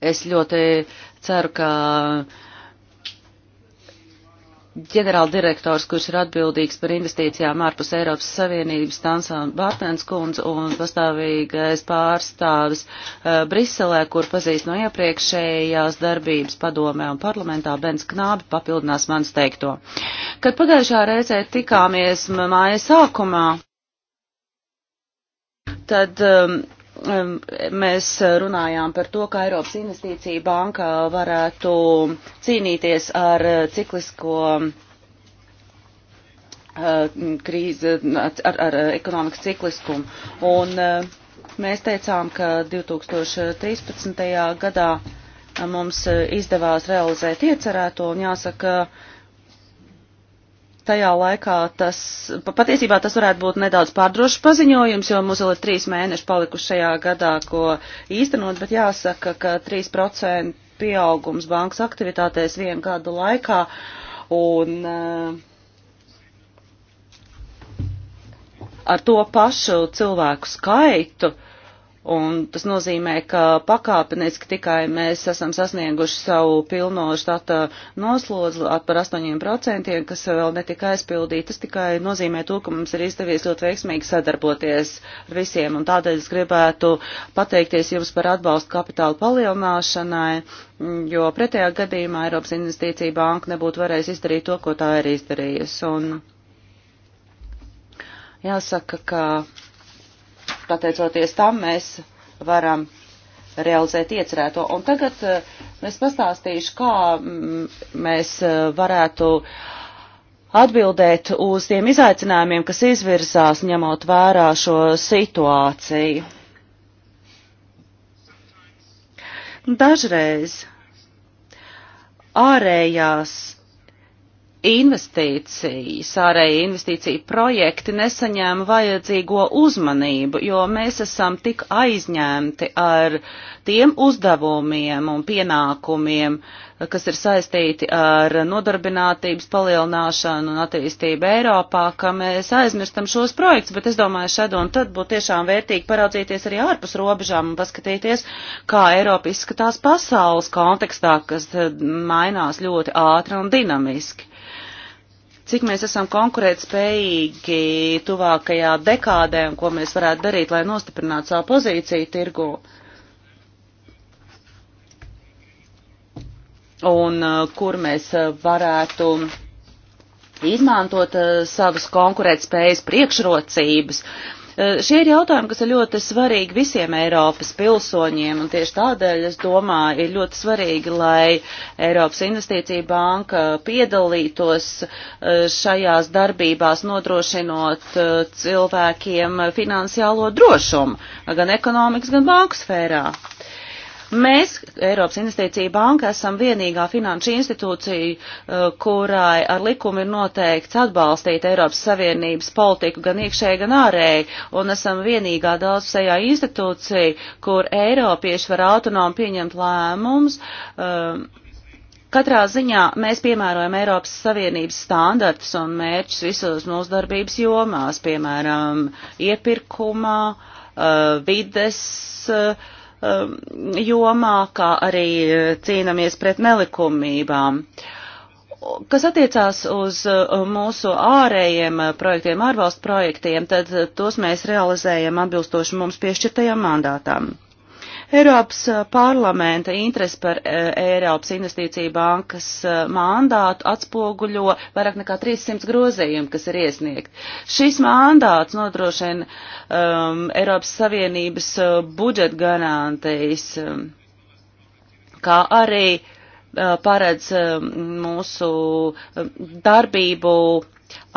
Es ļoti ceru, ka ģenerāldirektors, kurš ir atbildīgs par investīcijām ārpus Eiropas Savienības, Tansāna Bārtens kundze un pastāvīgais pārstāvis uh, Briselē, kur pazīst no iepriekšējās darbības padomē un parlamentā, Bens Knābi papildinās manis teikto. Kad pagājušā reizē tikāmies māja sākumā, tad um, mēs runājām par to, kā Eiropas investīcija banka varētu cīnīties ar eh, ciklisko eh, krīzi, ar, ar ekonomikas cikliskumu. Un eh, mēs teicām, ka 2013. gadā mums izdevās realizēt iecerēto, un jāsaka, ka tajā laikā tas, patiesībā tas varētu būt nedaudz pārdrošs paziņojums, jo mums vēl ir trīs mēneši palikuši šajā gadā, ko īstenot, bet jāsaka, ka 3% pieaugums bankas aktivitātēs vienu gadu laikā un eh, ar to pašu cilvēku skaitu uh, Un tas nozīmē, ka pakāpeniski tikai mēs esam sasnieguši savu pilno štata noslodzi par 8%, kas vēl netika aizpildīti. Tas tikai nozīmē to, ka mums ir izdevies ļoti veiksmīgi sadarboties ar visiem. Un tādēļ es gribētu pateikties jums par atbalstu kapitāla palielināšanai, jo pretējā gadījumā Eiropas investīcija banka nebūtu varējusi izdarīt to, ko tā ir izdarījusi. Un jāsaka, ka pateicoties tam mēs varam realizēt iecerēto. Un tagad eh, es pastāstīšu, kā mm, mēs eh, varētu atbildēt uz tiem izaicinājumiem, kas izvirzās ņemot vērā šo situāciju. Dažreiz ārējās investīcijas, ārēja investīcija projekti nesaņēma vajadzīgo uzmanību, jo mēs esam tik aizņemti ar tiem uzdevumiem un pienākumiem, kas ir saistīti ar nodarbinātības palielināšanu un attīstību Eiropā, ka mēs aizmirstam šos projektus, bet es domāju, šad un tad būtu tiešām vērtīgi paraudzīties arī ārpus robežām un paskatīties, kā Eiropa izskatās pasaules kontekstā, kas mainās ļoti ātri un dinamiski cik mēs esam konkurētspējīgi tuvākajā dekādē un ko mēs varētu darīt, lai nostiprinātu savu pozīciju tirgu. Un uh, kur mēs uh, varētu izmantot uh, savas konkurētspējas priekšrocības, Eh, šie ir jautājumi, kas ir ļoti svarīgi visiem Eiropas pilsoņiem, un tieši tādēļ, es domāju, ir ļoti svarīgi, lai Eiropas investīcija banka piedalītos eh, šajās darbībās, nodrošinot eh, cilvēkiem finansiālo drošumu gan ekonomikas, gan banku sfērā. Mēs, Eiropas Investīcija Banka, esam vienīgā finanšu institūcija, eh, kurai ar likumu ir noteikts atbalstīt Eiropas Savienības politiku gan iekšēji, gan ārēji, un esam vienīgā daudzsējā institūcija, kur Eiropieši var autonomi pieņemt lēmumus. Um, Katrā ziņā mēs piemērojam Eiropas Savienības standartus un mērķus visos mūsu darbības jomās, piemēram, iepirkumā, eh, vides Um, jomā, kā arī uh, cīnāmies pret nelikumībām. Kas attiecās uz uh, mūsu ārējiem uh, projektiem, ārvalstu projektiem, tad tos mēs realizējam atbilstoši mums piešķirtajām mandātām. Eiropas eh, parlamenta interesi par eh, Eiropas investīciju bankas eh, mandātu atspoguļo vairāk nekā 300 grozījumu, kas ir iesniegt. Šis mandāts nodrošina um, Eiropas Savienības budžeta garantijas, um, kā arī uh, paredz um, mūsu darbību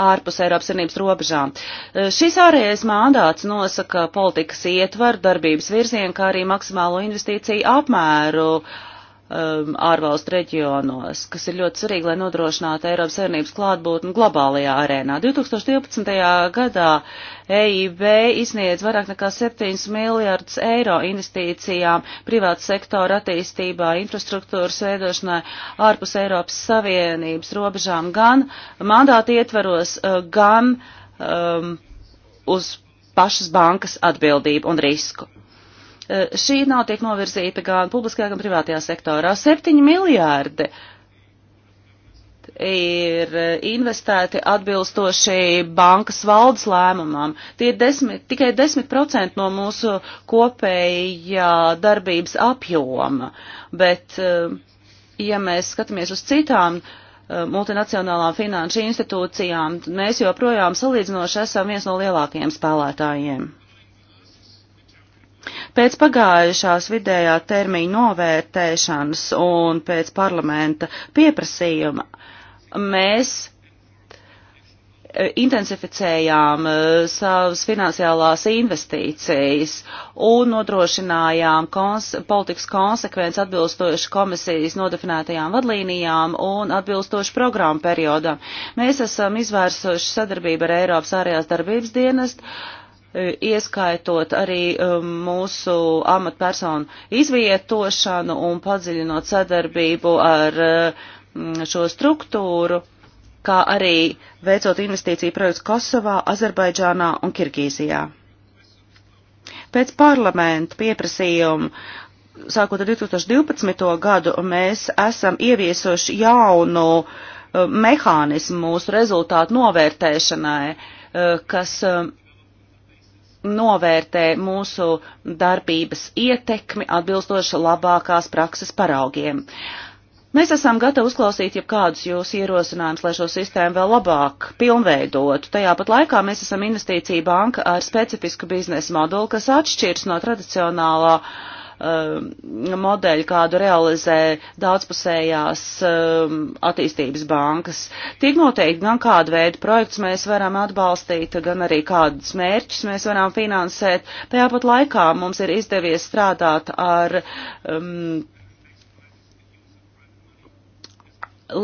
ārpus Eiropas Savienības robežām. Eh, šis ārējais mandāts nosaka politikas ietvaru, darbības virzienu, kā arī maksimālo investīciju apmēru uh, um, ārvalstu reģionos, kas ir ļoti svarīgi, lai nodrošinātu Eiropas Savienības klātbūtni globālajā arēnā. 2012. gadā EIB izniedz vairāk nekā 7 miljardus eiro investīcijām privāta sektora attīstībā, infrastruktūras veidošanai ārpus Eiropas Savienības robežām gan mandāti ietveros, uh, gan um, uz pašas bankas atbildību un risku. Eh, šī nav tiek novirzīta gan publiskajā, gan privātajā sektorā. 7 miljārdi ir eh, investēti atbilstoši bankas valdes lēmumam. Tie ir desmit, tikai 10% no mūsu kopējā darbības apjoma, bet, eh, ja mēs skatāmies uz citām multinacionālām finanšu institūcijām, mēs joprojām salīdzinoši esam viens no lielākajiem spēlētājiem. Pēc pagājušās vidējā termiņa novērtēšanas un pēc parlamenta pieprasījuma mēs e, intensificējām e, savas finansiālās investīcijas un nodrošinājām kons politikas konsekvenci atbilstoši komisijas nodefinētajām vadlīnijām un atbilstoši programmu periodam. Mēs esam izvērsuši sadarbību ar Eiropas ārējās darbības dienestu E, ieskaitot arī e, mūsu amatpersonu izvietošanu un padziļinot sadarbību ar e, šo struktūru, kā arī veicot investīciju projekts Kosovā, Azerbaidžānā un Kirgīzijā. Pēc parlamenta pieprasījuma sākot ar 2012. gadu mēs esam ieviesoši jaunu mehānismu mūsu rezultātu novērtēšanai, kas novērtē mūsu darbības ietekmi atbilstoši labākās prakses paraugiem. Mēs esam gatavi uzklausīt jebkādus jūsu ierosinājumus, lai šo sistēmu vēl labāk pilnveidotu. Tajā pat laikā mēs esam investīcija banka ar specifisku biznesa modeli, kas atšķirs no tradicionālā uh, Um, modeļu, kādu realizē daudzpusējās um, attīstības bankas. Tik noteikti gan kādu veidu projekts mēs varam atbalstīt, gan arī kādus mērķus mēs varam finansēt. Tajā pat laikā mums ir izdevies strādāt ar um,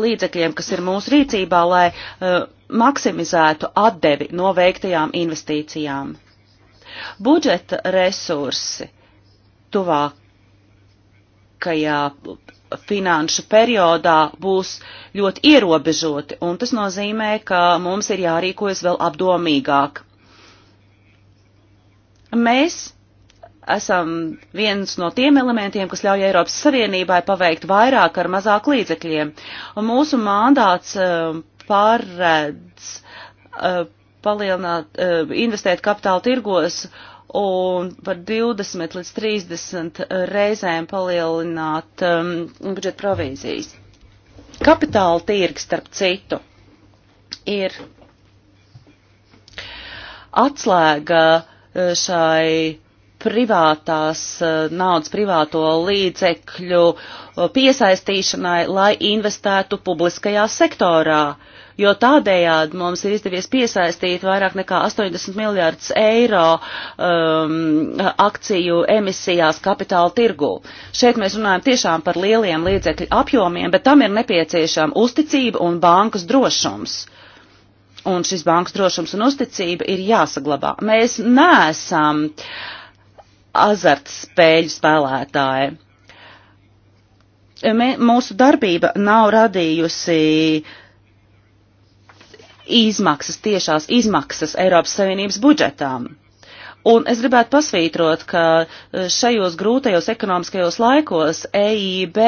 līdzekļiem, kas ir mūsu rīcībā, lai uh, maksimizētu atdevi no veiktajām investīcijām. Budžeta resursi tuvākajā finanšu periodā būs ļoti ierobežoti, un tas nozīmē, ka mums ir jārīkojas vēl apdomīgāk. Mēs esam viens no tiem elementiem, kas ļauj Eiropas Savienībai paveikt vairāk ar mazāk līdzekļiem, un mūsu mandāts eh, paredz eh, palielināt, eh, investēt kapitāla tirgos un par 20 līdz 30 reizēm palielināt um, budžeta provīzijas. Kapitāla tirgs, starp citu, ir atslēga uh, šai privātās uh, naudas, privāto līdzekļu uh, piesaistīšanai, lai investētu publiskajā sektorā. Uh, jo tādējādi mums ir izdevies piesaistīt vairāk nekā 80 miljārdus eiro um, akciju emisijās kapitāla tirgu. Šeit mēs runājam tiešām par lieliem līdzekļu apjomiem, bet tam ir nepieciešama uzticība un bankas drošums un šis bankas drošums un uzticība ir jāsaglabā. Mēs neesam azartspēļu spēlētāji. Mē, mūsu darbība nav radījusi uh, izmaksas, tiešās izmaksas Eiropas Savienības budžetām. Un es gribētu pasvītrot, ka e, šajos grūtajos ekonomiskajos laikos EIB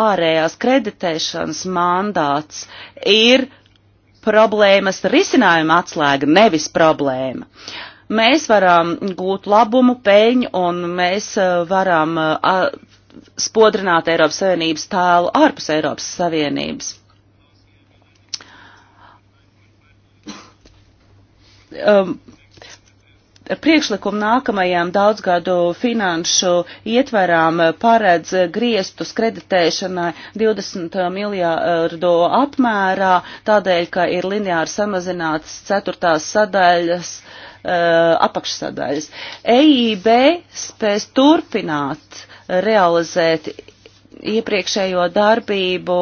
ārējās kreditēšanas mandāts ir problēmas risinājuma atslēga, nevis problēma. Mēs varam gūt labumu, peļņu un mēs e, varam e, spodrināt Eiropas Savienības tēlu ārpus Eiropas Savienības. um, priekšlikumu nākamajām daudzgadu finanšu ietvarām uh, paredz griestus kreditēšanai 20 uh, miljārdu apmērā, tādēļ, ka ir lineāri samazināts ceturtās sadaļas uh, apakšsadaļas. EIB spēs turpināt realizēt iepriekšējo darbību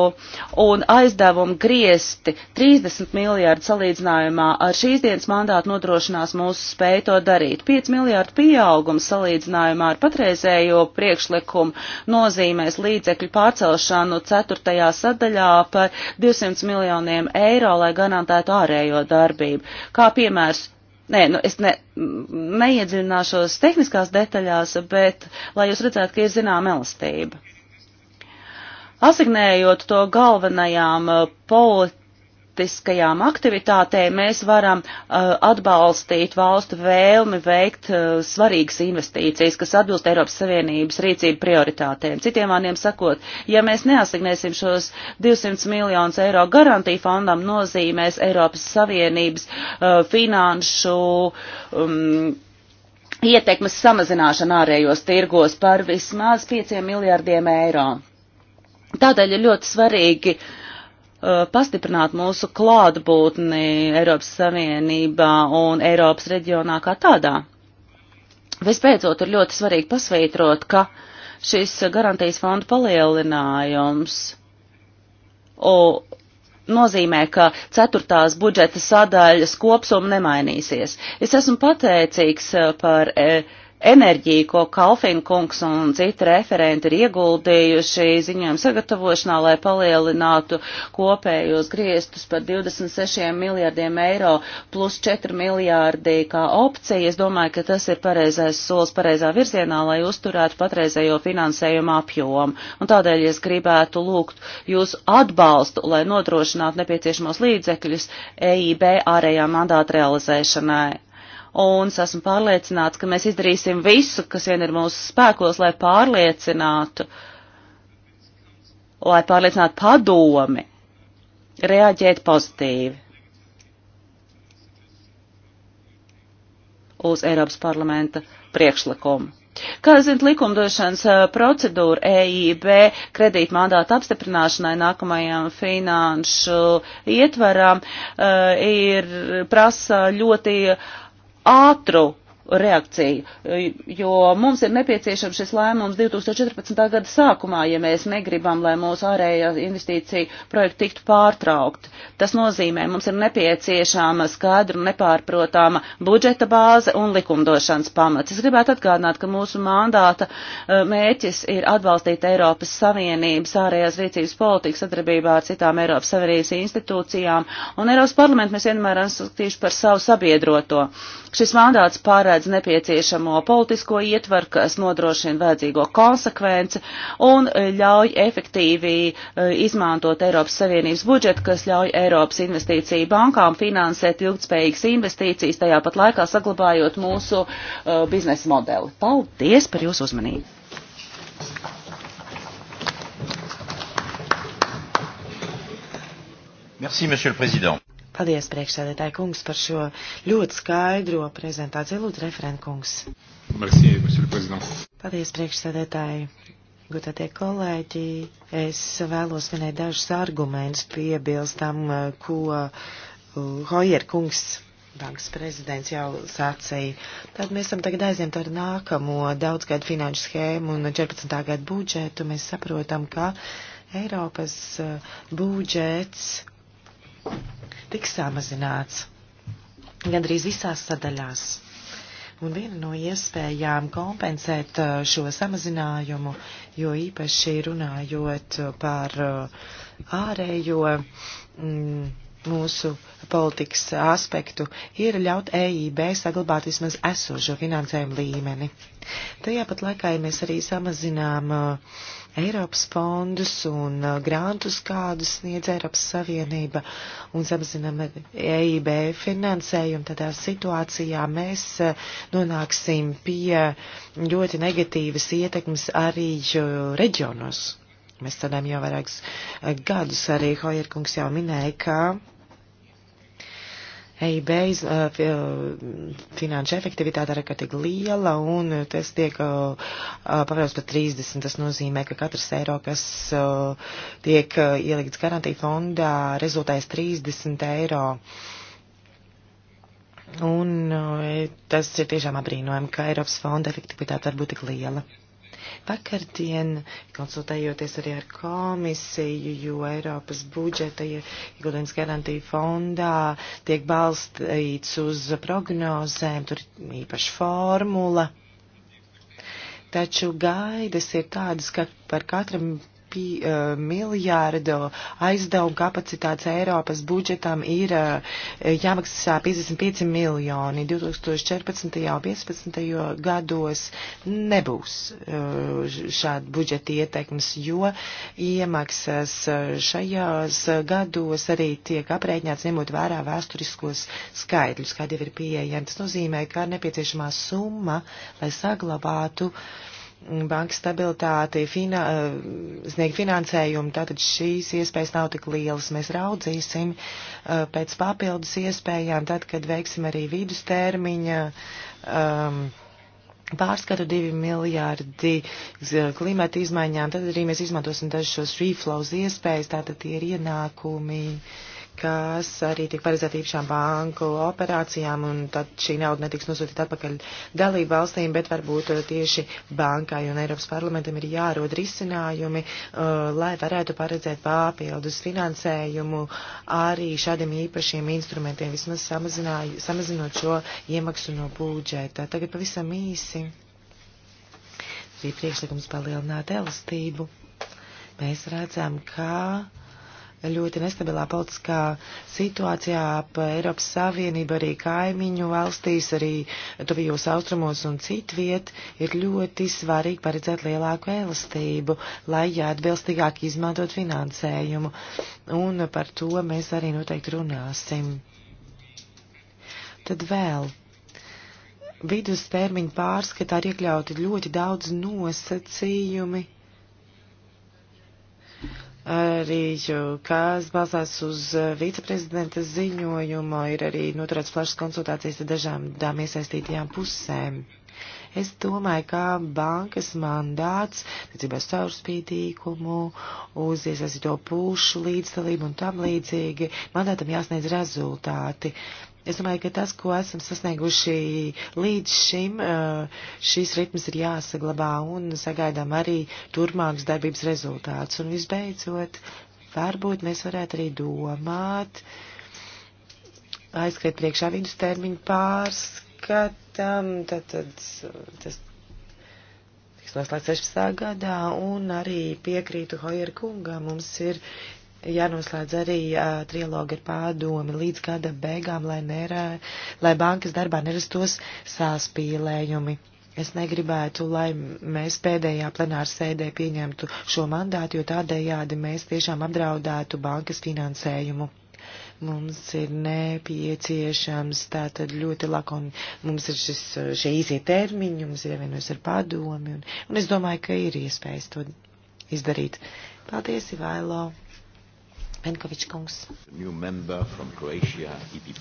un aizdevumu griesti 30 miljārdu salīdzinājumā ar šīs dienas mandātu nodrošinās mūsu spēju to darīt. 5 miljārdu pieaugums salīdzinājumā ar patreizējo priekšlikumu nozīmēs līdzekļu pārcelšanu 4. sadaļā par 200 miljoniem eiro, lai garantētu ārējo darbību. Kā piemērs Nē, nu es ne, neiedziļināšos tehniskās detaļās, bet lai jūs redzētu, ka ir zināma elastība asignējot to galvenajām uh, politiskajām aktivitātēm, mēs varam uh, atbalstīt valstu vēlmi veikt uh, svarīgas investīcijas, kas atbilst Eiropas Savienības rīcību prioritātēm. Citiem vārdiem sakot, ja mēs neasignēsim šos 200 miljonus eiro garantiju fondam, nozīmēs Eiropas Savienības finanšu um, ietekmes samazināšana ārējos tirgos par vismaz 5 miljardiem eiro. Tādēļ ir ļoti svarīgi uh, pastiprināt mūsu klātbūtni Eiropas Savienībā un Eiropas reģionā kā tādā. Vispēcot ir ļoti svarīgi pasvītrot, ka šis garantijas fonda palielinājums o, nozīmē, ka ceturtās budžeta sadaļas kopsuma nemainīsies. Es esmu pateicīgs uh, par. E, enerģiju, ko Kalfin kungs un citi referenti ir ieguldījuši ziņojumu sagatavošanā, lai palielinātu kopējos griestus par 26 miljārdiem eiro plus 4 miljārdi kā opcija. Es domāju, ka tas ir pareizais solis pareizā virzienā, lai uzturētu patreizējo finansējumu apjomu. Un tādēļ es gribētu lūgt jūsu atbalstu, lai nodrošinātu nepieciešamos līdzekļus EIB ārējā mandāta realizēšanai un es esmu pārliecināts, ka mēs izdarīsim visu, kas vien ir mūsu spēkos, lai pārliecinātu, lai pārliecinātu padomi reaģēt pozitīvi uz Eiropas parlamenta priekšlikumu. Kā zinat, likumdošanas eh, procedūra EIB kredīt mandāta apstiprināšanai nākamajam finanšu ietvaram eh, ir prasa ļoti uh, ātru reakciju, jo mums ir nepieciešams šis lēmums 2014. gada sākumā, ja mēs negribam, lai mūsu ārējā investīcija projekta tiktu pārtraukt. Tas nozīmē, mums ir nepieciešama skaidra un nepārprotama budžeta bāze un likumdošanas pamats. Es gribētu atgādināt, ka mūsu mandāta eh, mēķis ir atbalstīt Eiropas Savienības ārējās rīcības politiku sadarbībā ar citām Eiropas Savienības institūcijām, un Eiropas parlamentu mēs vienmēr esam skatījuši par savu sabiedroto. Šis mandāts pārēj paredz nepieciešamo politisko ietvaru, kas nodrošina vajadzīgo konsekvenci un e, ļauj efektīvi e, izmantot Eiropas Savienības budžetu, kas ļauj Eiropas investīciju bankām finansēt ilgtspējīgas investīcijas, tajā pat laikā saglabājot mūsu uh, biznesa modeli. Paldies par jūsu uzmanību! Merci, Monsieur le Président. Paldies, priekšsēdētāji kungs, par šo ļoti skaidro prezentāciju. Lūdzu, referent kungs. Merci, monsieur le président. Paldies, priekšsēdētāji. Gudātie kolēģi, es vēlos minēt dažus argumentus piebilstam, eh, ko eh, Hojer kungs, bankas prezidents, jau sacīja. Tad mēs esam tagad aizņemti ar nākamo daudzgadu finanšu schēmu un 14. gadu budžetu. Mēs saprotam, ka Eiropas eh, budžets tiks samazināts gandrīz visās sadaļās. Un viena no iespējām kompensēt uh, šo samazinājumu, jo īpaši runājot par uh, ārējo. Mm, mūsu politikas aspektu ir ļaut EIB saglabāt vismaz esošo finansējumu līmeni. Tajā pat laikā, ja mēs arī samazinām uh, Eiropas fondus un uh, grantus, kādus sniedz Eiropas Savienība, un samazinām EIB finansējumu, tādā situācijā mēs uh, nonāksim pie ļoti negatīvas ietekmes arī uh, reģionos. Mēs tādām jau vairākus uh, gadus arī Hojerkungs jau minēja, ka EIB uh, uh, finanšu efektivitāte ir ārkārtīgi liela un tas tiek uh, pavērsts par 30. Tas nozīmē, ka katrs eiro, kas tiek ielikts garantija fondā, rezultēs 30 eiro. Un tas ir tiešām apbrīnojami, ka Eiropas fonda efektivitāte var būt tik liela. Vakardien, konsultējoties arī ar komisiju, jo Eiropas budžeta ieguldījums garantija fondā tiek balstīts uz prognozēm, tur ir īpaša formula. Taču gaidas ir tādas, ka par katram uh, eh, miljārdu aizdevumu kapacitātes Eiropas budžetam ir uh, jāmaksā 55 miljoni. 2014. un 2015. gados nebūs uh, šāda budžeta ietekmes, jo iemaksas šajās gados arī tiek aprēķināts ņemot vērā vēsturiskos skaidrļus, kādi jau ir pieejami. Tas nozīmē, ka nepieciešamā summa, lai saglabātu uh, bankas stabilitāti, fina, eh, sniegt finansējumu, tātad šīs iespējas nav tik lielas. Mēs raudzīsim eh, pēc papildus iespējām, tad, kad veiksim arī vidustermiņa. Um, pārskatu divi miljārdi klimata izmaiņām, tad arī mēs izmantosim dažus šos reflows iespējas, tātad tie ir ienākumi. Uh, kas arī tiek paredzēta īpašām banku operācijām, un tad šī nauda netiks nosūtīta atpakaļ dalību valstīm, bet varbūt eh, tieši bankai un Eiropas parlamentam ir jārod risinājumi, uh, lai varētu paredzēt papildus finansējumu arī šādiem īpašiem instrumentiem, vismaz samazinot šo iemaksu no budžeta. Tagad pavisam īsi bija priekšlikums palielināt elastību. Mēs redzam, ka ļoti nestabilā politiskā situācijā ap Eiropas Savienību, arī kaimiņu valstīs, arī tuvijos austrumos un citviet, ir ļoti svarīgi paredzēt lielāku elastību, lai atbilstīgāk izmantot finansējumu. Un par to mēs arī noteikti runāsim. Tad vēl. Vidustermiņa pārskatā ir iekļauti ļoti daudz nosacījumi arī, kas balstās uz uh, viceprezidenta ziņojumu, ir arī noturēts plašas konsultācijas ar dažām iesaistītajām pusēm. Es domāju, ka bankas mandāts, attiecībā uz caurspīdīgumu, uz iesaistīto pušu līdzdalību un tam līdzīgi, mandātam jāsniedz rezultāti. Es domāju, ka tas, ko esam sasnieguši līdz šim, eh, šīs ritmas ir jāsaglabā un sagaidām arī turmāks darbības rezultāts. Un visbeidzot, varbūt mēs varētu arī domāt, aizskriet priekšā vidustermiņu pārskatam, tad, tad tas tiks noslēgts 16. gadā, un arī piekrītu Hojer kungam, mums ir jānoslēdz arī uh, trilogi ar pārdomi līdz gada beigām, lai, nerā, lai bankas darbā nerastos sāspīlējumi. Es negribētu, lai mēs pēdējā plenāra sēdē pieņemtu šo mandātu, jo tādējādi mēs tiešām apdraudētu bankas finansējumu. Mums ir nepieciešams tātad ļoti lakoni, mums ir šis, šie īsie termiņi, mums ir jāvienojas ar padomi, un, un es domāju, ka ir iespējas to izdarīt. Paldies, Ivailo! Penkovičs kungs. Croatia, e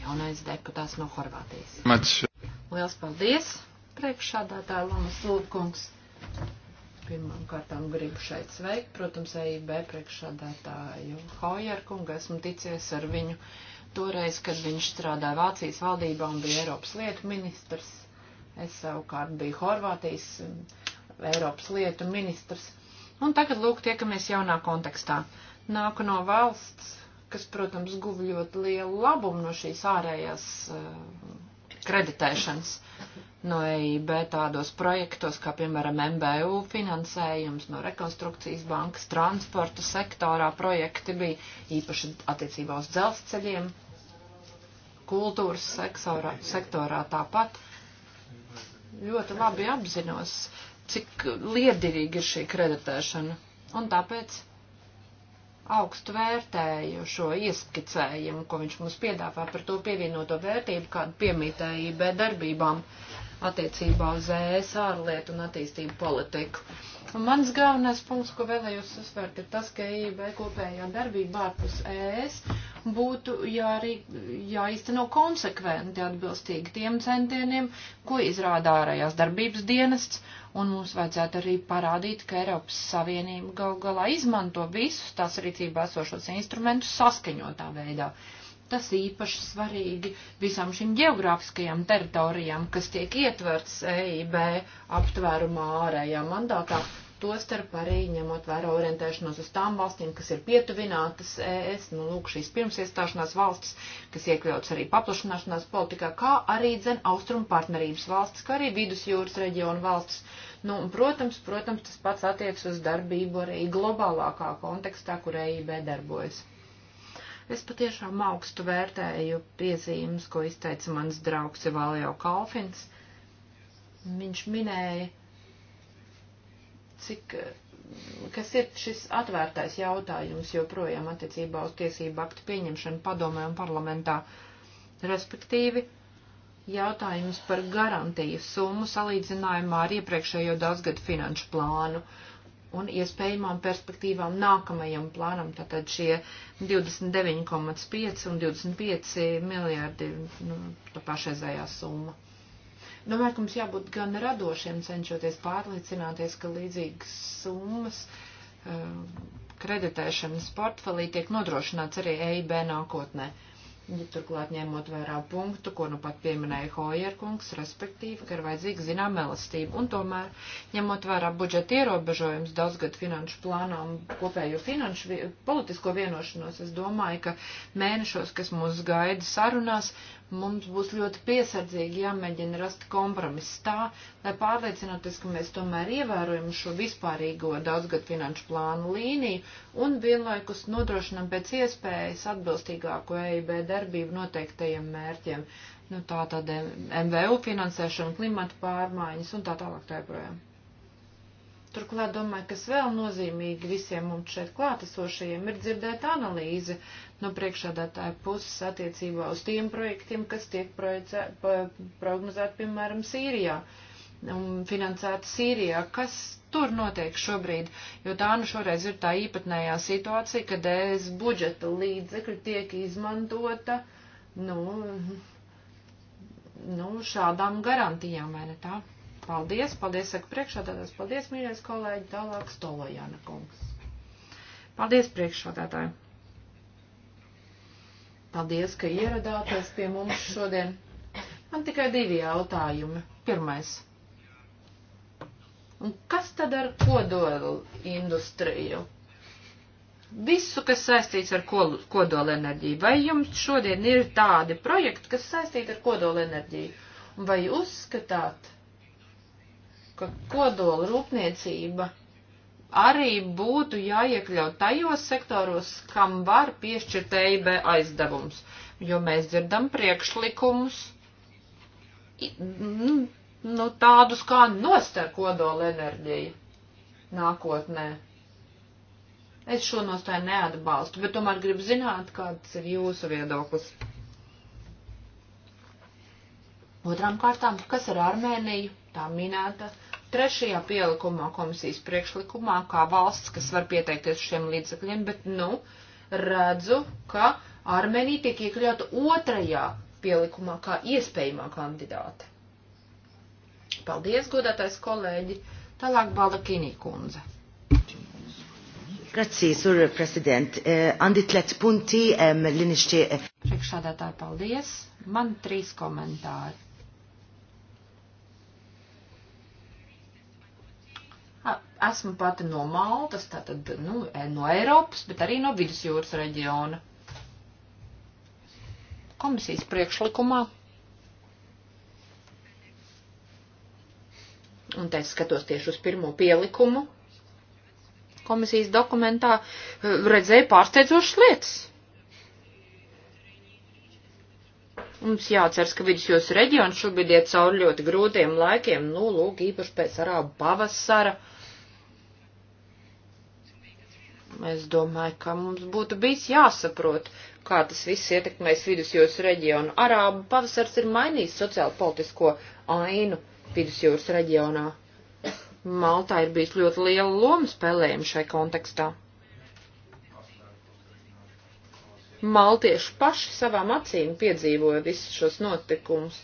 Jaunais deputāts no Horvātijas. Mats. Liels paldies, priekšādātāja Lamas Lūkungs. Pirmām kārtām gribu šeit sveikt, protams, EIB priekšādātāju Hojerkungu. Esmu ticies ar viņu toreiz, kad viņš strādāja Vācijas valdībā un bija Eiropas lietu ministrs. Es savukārt biju Horvātijas um, Eiropas lietu ministrs. Un tagad lūk tiekamies jaunā kontekstā nāku no valsts, kas, protams, guva ļoti lielu labumu no šīs ārējās eh, kreditēšanas no EIB tādos projektos, kā piemēram MBU finansējums, no rekonstrukcijas bankas, transporta sektorā projekti bija īpaši attiecībā uz dzelzceļiem, kultūras sektorā, sektorā tāpat. Ļoti labi apzinos, cik liederīga ir šī kreditēšana. Un tāpēc augstu vērtēju šo ieskicējumu, ko viņš mums piedāvā par to pievienoto vērtību, kādu piemītēju darbībām attiecībā uz ES ārlietu un attīstību politiku. Un mans galvenais punkts, ko vēlējos uzsvērt, ir tas, ka EIB kopējā darbība ārpus ES būtu jārī, jāizteno konsekventi atbilstīgi tiem centieniem, ko izrāda ārējās darbības dienests, un mums vajadzētu arī parādīt, ka Eiropas Savienība gal galā izmanto visus tās rīcībā esošos instrumentus saskaņotā veidā. Uh, Tas īpaši svarīgi visām šīm geogrāfiskajām teritorijām, kas tiek ietverts EIB aptvērumā ārējā mandātā, tostarp arī ņemot vērā orientēšanos uz tām valstīm, kas ir pietuvinātas ES, nu lūk šīs pirms iestāšanās valstis, kas iekļauts arī paplašanāšanās politikā, kā arī dzen austrumu partnerības valstis, kā arī vidusjūras reģionu valstis. Nu, un, protams, protams, tas pats attiecas uz darbību arī globālākā kontekstā, kur EIB darbojas. Es patiešām augstu vērtēju piezīmes, ko izteica mans draugs Ivalio Kalfins. Viņš minēja, cik, kas ir šis atvērtais jautājums joprojām attiecībā uz tiesību aktu pieņemšanu padomē un parlamentā, respektīvi jautājums par garantiju summu salīdzinājumā ar iepriekšējo daudzgadu finanšu plānu. Uh, un iespējamām perspektīvām nākamajam plānam, tātad šie 29,5 un 25 miljardi, nu, tā pašreizējā summa. Domāju, nu, ka mums jābūt gan radošiem, cenšoties pārliecināties, ka līdzīgas summas eh, kreditēšanas portfelī tiek nodrošināts arī EIB nākotnē. Uh, Turklāt ņemot vērā punktu, ko nu pat pieminēja Hojerkungs, respektīvi, ka ir vajadzīga zinām elastība. Un tomēr, ņemot vērā budžeta ierobežojums daudzgadu finanšu plānā un kopējo finanšu politisko vienošanos, es domāju, ka mēnešos, kas mūs gaida sarunās, mums būs ļoti piesardzīgi jāmēģina rast kompromiss tā, lai pārliecinātos, ka mēs tomēr ievērojam šo vispārīgo daudzgad finanšu plānu līniju un vienlaikus nodrošinam pēc iespējas atbilstīgāko EIB darbību noteiktajiem mērķiem. Nu, tā tad MVU finansēšana, klimata pārmaiņas un tā tālāk tā joprojām. Turklāt domāju, kas vēl nozīmīgi visiem mums šeit klātesošajiem ir dzirdēt analīzi no priekšādātāja puses attiecībā uz tiem projektiem, kas tiek prognozēti, piemēram, Sīrijā un finansēti Sīrijā. Kas tur notiek šobrīd? Jo tā nu šoreiz ir tā īpatnējā situācija, kad es budžeta līdzekļi tiek izmantota, nu, nu, šādām garantijām, vai ne tā? Paldies, paldies, saka priekšādātājs, paldies, mīļais kolēģi, tālāk Stolojāna kungs. Paldies, priekšādātāji. Paldies, ka ieradāties pie mums šodien. Man tikai divi jautājumi. Pirmais. Un kas tad ar kodolu industriju? Visu, kas saistīts ar kodola enerģiju. Vai jums šodien ir tādi projekti, kas saistīti ar kodola enerģiju? Vai uzskatāt? ka kodola rūpniecība arī būtu jāiekļaut tajos sektoros, kam var piešķirt EIB aizdevums, jo mēs dzirdam priekšlikumus, nu, nu, tādus kā noster kodola enerģija nākotnē. Es šo nostāju neatbalstu, bet tomēr gribu zināt, kāds ir jūsu viedoklis. Otrām kārtām, kas ir Armēnija, tā minēta. Uh, Trešajā pielikumā komisijas priekšlikumā, kā valsts, kas var pieteikties šiem līdzekļiem, bet, nu, redzu, ka Armēnija tiek iekļauta otrajā pielikumā kā iespējamā kandidāte. Paldies, godātais kolēģi! Tālāk Balakīnī kundze. Grazie, sur prezident. Eh, andi tlet punti, um, linišķi. Priekšādātāji, paldies. Man trīs komentāri. Esmu pati no Maltas, tātad nu, e, no Eiropas, bet arī no vidusjūras reģiona. Komisijas priekšlikumā. Un te skatos tieši uz pirmo pielikumu komisijas dokumentā, e, redzēju pārsteidzošas lietas. Mums jāatceras, ka vidusjūras reģions šobrīd iet cauri ļoti grūtiem laikiem, nu, lūk, īpaši pēc arābu pavasara. Uh, Es domāju, ka mums būtu bijis jāsaprot, kā tas viss ietekmēs vidusjūras reģionu. Arābu pavasars ir mainījis sociālpolitisko ainu vidusjūras reģionā. Maltā ir bijis ļoti liela loma spēlējuma šai kontekstā. Maltieši paši savām acīm piedzīvoja visus šos notikumus.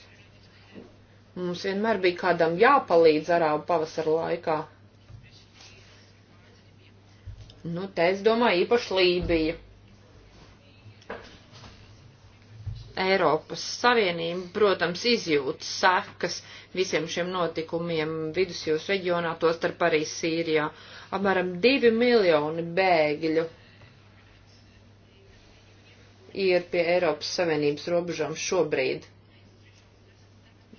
Mums vienmēr bija kādam jāpalīdz arābu pavasara laikā. Nu, te es domāju īpaši Lībija. Eiropas Savienība, protams, izjūt sekas visiem šiem notikumiem vidusjūras reģionā, tostarp arī Sīrijā. Apmēram divi miljoni bēgļu ir pie Eiropas Savienības robežām šobrīd.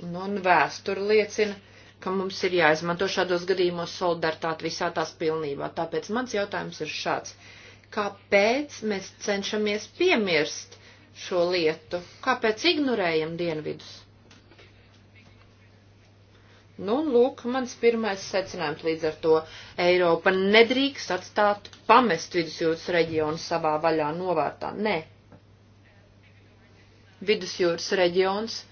Nu, un vēsture liecina, ka mums ir jāizmanto šādos gadījumos solidaritāte visā tās pilnībā. Tāpēc mans jautājums ir šāds. Kāpēc mēs cenšamies piemirst šo lietu? Kāpēc ignorējam dienvidus? Nu, lūk, mans pirmais secinājums līdz ar to. Eiropa nedrīkst atstāt pamest vidusjūras reģionu savā vaļā novārtā. Nē. Vidusjūras reģions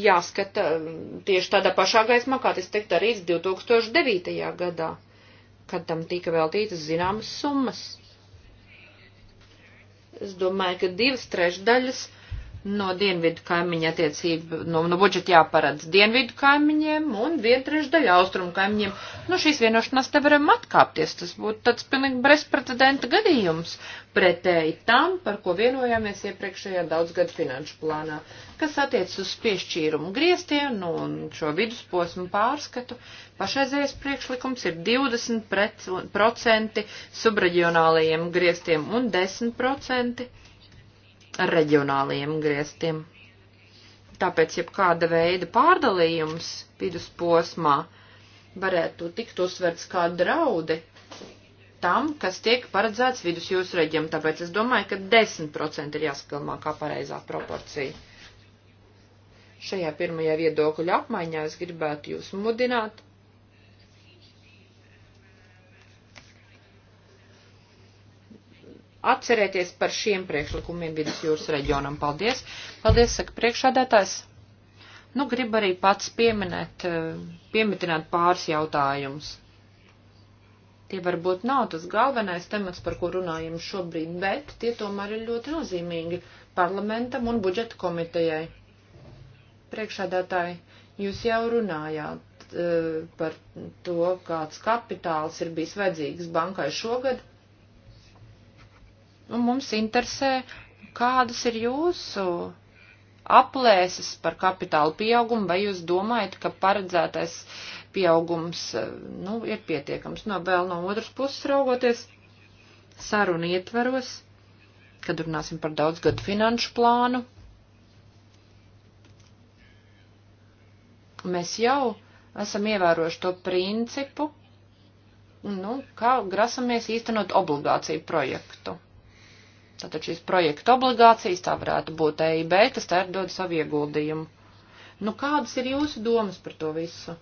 jāskata mm, tieši tādā pašā gaismā, kā tas tiek darīts 2009. gadā, kad tam tika veltītas zināmas summas. Es domāju, ka divas trešdaļas no dienvidu kaimiņa attiecību, no, no budžeta jāparedz dienvidu kaimiņiem un vien trešdaļa austrumu kaimiņiem. Nu, šīs vienošanās te varam atkāpties. Tas būtu tāds pilnīgi bezprecedenta gadījums pretēji tam, par ko vienojāmies iepriekšējā daudzgadu finanšu plānā, kas attiec uz piešķīrumu griestienu un šo vidusposmu pārskatu. Pašreizējais priekšlikums ir 20% subreģionālajiem griestiem un 10% reģionāliem griestiem. Tāpēc jebkāda veida pārdalījums vidusposmā varētu tikt uzsverts kā draudi tam, kas tiek paredzēts vidusjūras reģionam. Tāpēc es domāju, ka 10% ir jāsagalmā kā pareizā proporcija. Šajā pirmajā viedokļa apmaiņā es gribētu jūs mudināt atcerēties par šiem priekšlikumiem vidusjūras reģionam. Paldies! Paldies, saka priekšādātājs! Nu, gribu arī pats pieminēt, eh, pieminēt pāris jautājumus. Tie varbūt nav tas galvenais temats, par ko runājam šobrīd, bet tie tomēr ir ļoti nozīmīgi parlamentam un budžeta komitejai. Priekšādātāji, jūs jau runājāt eh, par to, kāds kapitāls ir bijis vajadzīgs bankai šogad Nu, mums interesē, kādas ir jūsu aplēses par kapitālu pieaugumu, vai jūs domājat, ka paredzētais pieaugums, eh, nu, ir pietiekams. No nu, vēl no otras puses raugoties, sarunu ietveros, kad runāsim par daudzgadu finanšu plānu, mēs jau esam ievērojuši to principu, nu, kā grasamies īstenot obligāciju projektu. Tātad šīs projekta obligācijas, tā varētu būt EIB, kas tā ir dod savu ieguldījumu. Nu, kādas ir jūsu domas par to visu?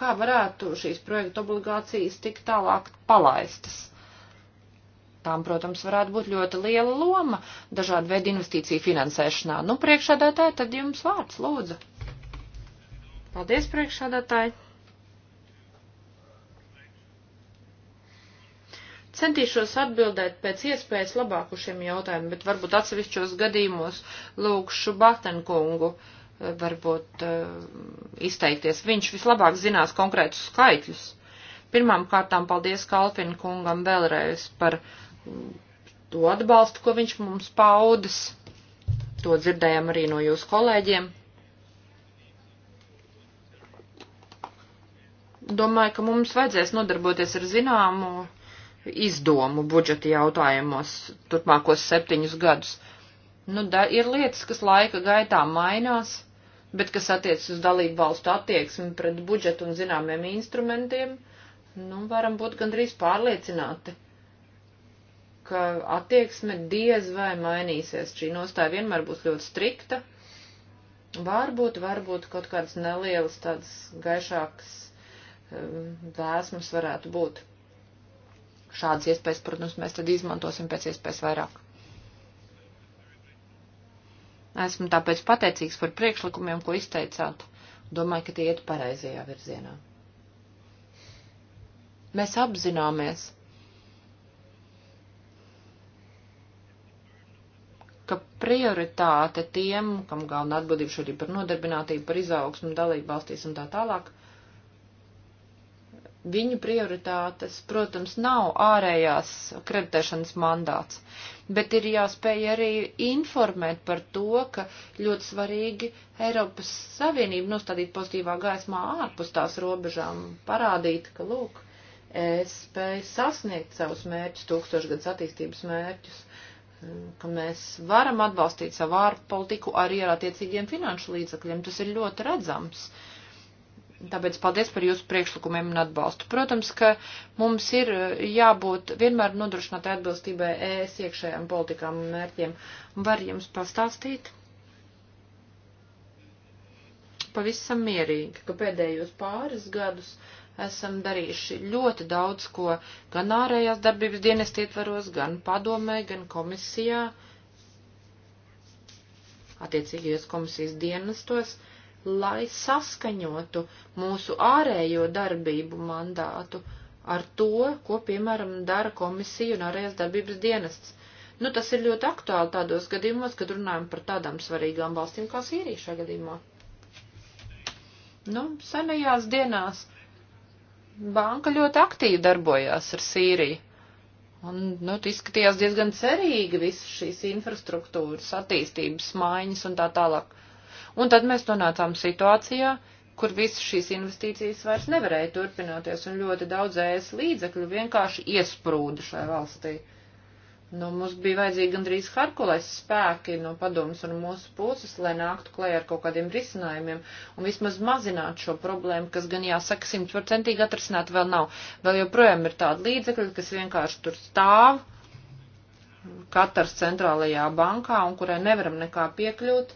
Kā varētu šīs projekta obligācijas tik tālāk palaistas? Tām, protams, varētu būt ļoti liela loma dažādu veidu investīciju finansēšanā. Nu, priekšādātāji, tad jums vārds, lūdzu. Paldies, priekšādātāji. Centīšos atbildēt pēc iespējas labāk uz šiem jautājumiem, bet varbūt atsevišķos gadījumos lūkšu Batenkungu eh, varbūt eh, izteikties. Viņš vislabāk zinās konkrētus skaitļus. Pirmām kārtām paldies Kalpin kungam vēlreiz par mm, to atbalstu, ko viņš mums paudis. To dzirdējām arī no jūsu kolēģiem. Domāju, ka mums vajadzēs nodarboties ar zināmu izdomu budžeta jautājumos turpmākos septiņus gadus. Nu, da, ir lietas, kas laika gaitā mainās, bet kas attiec uz dalību valstu attieksmi pret budžetu un zināmiem instrumentiem, nu, varam būt gandrīz pārliecināti, ka attieksme diez vai mainīsies. Šī nostāja vienmēr būs ļoti strikta. Varbūt, varbūt kaut kādas nelielas tādas gaišākas um, vēsmas varētu būt. Šādas iespējas, protams, mēs tad izmantosim pēc iespējas vairāk. Esmu tāpēc pateicīgs par priekšlikumiem, ko izteicāt. Domāju, ka tie iet pareizajā virzienā. Mēs apzināmies, ka prioritāte tiem, kam galvenā atbildība šodien par nodarbinātību, par izaugsmu, dalību valstīs un tā tālāk, viņu prioritātes, protams, nav ārējās kreditēšanas mandāts, bet ir jāspēj arī informēt par to, ka ļoti svarīgi Eiropas Savienību nostādīt pozitīvā gaismā ārpus tās robežām, parādīt, ka, lūk, es spēju sasniegt savus mērķus, tūkstošgads attīstības mērķus, ka mēs varam atbalstīt savu ārpolitiku arī ar attiecīgiem finanšu līdzakļiem. Tas ir ļoti redzams. Uh, Tāpēc paldies par jūsu priekšlikumiem un atbalstu. Protams, ka mums ir eh, jābūt vienmēr nodrošinātai atbilstībai ES iekšējām politikām un mērķiem. Var jums pastāstīt? Pavisam mierīgi, ka pēdējos pāris gadus esam darījuši ļoti daudz ko gan ārējās darbības dienest ietvaros, gan padomē, gan komisijā, attiecīgajos komisijas dienestos. Uh, lai saskaņotu mūsu ārējo darbību mandātu ar to, ko, piemēram, dara komisija un ārējās darbības dienests. Nu, tas ir ļoti aktuāli tādos gadījumos, kad runājam par tādām svarīgām valstīm kā Sīrija šajā gadījumā. Nu, senajās dienās banka ļoti aktīvi darbojās ar Sīriju. Un, nu, izskatījās diezgan cerīgi visas šīs infrastruktūras, attīstības maiņas un tā tālāk. Un tad mēs nonācām situācijā, kur visas šīs investīcijas vairs nevarēja turpināties, un ļoti daudz ēs līdzekļu vienkārši iesprūda šai valstī. Nu, mums bija vajadzīgi gandrīz Harkulais spēki no padomas un mūsu puses, lai nāktu klajā ar kaut kādiem risinājumiem un vismaz mazināt šo problēmu, kas gan jāsaka simtprocentīgi atrasināt vēl nav. Vēl joprojām ir tāda līdzekļa, kas vienkārši tur stāv Katars centrālajā bankā un kurai nevaram nekā piekļūt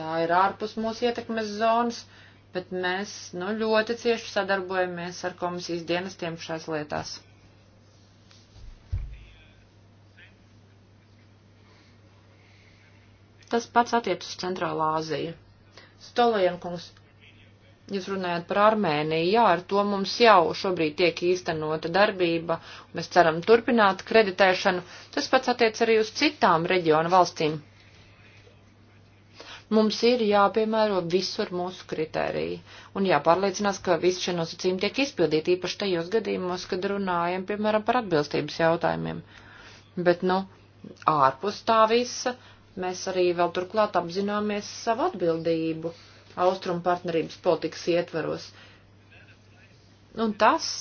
tā ir ārpus mūsu ietekmes zonas, bet mēs nu, ļoti cieši sadarbojamies ar komisijas dienestiem šās lietās. Tas pats attiec uz Centrālā Āziju. Stolajankungs, jūs runājat par Armēniju, jā, ar to mums jau šobrīd tiek īstenota darbība, mēs ceram turpināt kreditēšanu, tas pats attiec arī uz citām reģionu valstīm. Mums ir jāpiemēro visur mūsu kritēriji un jāpārliecinās, ka visi šie nosacījumi tiek izpildīti, īpaši tajos gadījumos, kad runājam, piemēram, par atbilstības jautājumiem. Bet, nu, ārpus tā visa mēs arī vēl turklāt apzināmies savu atbildību austrumu partnerības politikas ietvaros. Un tas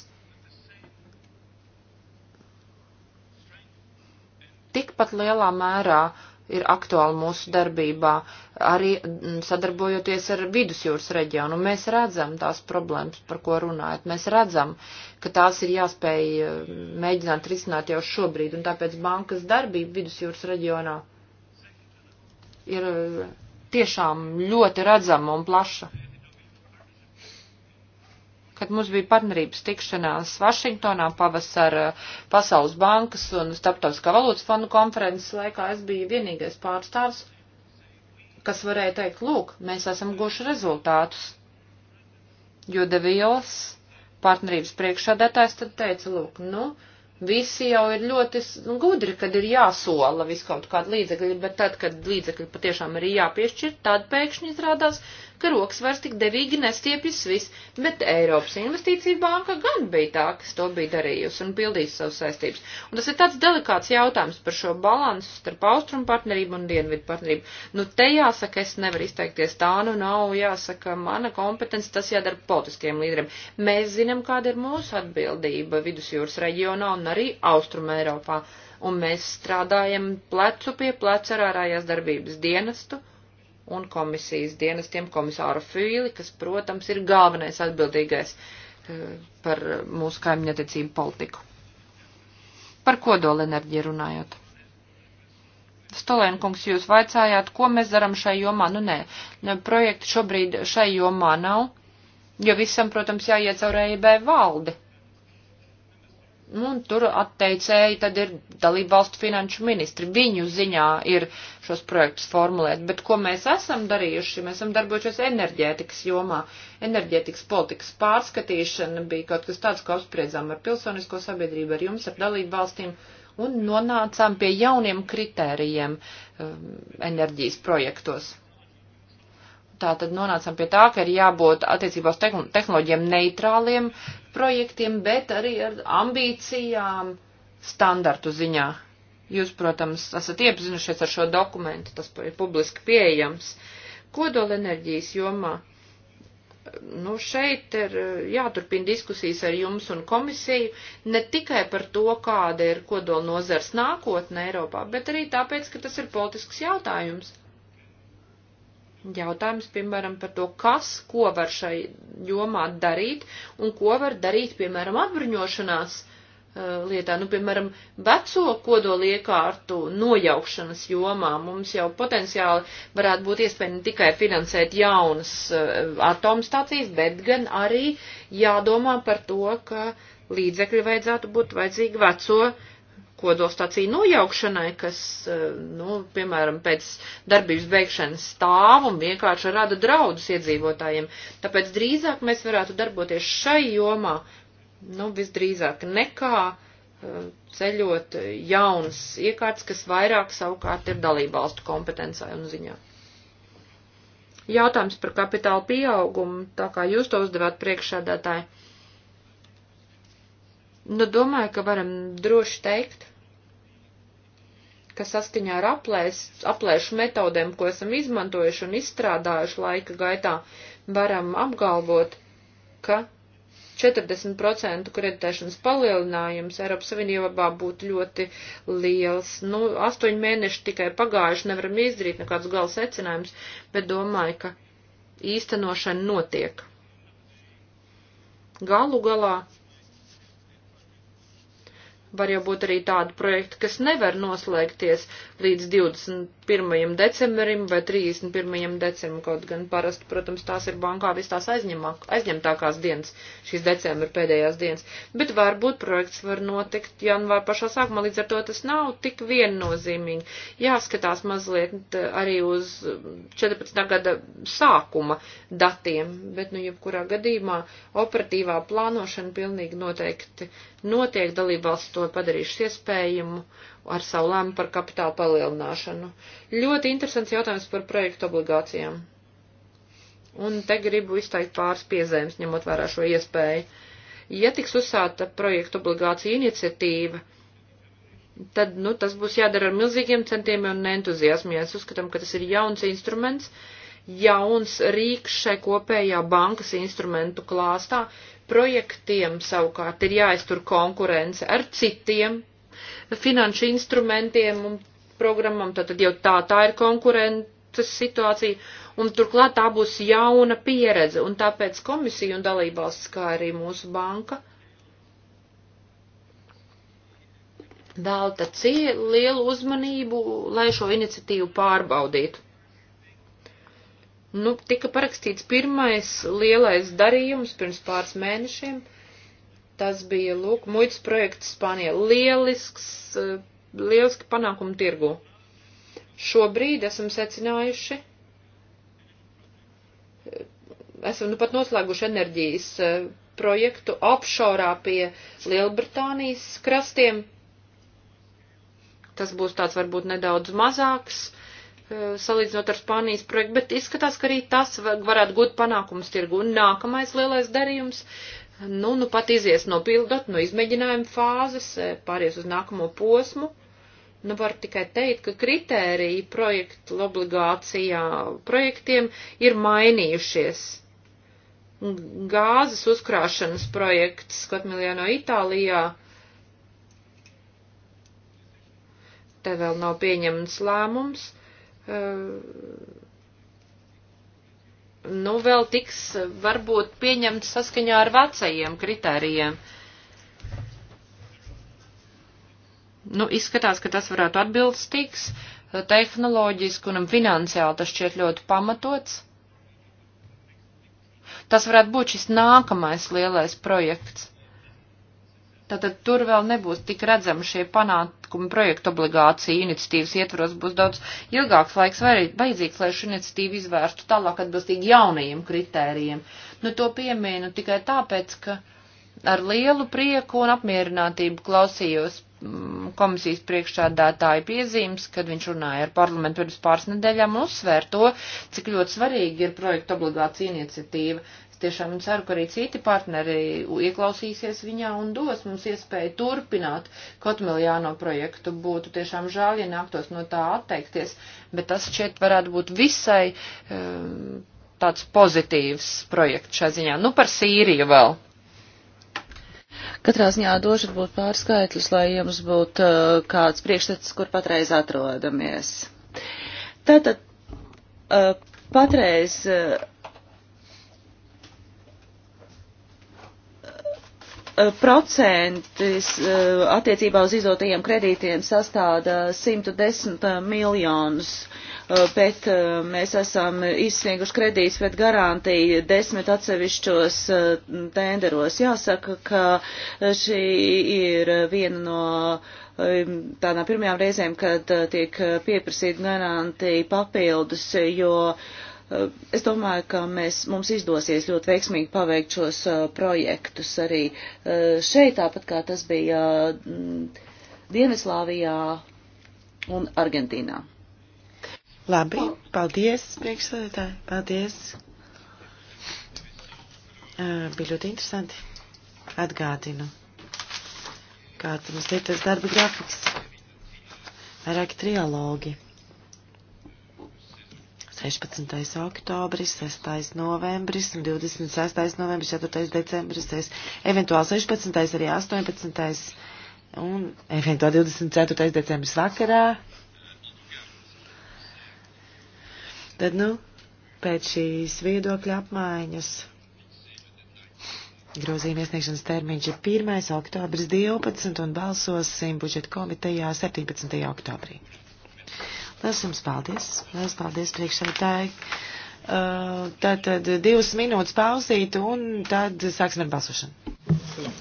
tikpat lielā mērā ir aktuāli mūsu darbībā, arī mm, sadarbojoties ar vidusjūras reģionu. Mēs redzam tās problēmas, par ko runājat. Mēs redzam, ka tās ir jāspēj mm, mēģināt risināt jau šobrīd, un tāpēc bankas darbība vidusjūras reģionā ir mm, tiešām ļoti redzama un plaša kad mums bija partnerības tikšanās Vašingtonā pavasara Pasaules bankas un Starptautiskā valūtas fonda konferences laikā, es biju vienīgais pārstāvs, kas varēja teikt, lūk, mēs esam guši rezultātus. Jo Devils, partnerības priekšādētājs, tad teica, lūk, nu, visi jau ir ļoti nu, gudri, kad ir jāsola viskaut kāda līdzekļa, bet tad, kad līdzekļi patiešām ir jāpiešķir, tad pēkšņi izrādās, ka rokas vairs tik devīgi nestiepjas viss, bet Eiropas investīcija banka gan bija tā, kas to bija darījusi un pildījusi savas saistības. Un tas ir tāds delikāts jautājums par šo balansu starp austrumu partnerību un dienvidu partnerību. Nu, te jāsaka, es nevaru izteikties tā, nu nav, jāsaka, mana kompetence, tas jādara politiskiem līderiem. Mēs zinām, kāda ir mūsu atbildība vidusjūras reģionā un arī austrumu Eiropā un mēs strādājam plecu pie pleca ar ārējās darbības dienestu un komisijas dienestiem komisāru Fīli, kas, protams, ir galvenais atbildīgais eh, par mūsu kaimiņattiecību politiku. Par kodola enerģiju runājot. Stolēnkungs, jūs vaicājāt, ko mēs daram šai jomā? Nu, nē, projekti šobrīd šai jomā nav, jo visam, protams, jāiet caur EIB valdi. Nu, un tur atteicēji tad ir dalību valstu finanšu ministri. Viņu ziņā ir šos projektus formulēt. Bet ko mēs esam darījuši? Mēs esam darbojušies enerģētikas jomā. Enerģētikas politikas pārskatīšana bija kaut kas tāds, ko apspriedzām ar pilsonisko sabiedrību, ar jums, ar dalību valstīm. Un nonācām pie jauniem kritērijiem um, enerģijas projektos tā tad nonācam pie tā, ka ir jābūt attiecībā uz tehnoloģiem neitrāliem projektiem, bet arī ar ambīcijām standartu ziņā. Jūs, protams, esat iepazinušies ar šo dokumentu, tas ir publiski pieejams. Kodola enerģijas jomā. Nu, šeit ir eh, jāturpina diskusijas ar jums un komisiju ne tikai par to, kāda ir kodola nozars nākotne Eiropā, bet arī tāpēc, ka tas ir politisks jautājums. Jautājums, piemēram, par to, kas, ko var šai jomā darīt un ko var darīt, piemēram, atbruņošanās uh, eh, lietā, nu, piemēram, veco kodoliekārtu nojaukšanas jomā. Mums jau potenciāli varētu būt iespēja ne tikai finansēt jaunas uh, atomstācijas, bet gan arī jādomā par to, ka līdzekļi vajadzētu būt vajadzīgi veco uh, kodolstāciju nojaukšanai, kas, e, nu, piemēram, pēc darbības beigšanas stāv un vienkārši rada draudus iedzīvotājiem. Tāpēc drīzāk mēs varētu darboties šai jomā, nu, visdrīzāk nekā e, ceļot jaunas iekārtas, kas vairāk savukārt ir dalībvalstu kompetencē un ziņā. Jautājums par kapitāla pieaugumu, tā kā jūs to uzdevāt priekšsēdētāji. Nu, domāju, ka varam droši teikt, ka saskaņā ar aplēs, aplēšu metodēm, ko esam izmantojuši un izstrādājuši laika gaitā, varam apgalvot, ka 40% kreditēšanas palielinājums Eiropas Savienībā būtu ļoti liels. Nu, astoņi mēneši tikai pagājuši, nevaram izdarīt nekādus gala secinājumus, bet domāju, ka īstenošana notiek. Galu galā Var jau būt arī tādi projekti, kas nevar noslēgties līdz 21. decembrim vai 31. decembrim, kaut gan parasti, protams, tās ir bankā vis tās aizņemāk, aizņemtākās dienas, šīs decembra pēdējās dienas. Bet varbūt projekts var notikt janvāra pašā sākumā, līdz ar to tas nav tik viennozīmīgi. Jāskatās mazliet eh, arī uz 14. gada sākuma datiem, bet, nu, jebkurā gadījumā operatīvā plānošana pilnīgi noteikti notiek, dalībvalsts to padarījušas iespējumu ar savu lēmu par kapitāla palielināšanu. Ļoti interesants jautājums par projektu obligācijām. Un te gribu izteikt pāris piezīmes, ņemot vērā šo iespēju. Ja tiks uzsāta projektu obligācija iniciatīva, tad, nu, tas būs jādara ar milzīgiem centiemiem un entuziasmiem. Mēs uzskatām, ka tas ir jauns instruments, uh, jauns rīks šai kopējā bankas instrumentu klāstā. Projektiem savukārt ir jāiztur konkurence ar citiem finanšu instrumentiem un programmam, tātad jau tā, tā ir konkurences situācija, un turklāt tā būs jauna pieredze, un tāpēc komisija un dalībvalsts, kā arī mūsu banka, velta lielu uzmanību, lai šo iniciatīvu pārbaudītu. Nu, tika parakstīts pirmais lielais darījums pirms pāris mēnešiem. Tas bija, lūk, muitas projekts Spānijā. Lielisks, eh, lieliski panākumu tirgu. Šobrīd esam secinājuši, eh, esam nu pat noslēguši enerģijas eh, projektu offshore pie Lielbritānijas krastiem. Tas būs tāds varbūt nedaudz mazāks Eh, salīdzinot ar Spānijas projektu, bet izskatās, ka arī tas varētu būt panākums tirgu. Un nākamais lielais darījums, nu, nu pat izies no pildot, no izmēģinājuma fāzes, eh, pāries uz nākamo posmu. Nu, var tikai teikt, ka kritēriji projektu obligācijā projektiem ir mainījušies. Gāzes uzkrāšanas projekts Skotmiljāno Itālijā. Te vēl nav pieņemts lēmums Ehm, nu, vēl tiks varbūt pieņemts saskaņā ar vecajiem kritērijiem. Nu, izskatās, ka tas varētu atbilstīgs, eh, tehnoloģiski un finansiāli tas šķiet ļoti pamatots. Tas varētu būt šis nākamais lielais projekts. Tātad tur vēl nebūs tik redzami šie panākumi projektu obligācija iniciatīvas ietvaros, būs daudz ilgāks laiks vajadzīgs, lai šo iniciatīvu izvērstu tālāk atbilstīgi jaunajiem kritērijiem. Nu, to pieminu tikai tāpēc, ka ar lielu prieku un apmierinātību klausījos mm, komisijas priekšsādātāja piezīmes, kad viņš runāja ar parlamentu pirms pāris nedēļām, uzsvēr to, cik ļoti svarīgi ir projekta obligācija iniciatīva tiešām ceru, ka arī citi partneri ieklausīsies viņā un dos mums iespēju turpināt Kotmiljāno projektu. Būtu tiešām žēl, ja nāktos no tā atteikties, bet tas šķiet varētu būt visai um, tāds pozitīvs projekts šajā ziņā. Nu, par Sīriju vēl. Katrā ziņā došu būt pārskaitļus, lai jums būtu uh, kāds priekšstats, kur patreiz atrodamies. Tātad, uh, patreiz uh, Eh, procentis eh, attiecībā uz izdotajiem kredītiem sastāda 110 eh, miljonus, bet mēs esam izsnieguši kredītus pret garantiju desmit atsevišķos tenderos. Jāsaka, ka šī ir viena no tādām pirmajām reizēm, kad tiek pieprasīta garantija papildus, jo uh, Eh, es domāju, ka mēs, mums izdosies ļoti veiksmīgi paveikt šos eh, projektus arī eh, šeit, tāpat kā tas bija mm, Dienvidslāvijā un Argentīnā. Labi, paldies, priekšsēdētāji, paldies. Bija ļoti interesanti. Atgādinu, kāds mums ir tas darba grafiks. Vairāki trialogi. 16. oktobris, 6. novembris un 26. novembris, 4. decembris, es, eventuāli 16. arī 18. un eventuāli 24. decembris vakarā. Tad, nu, pēc šīs viedokļa apmaiņas Grozījuma iesniegšanas termiņš ir 1. oktobris 12 un balsosim budžeta komitejā 17. oktobrī. Lielas jums paldies. Lielas paldies priekšsēdētāji. Tātad uh, divas minūtes pauzīt un tad sāksim ar balsošanu. Jā.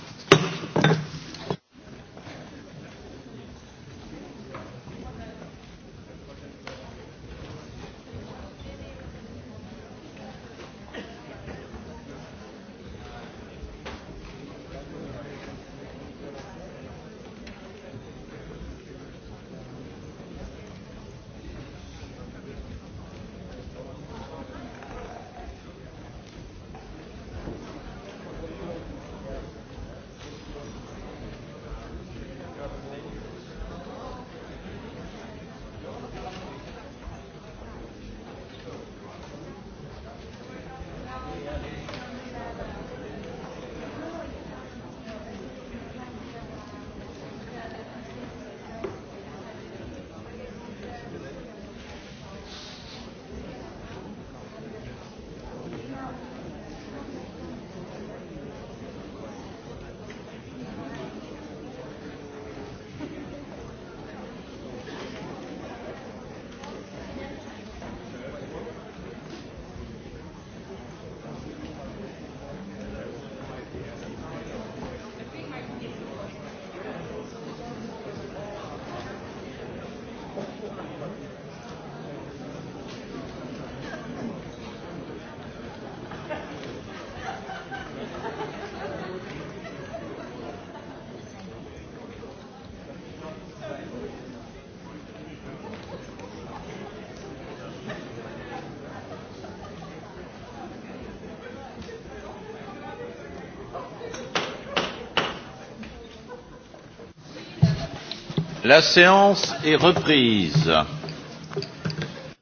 La séance est reprise.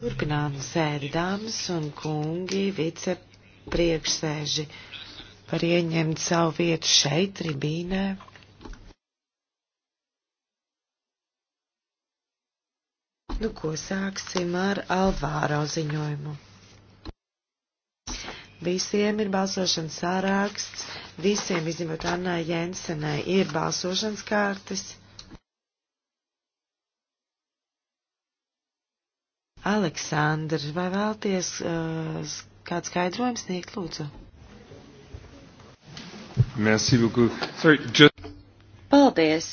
Turpinām sēdi, dāmas un kungi, vicepriekšsēži. Var ieņemt savu vietu šeit, tribīnē. Nu, ko sāksim ar Alvāro ziņojumu. Visiem ir balsošanas sārāksts, visiem, izņemot Annai Jensenai, ir balsošanas kārtas. Aleksandrs, vai vēlties uh, kādu skaidrojumu sniegt, lūdzu? Merci beaucoup. Sorry, just... Paldies.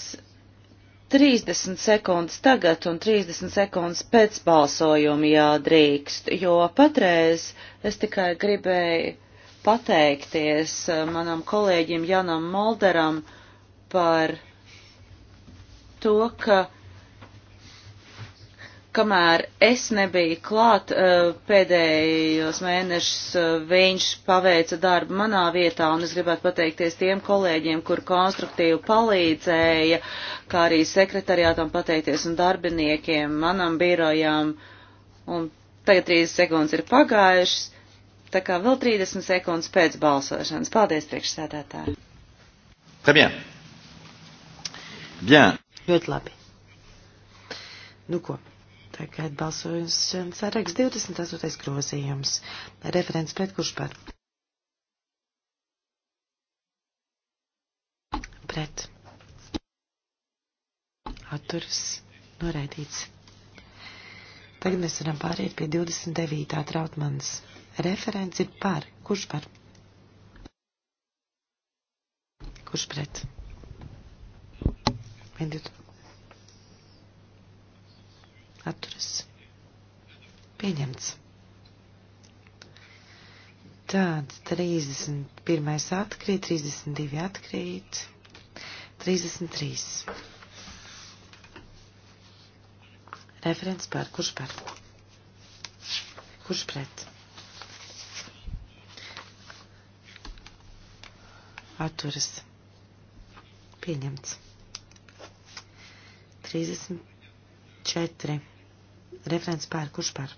30 sekundes tagad un 30 sekundes pēc balsojuma jādrīkst, jo patreiz es tikai gribēju pateikties uh, manam kolēģim Janam Molderam par to, ka kamēr es nebiju klāt eh, pēdējos mēnešus, eh, viņš paveica darbu manā vietā, un es gribētu pateikties tiem kolēģiem, kur konstruktīvi palīdzēja, kā arī sekretariātam pateikties un darbiniekiem, manam birojām. Un tagad 30 sekundes ir pagājušas, tā kā vēl 30 sekundes pēc balsošanas. Paldies, priekšsēdētāji! Très bien. Bien. Ļoti labi. Nu ko? Tagad balsojums um, saraks 28. grozījums. Referents pret kurš par? Pret. Atturs noraidīts. Tagad mēs varam pāriet pie 29. trautmanas. Referents ir par. Kurš par? Kurš pret? 22 atturas pieņemts. Tad 31. atkrīt, 32 atkrīt, 33. Referents par kurš par? Kurš pret? Atturas. Pieņemts. 34. Referents pār, kurš pār?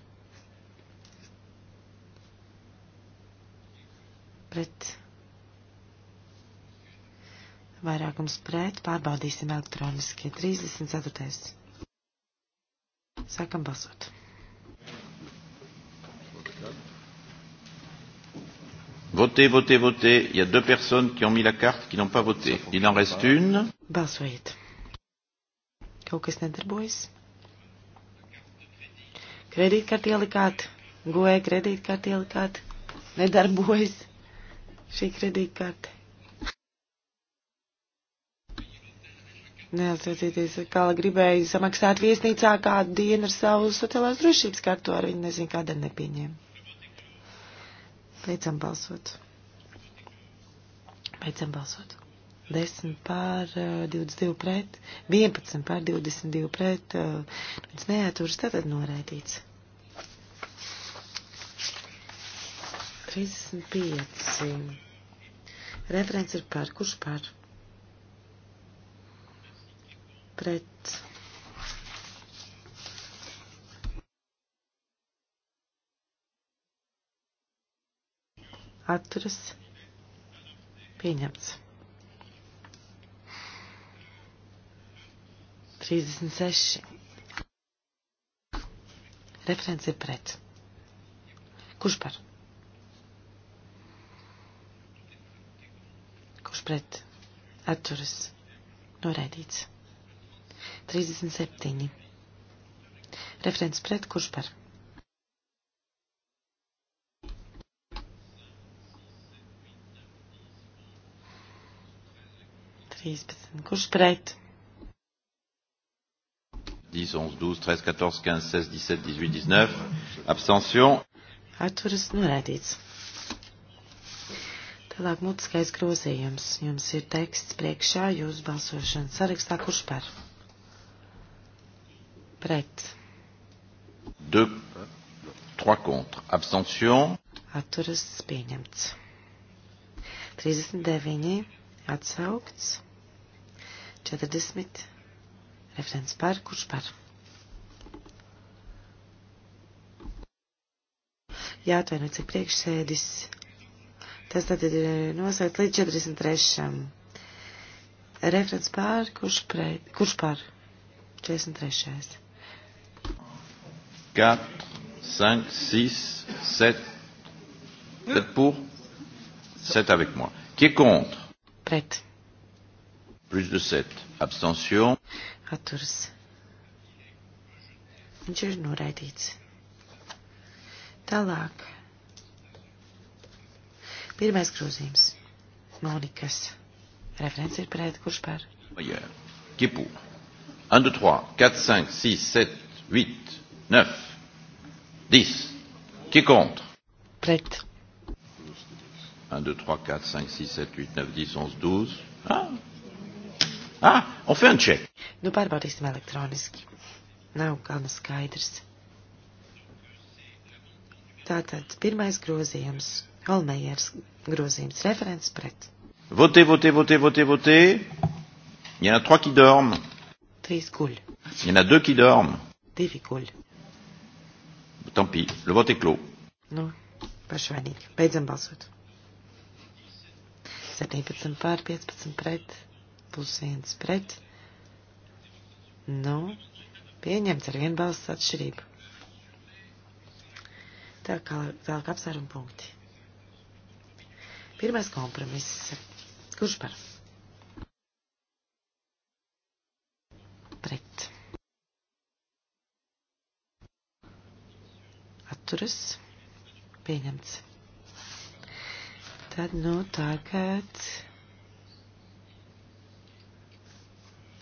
Pret. Vairākums pret. Pārbaudīsim elektroniski. 34. Sākam balsot. Votez, votez, votez. Il y a deux personnes qui ont mis la carte qui n'ont pas voté. Il en reste une. Balsojiet. Kaut kas nedarbojas. Kredītkarti ielikāt, goja kredītkarti ielikāt, nedarbojas šī kredītkarte. Neatsacīties, kā gribēju samaksāt viesnīcā kādu dienu ar savu sociālās drošības kartu, ar viņu nezinu, kādēļ nepieņēma. Beidzam balsot. Beidzam balsot. 10 pār 22 eh, pret, 11 pār 22 pret, eh, viens neaturas, tātad norēdīts. 35. Referents ir par, kurš par? Pret. Atturas. Pieņemts. 36. Referents ir pret. Kurš par? Kurš pret? Atturas. Noraidīts. 37. Referents pret. Kurš par? Trīspadsmit. Kurš pret? 10, 11, 12, 13, 14, 15, 16, 17, 18, 19. Abstention. Atturas norādīts. Tālāk mutiskais grozījums. Jums ir teksts priekšā jūsu balsošanas sarakstā, kurš par? Pret. 2, 3 contre. Abstention. Atturas pieņemts. 39. Atsaukts. 40 Referents par, kurš par? Jāatvaino, cik priekšsēdis. Tas tad ir e, noslēgts līdz 43. Referents pār, kurš, pre, kurš pār? 43. 4, 5, 6, 7. Vous êtes pour 7 avec moi. Qui est contre Prête. Plus de 7. Abstention atturas. Viņš ir noraidīts. Tālāk. Pirmais grozījums. Monikas. Referents ir pret, kurš par? Qui est pour 1, 2, 3, 4, 5, 6, 7, 8, 9, 10. Qui est contre Prête. 1, 2, 3, 4, 5, 6, 7, 8, 9, 10, 11, 12. Ah Ah, un fenček. Nu, pārbaudīsim elektroniski. Nav gana nu skaidrs. Tātad, pirmais grozījums. Holmejers grozījums. Referents pret. Votez, votez, votez, votez, votez. Il y en a trois qui dorment. Trīs guļ. Il y en a deux qui dorment. Divi guļ. Tant pis, le vote est clos. Nu, pašvainīgi. Beidzam balsot. 17 pār 15 pret plus viens pret. Nu, pieņemts ar vienu balstu atšķirību. Tā kā tālāk apsvērumu punkti. Pirmais kompromiss. Kurš par? Pret. Atturas. Pieņemts. Tad, nu, tagad. Kad...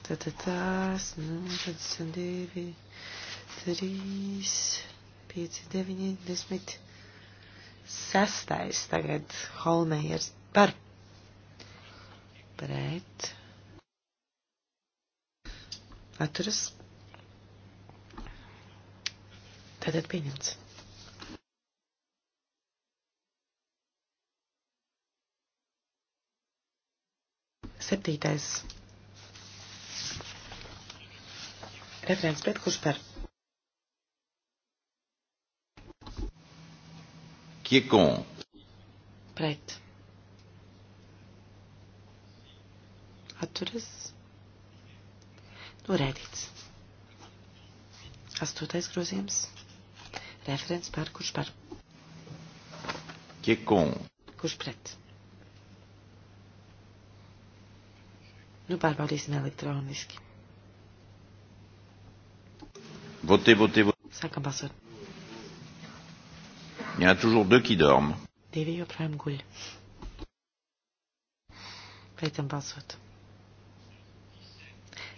Tātad tās 22, 3, 5, 9, 10, 6. Tagad Holmējers par pret. Atturas. Tātad pieņemts. Septītais Referents pret, kurš par? Kiekon. Pret. Atturas. Norēdīts. Astotais grozījums. Referents par, kurš par? Kiekon. Kurš pret? Nu, pārbaudīsim elektroniski. Votez, votez, votez. Sākam balsot. Il y en a toujours deux qui dorment. Divi joprojām guļ. Beidzam balsot.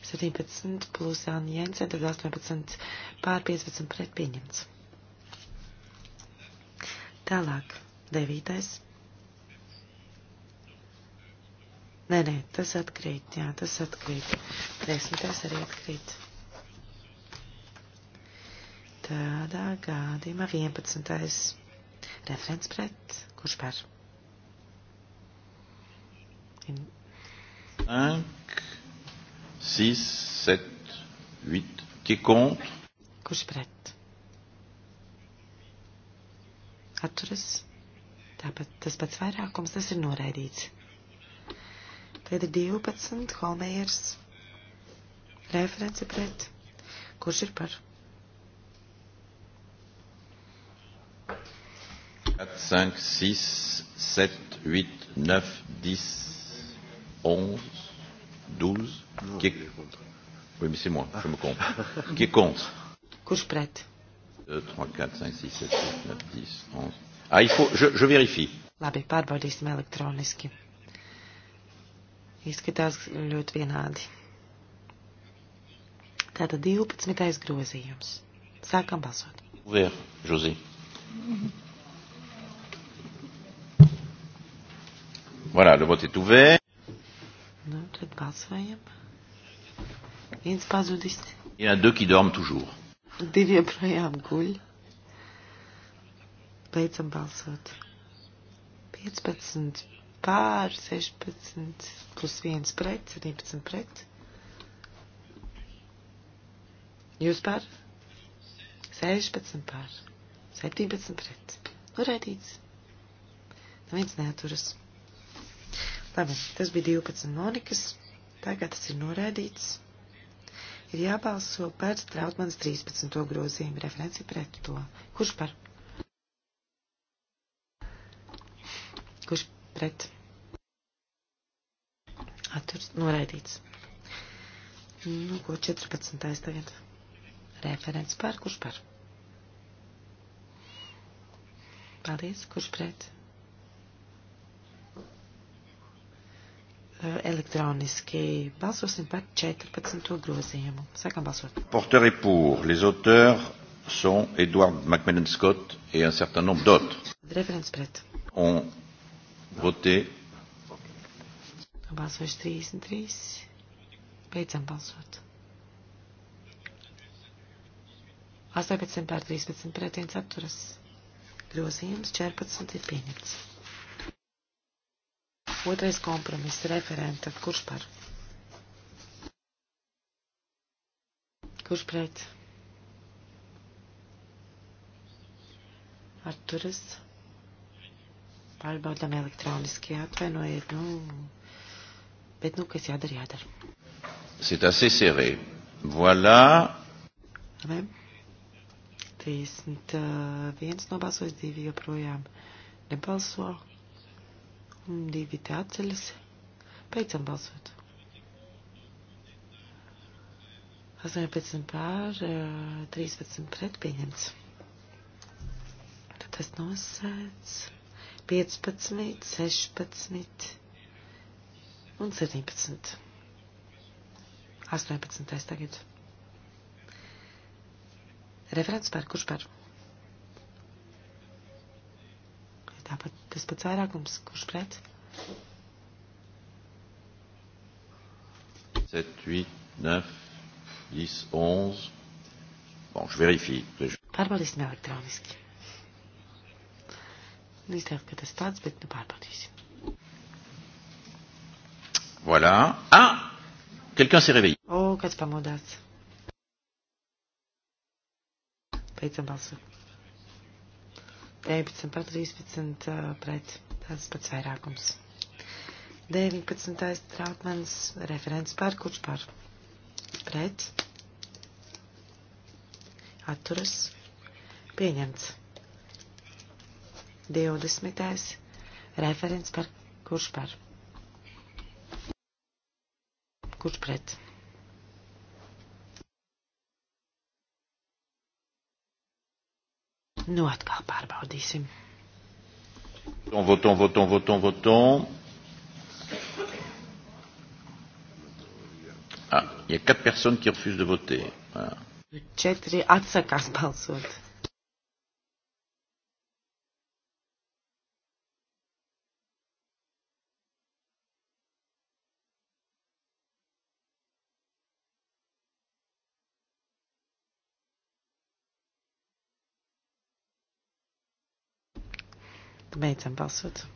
17 plus Anna Jensen, tad 18 pār 15 pret pieņemts. Tālāk, devītais. Nē, nē, tas atkrīt, jā, tas atkrīt. Desmitais arī atkrīt. Tādā gadījumā 11. referents pret, kurš par? In... 5, 6, 7, 8, qui est contre? Kurš pret? Atturas. Tāpat tas pats vairākums, tas ir noraidīts. Tad ir 12 Holmejers referenci pret, kurš ir par 4, 5, 6, 7, 8, 9, 10, 11, 12. Non, qui est... Oui, mais c'est moi, je me compte. qui est contre Couche prête. 2, 3, 4, 5, 6, 7, 8, 9, 10, 11. Ah, il faut, je, je vérifie. Labi, pārbaudīsim elektroniski. Izskatās ļoti vienādi. Tātad 12. grozījums. Sākam balsot. Vēr, José. Mm -hmm. Voilà, le vote est ouvert. Nu, tad balsojam. Viens pazudis. Il y en a deux qui dorment toujours. Divi joprojām guļ. Beidzam balsot. 15 pār, 16 plus 1 pret, 17 pret. Jūs pār? 16 pār, 17 pret. Noraidīts. Neviens neaturas. Labi, tas bija 12 Monikas, tagad tas ir noraidīts. Ir jābalso par Trautmanas 13. grozījumu referenci pret to. Kurš par? Kurš pret? Atturs noraidīts. Nu, ko 14. tagad? Referents par, kurš par? Paldies, kurš pret? elektroniski. Balsosim par 14. grozījumu. Sākam balsot. Porteur est pour. Les auteurs sont Edward McMillan Scott et un certain nombre d'autres. Referents pret. On voté. Balsojuši 33. Beidzam balsot. 18 pār 13 pret 1 atturas. Grozījums 14 ir pieņemts. Otrais kompromiss referenta. Kurš par? Kurš pret? Atturas. Pārbaudām elektroniski. Atvainojiet, nu. Bet, nu, kas jādara, jādara. C'est assez serré. Voilà. Vai? 31 nobalsojas, 2 joprojām nebalso. Mm, divi te atceļas. Beidzam balsot. 18 pār, 13 eh, pret pieņemts. Tad tas nosēdz 15, 16 un 17. 18. tagad. Referents par kurš par? Tāpat tas pats vairākums, kurš pret. 7, 8, 9, 10, 11. Bon, je vérifie. Pārbaudīsim elektroniski. Izteikt, ka tas tāds, bet nu pārbaudīsim. Voilà. Ah! Quelqu'un s'est réveillé. Oh, kāds pamodāts. Beidzam balsot. 19 par 13 pret. Tas pats vairākums. 19. Trautmans referents par kurš par pret. Atturas. Pieņemts. 20. Referents par kurš par. Kurš pret. Nu atkal pārbaudīsim. Voton, voton, voton, voton. Ah, il y a quatre personnes qui refusent de voter. Voilà. Ah. Četri atsakās balsot. Beidzam balsot.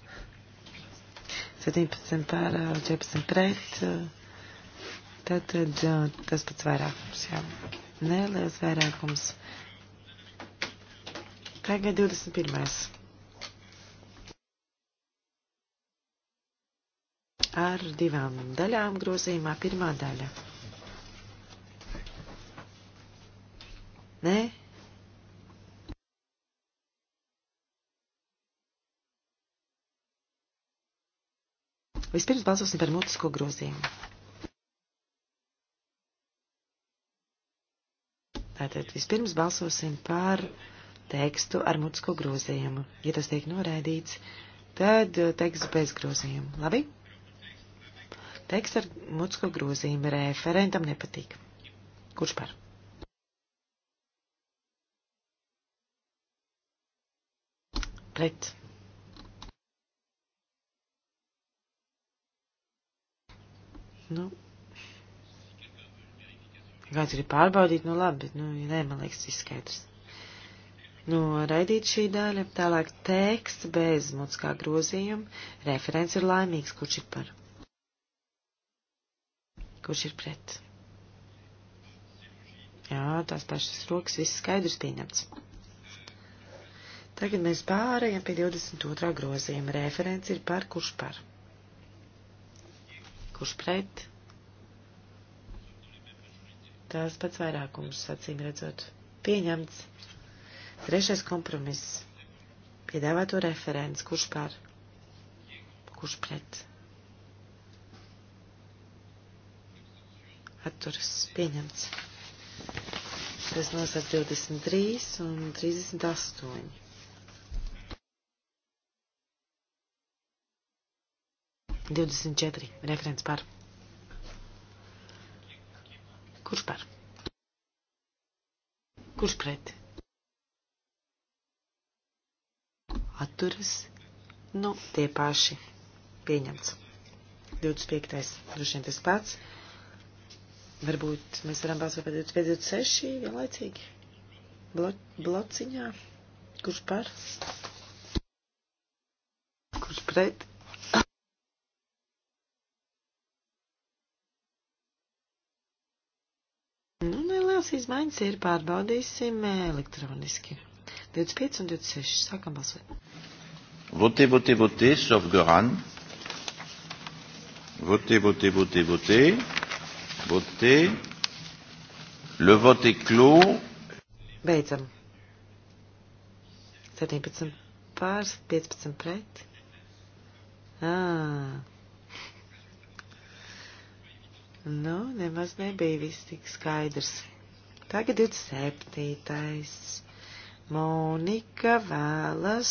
17 pār 14 pret. Tātad tas pats vairākums, jā. Neliels vairākums. Tagad 21. Ar divām daļām grozījumā pirmā daļa. Nē, Vispirms balsosim par mutisko grozījumu. Tātad vispirms balsosim par tekstu ar mutisko grozījumu. Ja tas tiek noraidīts, tad eh, teksts bez grozījuma. Labi? Teksts ar mutisko grozījumu referentam nepatīk. Kurš par? Pret. Nu, kāds grib pārbaudīt, nu labi, bet, nu, nē, man liekas, viss skaidrs. Nu, raidīt šī daļa, tālāk teksts bez mutiskā grozījuma, referents ir laimīgs, kurš ir par. Kurš ir pret? Jā, tās pašas rokas, viss skaidrs pieņemts. Tagad mēs pārējām pie 22. grozījuma, referents ir par, kurš par kurš pret. Tās pats vairākums, acīm redzot, pieņemts. Trešais kompromiss. Piedāvāto referents, kurš par, kurš pret. Atturas pieņemts. Tas nosaka 23 un 38. 24. Referents par. Kurš par? Kurš pret? Atturas. Nu, tie paši. Pieņemts. 25. Droši vien tas pats. Varbūt mēs varam balsot par 25, 26 vienlaicīgi. Blo blociņā. Kurš par? Kurš pret? Lielās izmaiņas ir pārbaudīsim eh, elektroniski. 25 un 26. Sākam balsot. Votē, votē, votē, Sofgaran. Votē, votē, votē, votē. Votē. Le vote est clos. Beidzam. 17 pār, 15 pret. À. Nu, nemaz nebija viss tik skaidrs. Tagad 27. Monika vēlas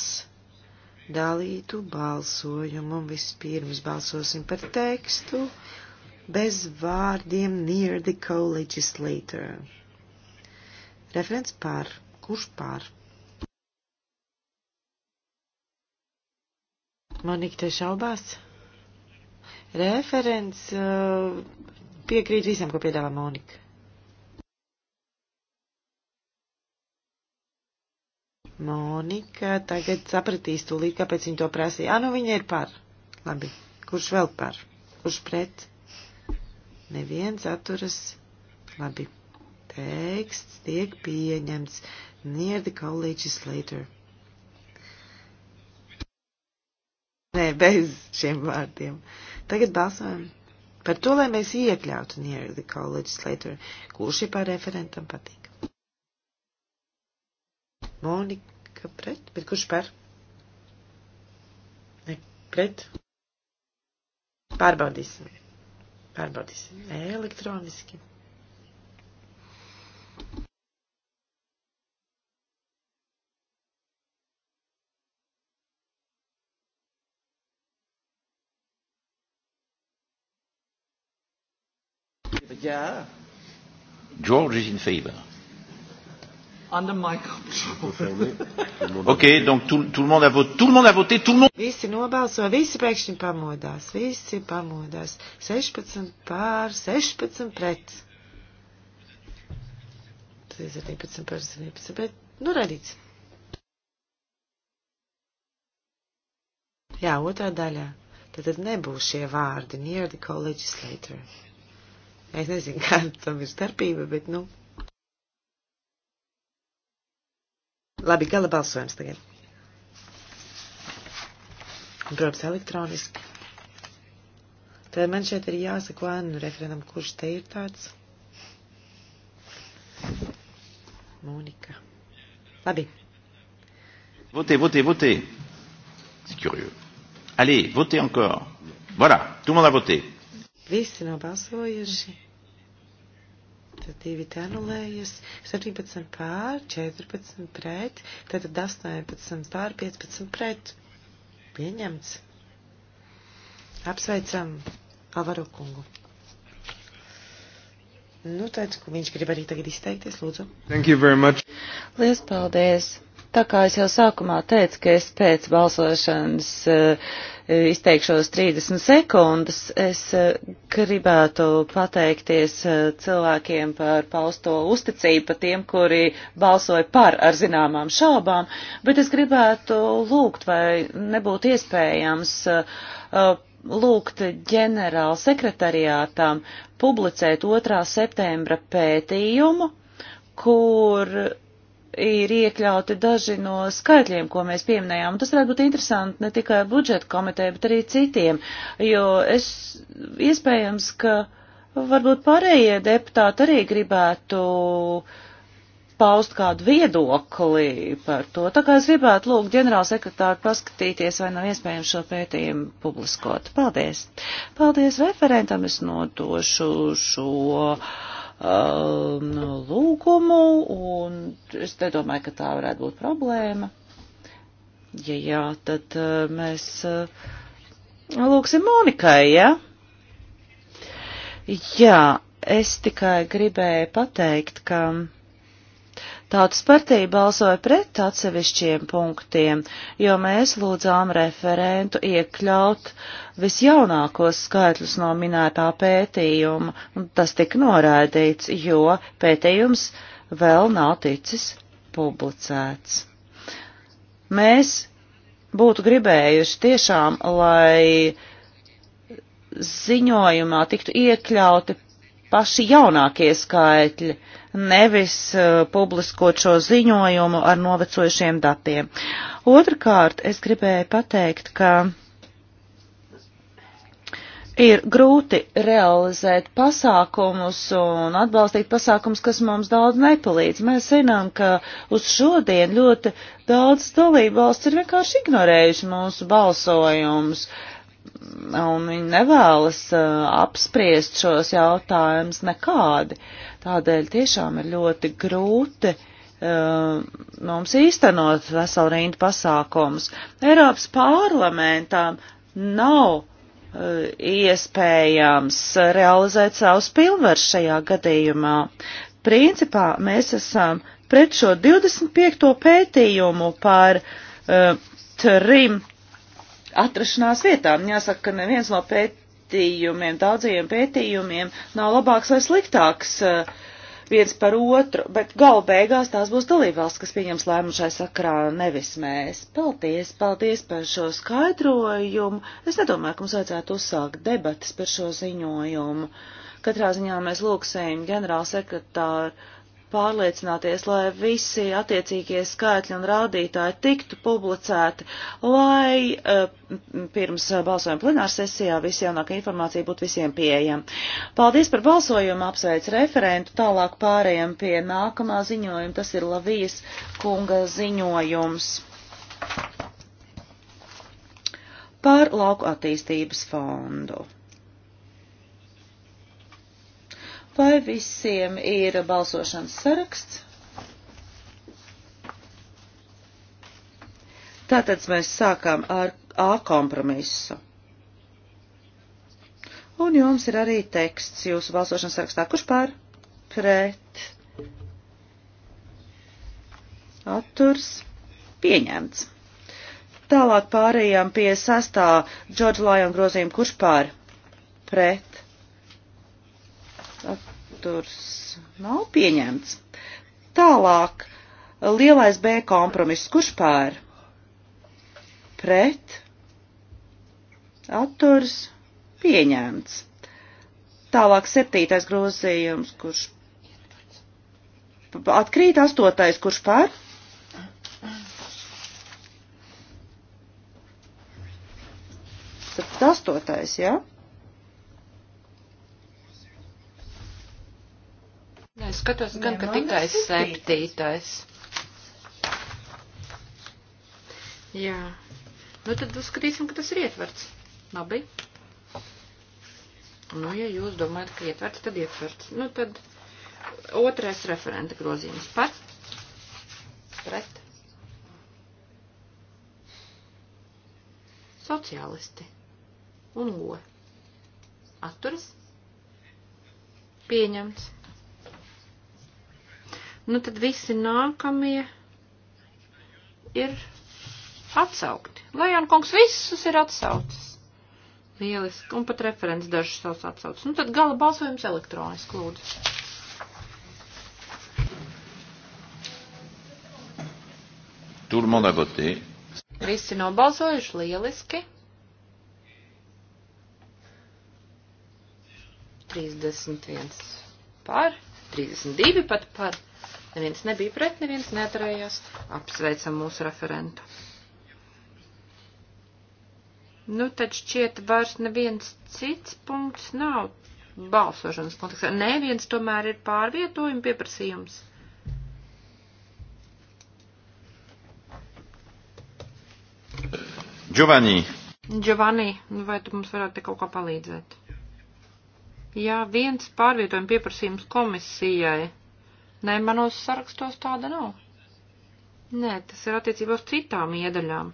dalītu balsojumu. Vispirms balsosim par tekstu bez vārdiem near the co-legislator. Referents par. Kurš par? Monika, te šaubās? Referents uh, piekrīt visam, ko piedāvā Monika. Monika tagad sapratīs tūlīt, kāpēc viņa to prasīja. Ā, nu viņa ir par. Labi. Kurš vēl par? Kurš pret? Neviens atturas. Labi. Teksts tiek pieņemts. Near the colleges later. Nē, bez šiem vārdiem. Tagad balsojam par to, lai mēs iekļautu near the colleges later. Kurš ir par referentam patīk? Monika pret, bet kurš par? Ne, pret. Pārbaudīsim. Pārbaudīsim elektroniski. Yeah. George is in favor under my control. ok, donc tout, tout, le monde a voté, tout le monde a voté, tout le monde. Visi nobalso, visi pēkšņi pamodās, visi pamodās. 16 pār, 16 pret. 17 pār, 17 pret. Nu, redzīts. Jā, otrā daļā. Tad, tad nebūs šie vārdi, near the co-legislator. Es nezinu, kāda tam ir starpība, bet, nu, Labi, gala balsojums tagad. Un, protams, elektroniski. Tad man šeit ir jāsaka lēnu referendam, kurš te ir tāds. Monika. Labi. Votez, votez, votez. C'est curieux. Allez, votez encore. Voilà, tout le monde a voté. Visi nav balsojuši divi anulējas, 17 pār, 14 pret, tātad 18 pār, 15 pret. Pieņemts. Apsveicam Alvaro kungu. Nu, tad, viņš grib arī tagad izteikties, lūdzu. Thank you very much. Lies paldies. Tā kā es jau sākumā teicu, ka es pēc balsošanas eh, izteikšos 30 sekundes, es eh, gribētu pateikties eh, cilvēkiem par pausto uzticību, par tiem, kuri balsoja par ar zināmām šaubām, bet es gribētu lūgt, vai nebūtu iespējams lūgt ģenerāla sekretariātām publicēt 2. septembra pētījumu, kur ir iekļauti daži no skaitļiem, ko mēs pieminējām. Tas varētu būt interesanti ne tikai budžeta komiteja, bet arī citiem, jo es iespējams, ka varbūt pārējie deputāti arī gribētu paust kādu viedokli par to. Tā kā es gribētu lūgt ģenerālsekretāru paskatīties, vai nav iespējams šo pētījumu publiskot. Paldies! Paldies referentam, es nodošu šo. šo Um, lūgumu, un es nedomāju, ka tā varētu būt problēma. Ja jā, tad uh, mēs uh, lūgsim Monikai, ja? Jā, es tikai gribēju pateikt, ka. Tautas partija balsoja pret atsevišķiem punktiem, jo mēs lūdzām referentu iekļaut visjaunākos skaitļus no minētā pētījuma, un tas tika noraidīts, jo pētījums vēl nav ticis publicēts. Mēs būtu gribējuši tiešām, lai ziņojumā tiktu iekļauti paši jaunākie skaitļi, nevis uh, publiskot šo ziņojumu ar novecojušiem datiem. Otrakārt, es gribēju pateikt, ka ir grūti realizēt pasākumus un atbalstīt pasākumus, kas mums daudz nepalīdz. Mēs zinām, ka uz šodien ļoti daudz dalību valsts ir vienkārši ignorējuši mūsu balsojumus un viņi nevēlas uh, apspriest šos jautājumus nekādi. Tādēļ tiešām ir ļoti grūti uh, mums īstenot veselu rindu pasākumus. Eiropas parlamentām nav uh, iespējams realizēt savus pilnvars šajā gadījumā. Principā mēs esam pret šo 25. pētījumu par uh, trim atrašanās vietām. Jāsaka, ka neviens no pētījumiem, daudzajiem pētījumiem nav labāks vai sliktāks uh, viens par otru, bet galu beigās tās būs dalībvalsts, kas pieņems lēmumu šai sakrā, nevis mēs. Paldies, paldies par šo skaidrojumu. Es nedomāju, ka mums vajadzētu uzsākt debatas par šo ziņojumu. Katrā ziņā mēs lūksim ģenerālsekretāru pārliecināties, lai visi attiecīgie skaitļi un rādītāji tiktu publicēti, lai eh, pirms balsojuma plenāra sesijā viss jaunākā informācija būtu visiem pieejama. Paldies par balsojumu, apsveic referentu, tālāk pārējiem pie nākamā ziņojuma, tas ir Lavijas kunga ziņojums par lauku attīstības fondu. Vai visiem ir balsošanas saraksts? Tātad mēs sākām ar A kompromisu. Un jums ir arī teksts jūsu balsošanas sarakstā. Kurš pār? Pret. Atturs. Pieņemts. Tālāk pārējām pie sastā George Lyon grozījuma. Kurš pār? Pret atturs nav pieņemts. Tālāk, lielais B kompromiss, kurš pār? Pret, atturs pieņemts. Tālāk septītais grozījums, kurš atkrīt astotais, kurš pār? Astotais, jā? Ja? Es skatos gan, ka tikai septītais. Jā. Nu tad uzskatīsim, ka tas ir ietverts. Labi. Nu, ja jūs domājat, ka ietverts, tad ietverts. Nu tad otrais referenta grozījums par. Pret. Sociālisti. Un go. Atturas. Pieņemts nu tad visi nākamie ir atsaukti. Lajona kungs visus ir atsaucis. Lieliski. Un pat referents dažus savus atsaucis. Nu tad gala balsojums elektroniski lūdzu. Tout le monde a voté. Visi nobalsojuši lieliski. 31 par, 32 pat par. Neviens nebija pret, neviens neturējās. Apsveicam mūsu referentu. Nu, tad šķiet vairs neviens cits punkts nav balsošanas kontekstā. Nē, viens tomēr ir pārvietojuma pieprasījums. Giovanni. Giovanni, vai tu mums varētu te kaut kā palīdzēt? Jā, viens pārvietojuma pieprasījums komisijai Nē, manos sarakstos tāda nav. Nē, tas ir attiecībā uz citām iedaļām.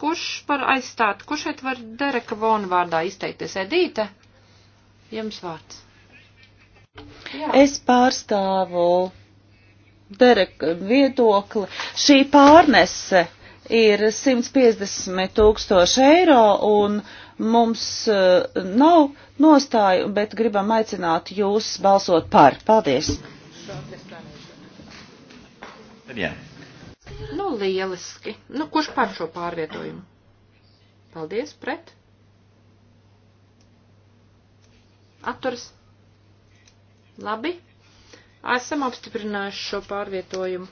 Kurš par aizstāt, kurš šeit var Dereka Vona vārdā izteikties? Edīte, jums vārds. Jā. Es pārstāvu Dereka viedokli. Šī pārnese ir 150 tūkstoši eiro un uh, Mums eh, nav nostāju, bet gribam aicināt jūs balsot par. Paldies! Jā. Nu, lieliski. Nu, kurš par šo pārvietojumu? Paldies, pret. Atturs. Labi. Esam apstiprinājuši šo pārvietojumu.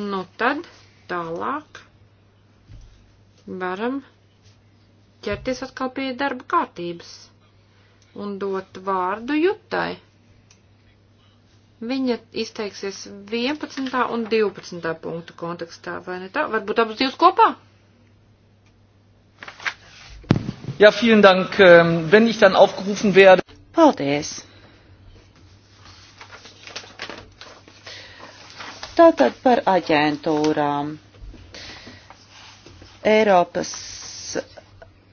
Nu tad, tālāk. Varam ķerties atkal pie darba kārtības un dot vārdu jutai. Viņa izteiksies 11. un 12. punktu kontekstā, vai ne tā? Varbūt abas divas kopā? Ja, vielen Dank. Ähm, wenn ich dann aufgerufen werde. Paldies. Tātad par aģentūrām. Eiropas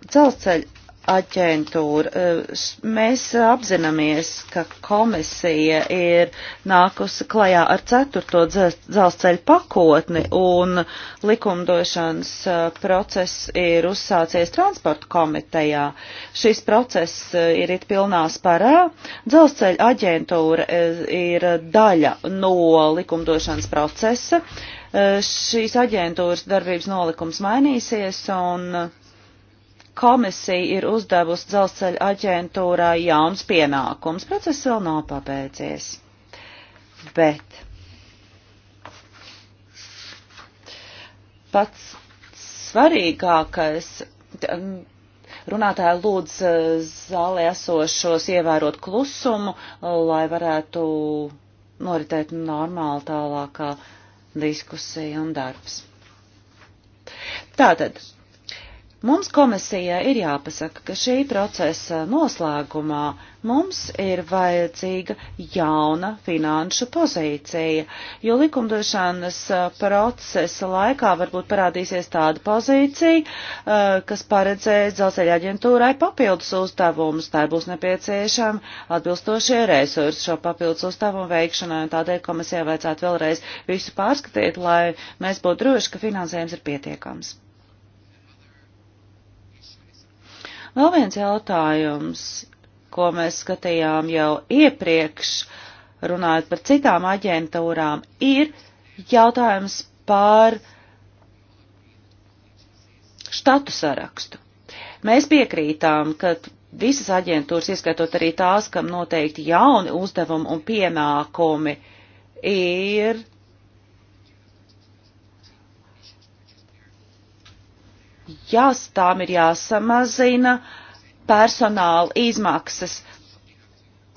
Dzelzceļa aģentūra. Eh, mēs apzināmies, ka komisija ir nākusi klajā ar ceturto dzelzceļa pakotni un likumdošanas eh, process ir uzsācies transporta komitejā. Šis process eh, ir it pilnā sparā. Dzelzceļa aģentūra ir daļa no likumdošanas procesa. Šīs aģentūras darbības nolikums mainīsies un komisija ir uzdevusi dzelzceļa aģentūrai jauns pienākums. Process vēl nav pabeidzies. Bet pats svarīgākais runātāja lūdz eh, zālē esošos ievērot klusumu, lai varētu noritēt normāli tālākā diskusija un darbs. Tātad, Mums komisijai ir jāpasaka, ka šī procesa noslēgumā mums ir vajadzīga jauna finanšu pozīcija, jo likumdošanas uh, procesa laikā varbūt parādīsies tāda pozīcija, uh, kas paredzēs dzelzceļa aģentūrai papildus uzdevumus. Tā būs nepieciešama atbilstošie resursi šo papildus uzdevumu veikšanai, un tādēļ komisijai vajadzētu vēlreiz visu pārskatīt, lai mēs būtu droši, ka finansējums ir pietiekams. Vēl viens jautājums, ko mēs skatījām jau iepriekš, runājot par citām aģentūrām, ir jautājums par štatu sarakstu. Mēs piekrītām, ka visas aģentūras, ieskaitot arī tās, kam noteikti jauni uzdevumi un pienākumi, ir jās, tām ir jāsamazina personāla izmaksas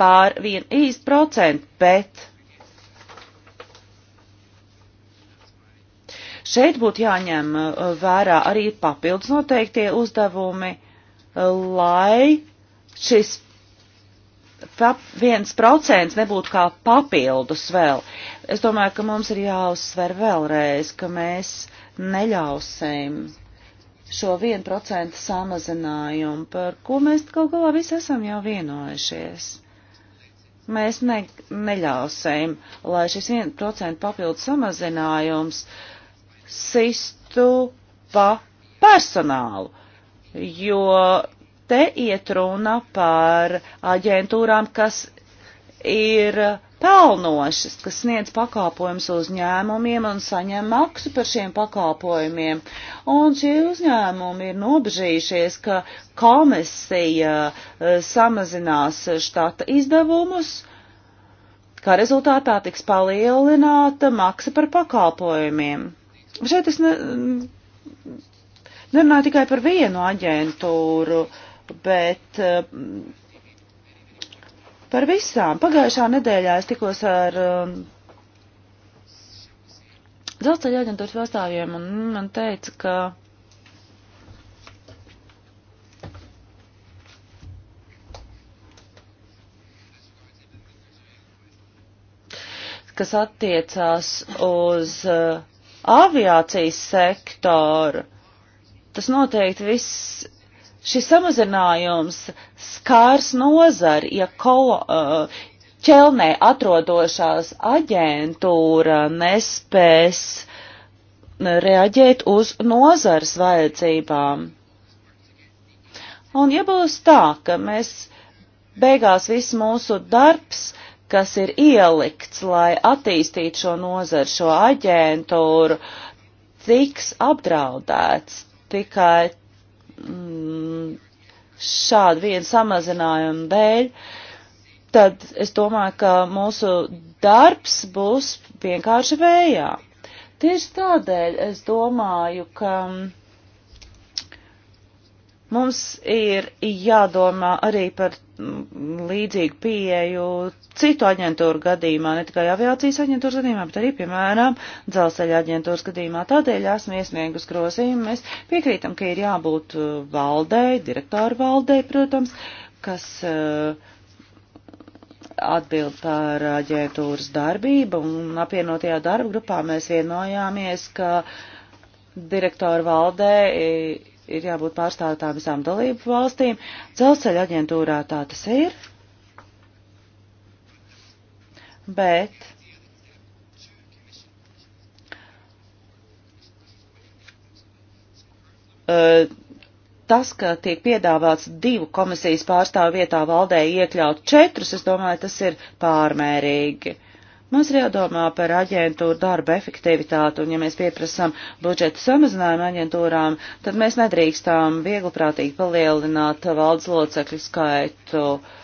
pār 1%, bet šeit būtu jāņem uh, vērā arī papildus noteiktie uzdevumi, uh, lai šis viens procents nebūtu kā papildus vēl. Es domāju, ka mums ir jāuzsver vēlreiz, ka mēs neļausim šo 1% samazinājumu, par ko mēs kaut galā visi esam jau vienojušies. Mēs ne, neļausim, lai šis 1% papildu samazinājums sistu pa personālu, jo te iet runa par aģentūrām, kas ir pelnošas, kas sniedz pakāpojums uzņēmumiem un saņem maksu par šiem pakāpojumiem. Un šie uzņēmumi ir nobežījušies, ka komisija eh, samazinās štata izdevumus, kā rezultātā tiks palielināta maksa par pakalpojumiem. Šeit es ne, nerunāju tikai par vienu aģentūru, bet eh, Par visām. Pagājušā nedēļā es tikos ar um, dzelzceļa aģentūras pārstāvjiem un man teica, ka. kas attiecās uz uh, aviācijas sektoru, tas noteikti viss šis samazinājums skārs nozari, ja ko, uh, ķelnē atrodošās aģentūra nespēs reaģēt uz nozars vajadzībām. Un ja būs tā, ka mēs beigās viss mūsu darbs, kas ir ielikts, lai attīstītu šo nozaru, šo aģentūru, tiks apdraudēts tikai Mm, šādu vienu samazinājumu dēļ, tad es domāju, ka mūsu darbs būs vienkārši vējā. Tieši tādēļ es domāju, ka mm, Mums ir jādomā arī par mm, līdzīgu pieeju citu aģentūru gadījumā, ne tikai aviācijas aģentūras gadījumā, bet arī, piemēram, dzelzceļa aģentūras gadījumā. Tādēļ esmu iesniegus grozījumu. Mēs piekrītam, ka ir jābūt uh, valdei, direktoru valdei, protams, kas uh, atbild par aģentūras darbību, un apvienotajā darba grupā mēs vienojāmies, ka direktoru valdei ir jābūt pārstāvotām visām dalību valstīm. Dzelzceļa aģentūrā tā tas ir. Bet eh, tas, ka tiek piedāvāts divu komisijas pārstāvu vietā valdē iekļaut četrus, es domāju, tas ir pārmērīgi. Uh, Mums ir jādomā par aģentūru darba efektivitāti, un ja mēs pieprasam budžeta samazinājumu aģentūrām, tad mēs nedrīkstām viegliprātīgi palielināt valdes locekļu skaitu. Uh,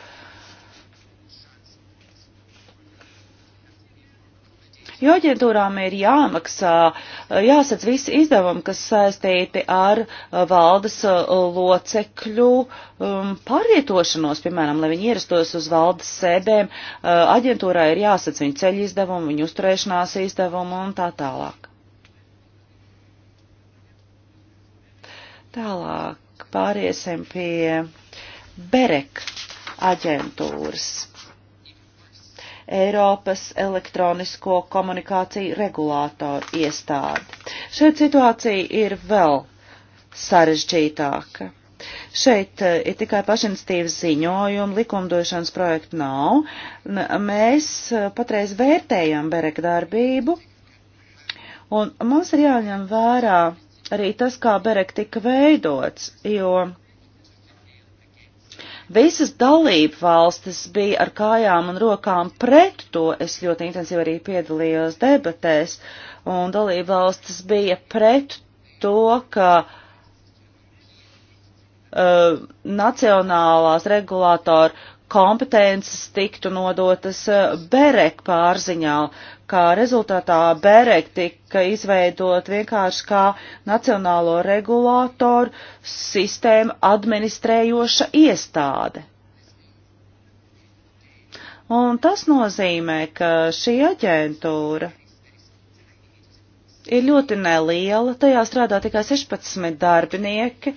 jo aģentūrām ir jāmaksā, jāsadz visi izdevumi, kas saistīti ar uh, valdes uh, locekļu um, pārvietošanos, piemēram, lai viņi ierastos uz valdes sēdēm, uh, aģentūrā ir jāsadz viņu ceļu izdevumu, viņu uzturēšanās izdevumu un tā tālāk. Tālāk pāriesim pie Berek aģentūras. Eiropas elektronisko komunikāciju regulātoru iestādi. Šeit situācija ir vēl sarežģītāka. Šeit eh, ir tikai pašinstīvas ziņojumi, likumdošanas projektu nav. Mēs eh, patreiz vērtējam Bereka darbību, un mums ir jāņem vērā arī tas, kā Bereka tika veidots, jo Visas dalību valstis bija ar kājām un rokām pret to. Es ļoti intensīvi arī piedalījos debatēs, un dalību valstis bija pret to, ka uh, nacionālās regulātoru kompetences tiktu nodotas eh, Berek pārziņā, kā rezultātā Berek tika izveidot vienkārši kā nacionālo regulātoru sistēmu administrējoša iestāde. Un tas nozīmē, ka šī aģentūra ir ļoti neliela. Tajā strādā tikai 16 darbinieki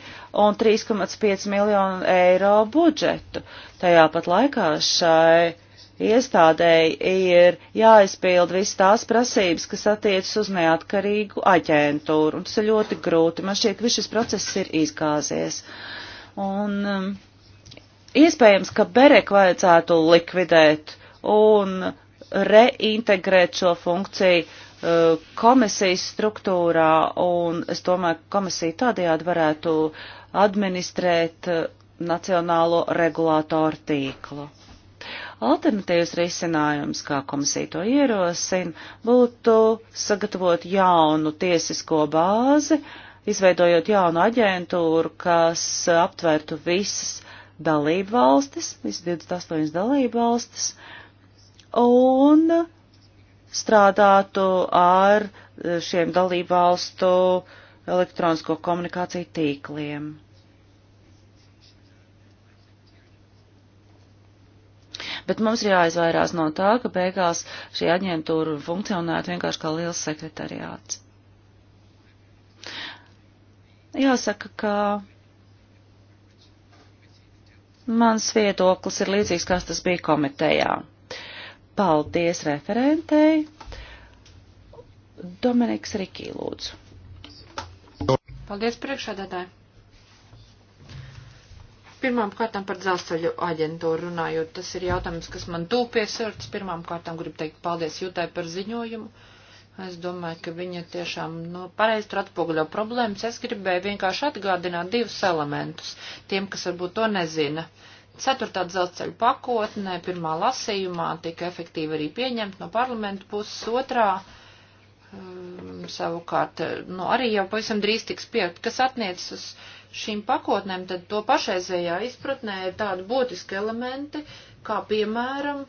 un 3,5 miljonu eiro budžetu. Tajā pat laikā šai iestādēji ir jāizpild visas tās prasības, kas attiecas uz neatkarīgu aģentūru. Un tas ir ļoti grūti. Man šķiet, ka viss šis process ir izgāzies. Un um, iespējams, ka Berek vajadzētu likvidēt un reintegrēt šo funkciju komisijas struktūrā, un es domāju, ka komisija tādējādi varētu administrēt nacionālo regulātoru tīklu. Alternatīvs risinājums, kā komisija to ierosina, būtu sagatavot jaunu tiesisko bāzi, izveidojot jaunu aģentūru, kas aptvertu visas dalību valstis, visas 28 dalību valstis, un uh, strādātu ar eh, šiem dalībvalstu elektronisko komunikāciju tīkliem. Bet mums ir jāizvairās no tā, ka beigās šī aģentūra funkcionētu vienkārši kā liels sekretariāts. Jāsaka, ka mans viedoklis ir līdzīgs, kas tas bija komitejā. Paldies referentei. Dominiks Rikī, lūdzu. Paldies priekšādātāji. Pirmām kārtām par dzelzceļu aģentūru runājot, tas ir jautājums, kas man tūpies sirds. Pirmām kārtām gribu teikt paldies Jūtai par ziņojumu. Es domāju, ka viņa tiešām nu, pareizi tur atpoguļo problēmas. Es gribēju vienkārši atgādināt divus elementus tiem, kas varbūt to nezina. Uh, Ceturtā dzelzceļa pakotnē pirmā lasījumā tika efektīvi arī pieņemta no parlamentu puses otrā. Um, savukārt, nu, arī jau pavisam drīz tiks pieņemta, kas attiecas uz šīm pakotnēm, tad to pašreizējā izpratnē ir tādi būtiski elementi, kā piemēram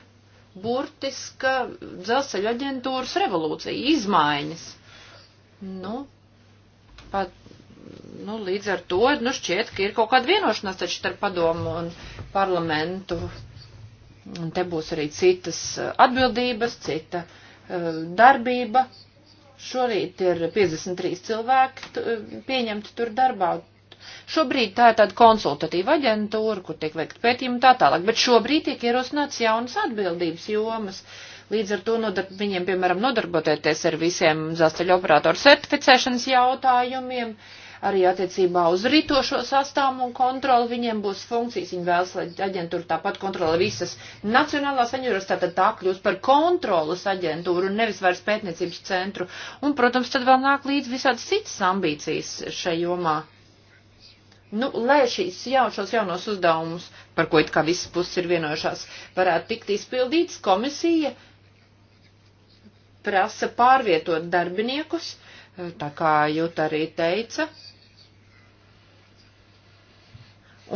burtiska dzelzceļa aģentūras revolūcija, izmaiņas. Nu, pat nu, līdz ar to, nu, šķiet, ka ir kaut kāda vienošanās taču starp padomu un parlamentu. Un te būs arī citas eh, atbildības, cita uh, darbība. Šorīt ir 53 cilvēki eh, pieņemti tur darbā. Šobrīd tā ir tāda konsultatīva aģentūra, kur tiek veikt pētījumi tā tālāk, bet šobrīd tiek ierosināts jaunas atbildības jomas. Līdz ar to nodar, viņiem, piemēram, nodarboties ar visiem zāceļu operatoru certificēšanas jautājumiem, uh, arī attiecībā uz rītošo sastāvu un kontroli. Viņiem būs funkcijas, viņi vēlas, lai aģentūra tāpat kontrolē visas nacionālās aģentūras, tātad tā kļūst par kontrolas aģentūru un nevis vairs pētniecības centru. Un, protams, tad vēl nāk līdz visādas citas ambīcijas šai jomā. Nu, lai šīs jau, šos jaunos uzdevumus, par ko it kā visas puses ir vienojušās, varētu tikt izpildīts, komisija prasa pārvietot darbiniekus, tā kā Jut arī teica,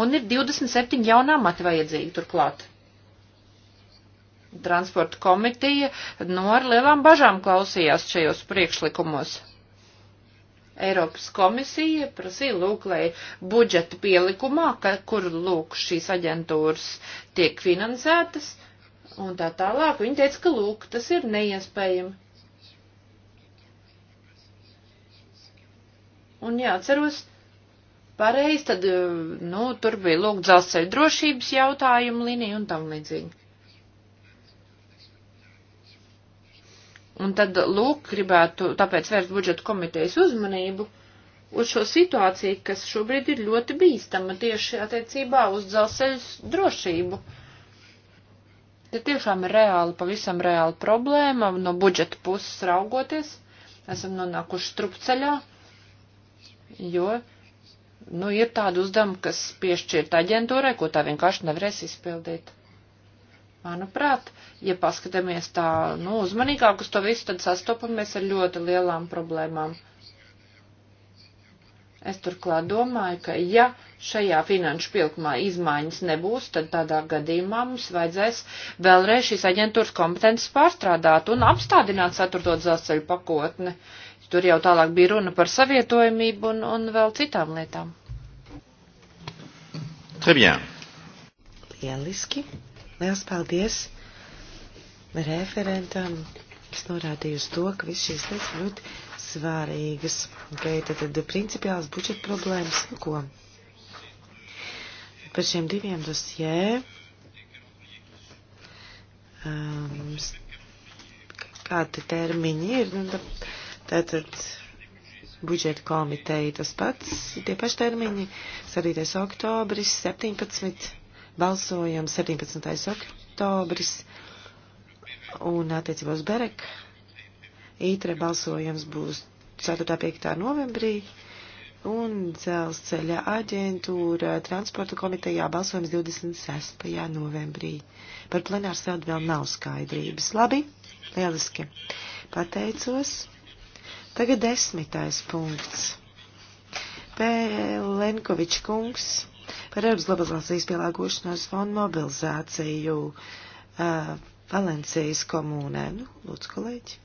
un ir 27 jaunā mati vajadzīgi turklāt. Transporta komiteja no nu ar lielām bažām klausījās šajos priekšlikumos. Eiropas komisija prasīja lūk, lai budžeta pielikumā, ka, kur lūk šīs aģentūras tiek finansētas un tā tālāk, viņi teica, ka lūk, tas ir neiespējami. Un jāatceros, ja, pareizi, tad, eh, nu, tur bija lūk dzelzceļa drošības jautājumu līnija un tam līdzīgi. Un tad, lūk, gribētu tāpēc vērst budžeta komitejas uzmanību uz šo situāciju, kas šobrīd ir ļoti bīstama tieši attiecībā uz dzelzceļa drošību. Te tiešām ir reāli, pavisam reāli problēma no budžeta puses raugoties. Esam nonākuši strupceļā, jo nu, ir tādi uzdevumi, kas piešķirta aģentūrai, ko tā vienkārši nevarēs izpildīt. Manuprāt, ja paskatāmies tā, nu, uzmanīgāk uz to visu, tad sastopamies ar ļoti lielām problēmām. Es turklāt domāju, ka ja šajā finanšu pilkumā izmaiņas nebūs, tad tādā gadījumā mums vajadzēs vēlreiz šīs aģentūras kompetences pārstrādāt un apstādināt saturtot dzelzceļu pakotni. Uh, Tur jau tālāk bija runa par savietojamību un, un vēl citām lietām. Très bien. Lieliski. Liels paldies referentam, kas norādīja uz to, ka viss šīs lietas ļoti svārīgas. Okay, tad, tad principiāls budžeta problēmas. Nu, ko? Par šiem diviem dosjē. Um, kādi termiņi ir. Nu, tā, Tātad budžeta komiteja tas pats, tie paši termiņi, 7. oktobris, 17. balsojam, 17. oktobris un attiecībā uz Berek. Ītre balsojums būs 4. 5. novembrī un dzelzceļa aģentūra transporta komitejā balsojums 26. novembrī. Par plenāru sēdu vēl nav skaidrības. Labi, lieliski. Pateicos. Tagad desmitais punkts. Lenkovičs kungs par Eiropas globalizācijas pielāgošanos fondu mobilizāciju uh, Valencijas komunē. Nu, lūdzu, kolēģi.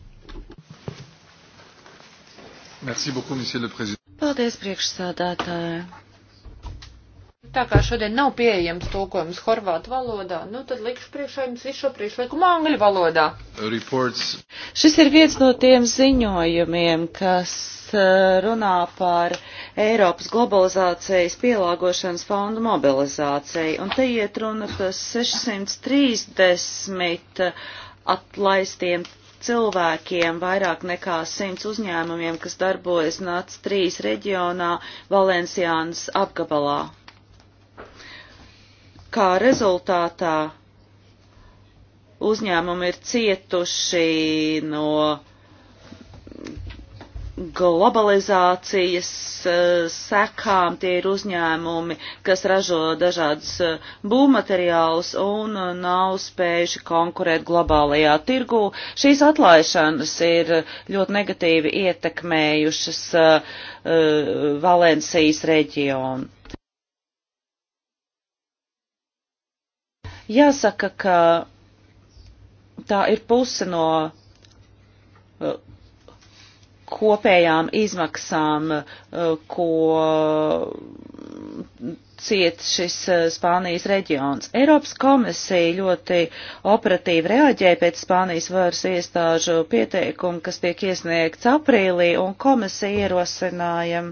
Merci beaucoup, monsieur le président. Paldies, priekšsādātāji. Tā kā šodien nav pieejams tulkojums horvātu valodā, nu tad likšu priekšā jums visu šo priekšlikumu angļu valodā. Reports. Šis ir viens no tiem ziņojumiem, kas eh, runā par Eiropas globalizācijas pielāgošanas fondu mobilizāciju. Un te iet runa par 630 eh, atlaistiem cilvēkiem, vairāk nekā simts uzņēmumiem, kas darbojas NAC 3 reģionā Valenciānas apgabalā kā rezultātā uzņēmumi ir cietuši no globalizācijas eh, sekām, tie ir uzņēmumi, kas ražo dažādas eh, būvmateriālus un eh, nav spējuši konkurēt globālajā tirgū. Šīs atlaišanas ir ļoti negatīvi ietekmējušas Valencijas reģionu. Jāsaka, ka tā ir puse no uh, kopējām izmaksām, uh, ko ciet šis uh, Spānijas reģions. Eiropas komisija ļoti operatīvi reaģēja pēc Spānijas varas iestāžu pieteikumu, kas tiek iesniegts aprīlī, un komisija ierosināja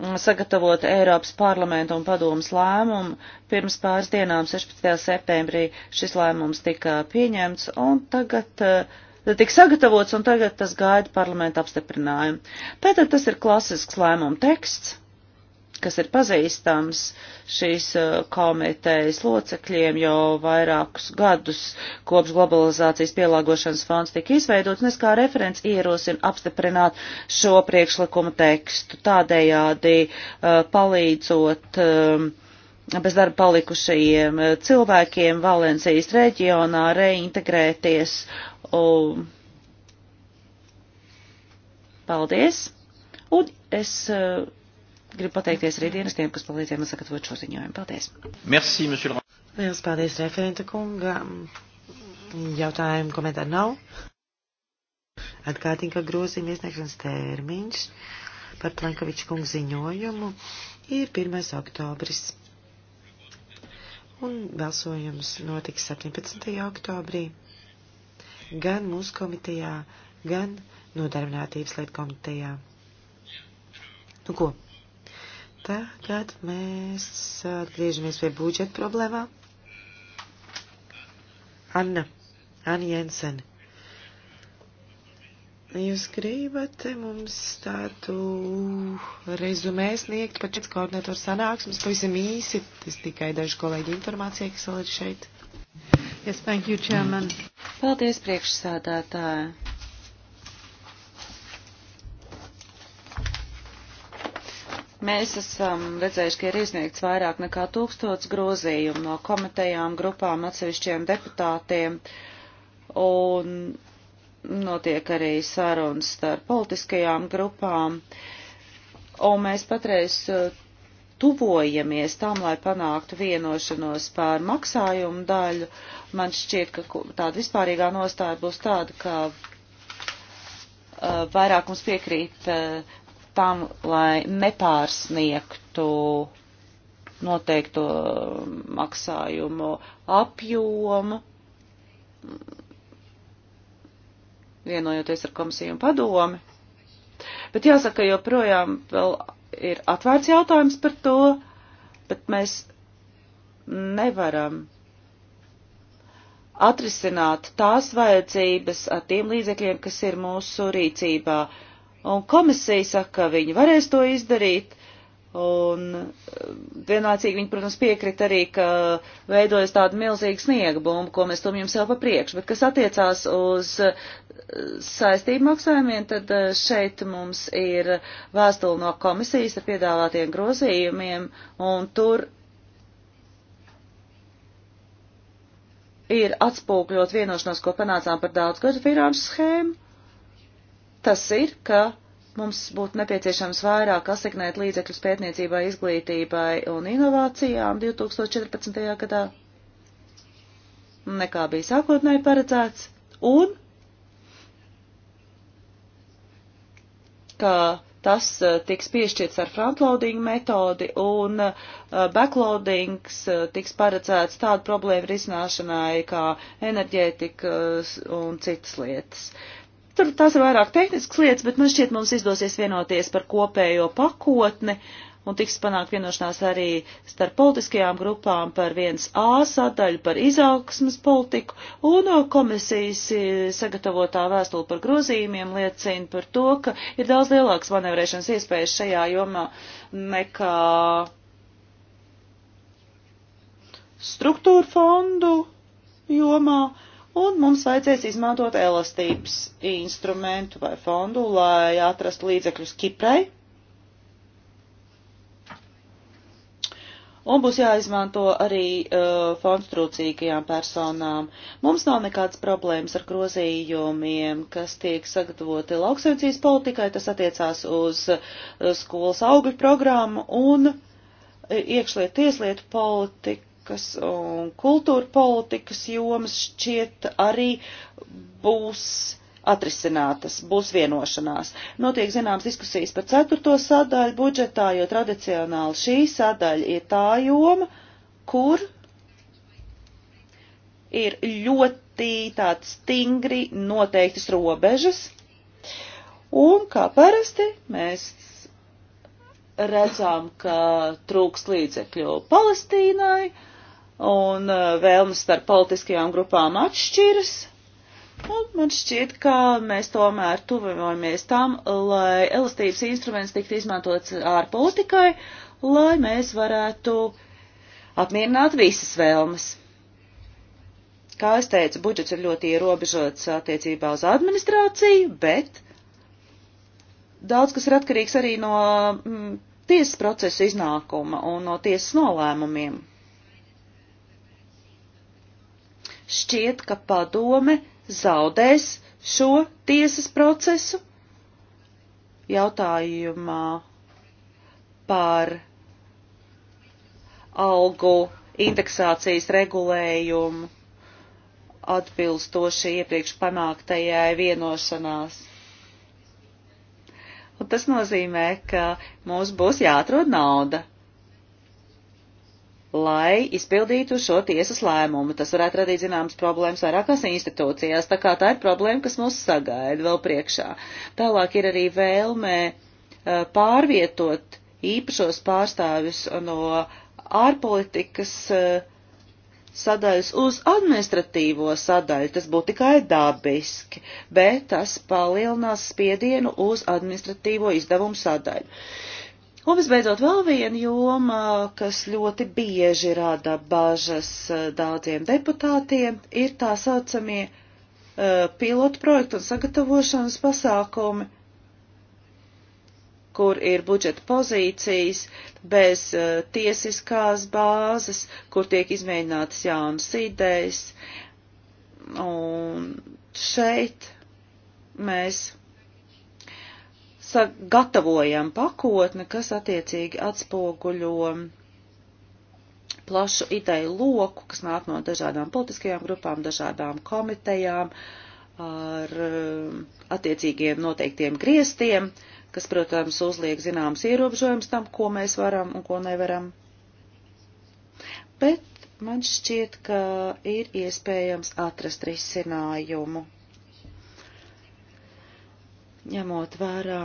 Mm, sagatavot Eiropas parlamentu un padomas lēmumu. Pirms pāris dienām, 16. septembrī, šis lēmums tika pieņemts un tagad eh, tika sagatavots un tagad tas gaida parlamentu apstiprinājumu. Tātad tas ir klasisks lēmuma teksts kas ir pazīstams šīs uh, komitejas locekļiem jau vairākus gadus kopš globalizācijas pielāgošanas fonds tika izveidots, mēs kā referents ierosim apstiprināt šo priekšlikumu tekstu, tādējādi uh, palīdzot um, bez darba palikušajiem uh, cilvēkiem Valencijas reģionā reintegrēties. Um, paldies! Un es uh, Gribu pateikties arī dienestiem, kas palīdzēja man sagatavot šo ziņojumu. Paldies! Merci, monsieur le... Liels paldies referenta kungam. Jautājumu komentāru nav. Atkārtīgi, ka grozījuma iesniegšanas termiņš par Plenkoviča kungu ziņojumu ir 1. oktobris. Un balsojums notiks 17. oktobrī gan mūsu komitejā, gan nodarbinātības lietu komitejā. Nu ko, Tagad mēs atgriežamies pie budžeta problēmām. Anna, Anna Jensen, jūs gribat mums tādu rezumē sniegt par četras koordinatoru sanāksmes, pavisam īsi, tas tikai daži kolēģi informācija, kas vēl ir šeit. Yes, thank you, Chairman. Paldies, priekšsādātāja. Mēs esam redzējuši, ka ir iesniegts vairāk nekā tūkstots grozījumu no komitejām, grupām, atsevišķiem deputātiem, un notiek arī sarunas starp politiskajām grupām, un mēs patreiz eh, tuvojamies tam, lai panāktu vienošanos pār maksājumu daļu. Man šķiet, ka tāda vispārīgā nostāja būs tāda, ka eh, vairākums piekrīt eh, tam, lai nepārsniegtu noteikto um, maksājumu apjomu, vienojoties ar komisiju un padomi. Bet jāsaka, joprojām vēl ir atvērts jautājums par to, bet mēs nevaram atrisināt tās vajadzības ar tiem līdzekļiem, kas ir mūsu rīcībā. Uh, un komisija saka, ka viņi varēs to izdarīt, un eh, vienlaicīgi viņi, protams, piekrita arī, ka veidojas tāda milzīga sniega bumba, ko mēs tumjam sev pa priekšu, bet kas attiecās uz eh, saistību maksājumiem, tad eh, šeit mums ir vēstule no komisijas ar piedāvātiem grozījumiem, un tur ir atspūkļot vienošanos, ko panācām par daudzgadu finanšu schēmu tas ir, ka mums būtu nepieciešams vairāk asignēt līdzekļus pētniecībai, izglītībai un inovācijām 2014. gadā, nekā bija sākotnēji paredzēts, un ka tas eh, tiks piešķirts ar frontloading metodi un eh, backloadings eh, tiks paredzēts tādu problēmu risināšanai kā enerģētika un citas lietas. Uh, Tur tās ir vairāk tehniskas lietas, bet man šķiet mums izdosies vienoties par kopējo pakotni un tiks panākt vienošanās arī starp politiskajām grupām par viens A sadaļu par izaugsmas politiku un komisijas e, sagatavotā vēstule par grozījumiem liecina par to, ka ir daudz lielāks manevrēšanas iespējas šajā jomā nekā struktūra fondu jomā un mums vajadzēs izmantot elastības instrumentu vai fondu, lai atrastu līdzekļus Kiprai. Un būs jāizmanto arī uh, fonds trūcīgajām personām. Mums nav nekādas problēmas ar grozījumiem, kas tiek sagatavoti lauksaimniecības politikai. Tas attiecās uz uh, skolas augļu programmu un uh, iekšliet tieslietu politiku ekonomikas un kultūra politikas jomas šķiet arī būs atrisinātas, būs vienošanās. Notiek zināmas diskusijas par ceturto sadaļu budžetā, jo tradicionāli šī sadaļa ir tā joma, kur ir ļoti tāds stingri noteiktas robežas, un kā parasti mēs redzam, ka trūks līdzekļu Palestīnai, uh, un uh, vēlmes starp politiskajām grupām atšķiras. Un man šķiet, ka mēs tomēr tuvojamies tam, lai elastības instruments tiktu izmantots ārpolitikai, lai mēs varētu apmierināt visas vēlmes. Kā es teicu, budžets ir ļoti ierobežots attiecībā uz administrāciju, bet daudz kas ir atkarīgs arī no mm, tiesas procesa iznākuma un no tiesas nolēmumiem. šķiet, ka padome zaudēs šo tiesas procesu jautājumā par algu indeksācijas regulējumu atbilstoši iepriekš panāktajai vienošanās. Un tas nozīmē, ka mums būs jāatrod nauda lai izpildītu šo tiesas lēmumu. Tas varētu radīt zināmas problēmas vairākās institūcijās, tā kā tā ir problēma, kas mūs sagaida vēl priekšā. Tālāk ir arī vēlme eh, pārvietot īpašos pārstāvis no ārpolitikas eh, sadaļas uz administratīvo sadaļu. Tas būtu tikai dabiski, bet tas palielinās spiedienu uz administratīvo izdevumu sadaļu. Uh, Un visbeidzot vēl viena joma, kas ļoti bieži rada bažas eh, daudziem deputātiem, ir tā saucamie uh, eh, pilotu projektu un sagatavošanas pasākumi, kur ir budžeta pozīcijas bez uh, tiesiskās bāzes, kur tiek izmēģinātas jaunas idejas. Un šeit mēs sagatavojam pakotni, kas attiecīgi atspoguļo plašu ideju loku, kas nāk no dažādām politiskajām grupām, dažādām komitejām ar um, attiecīgiem noteiktiem griestiem, kas, protams, uzliek zināms ierobežojums tam, ko mēs varam un ko nevaram. Bet man šķiet, ka ir iespējams atrast risinājumu ņemot vērā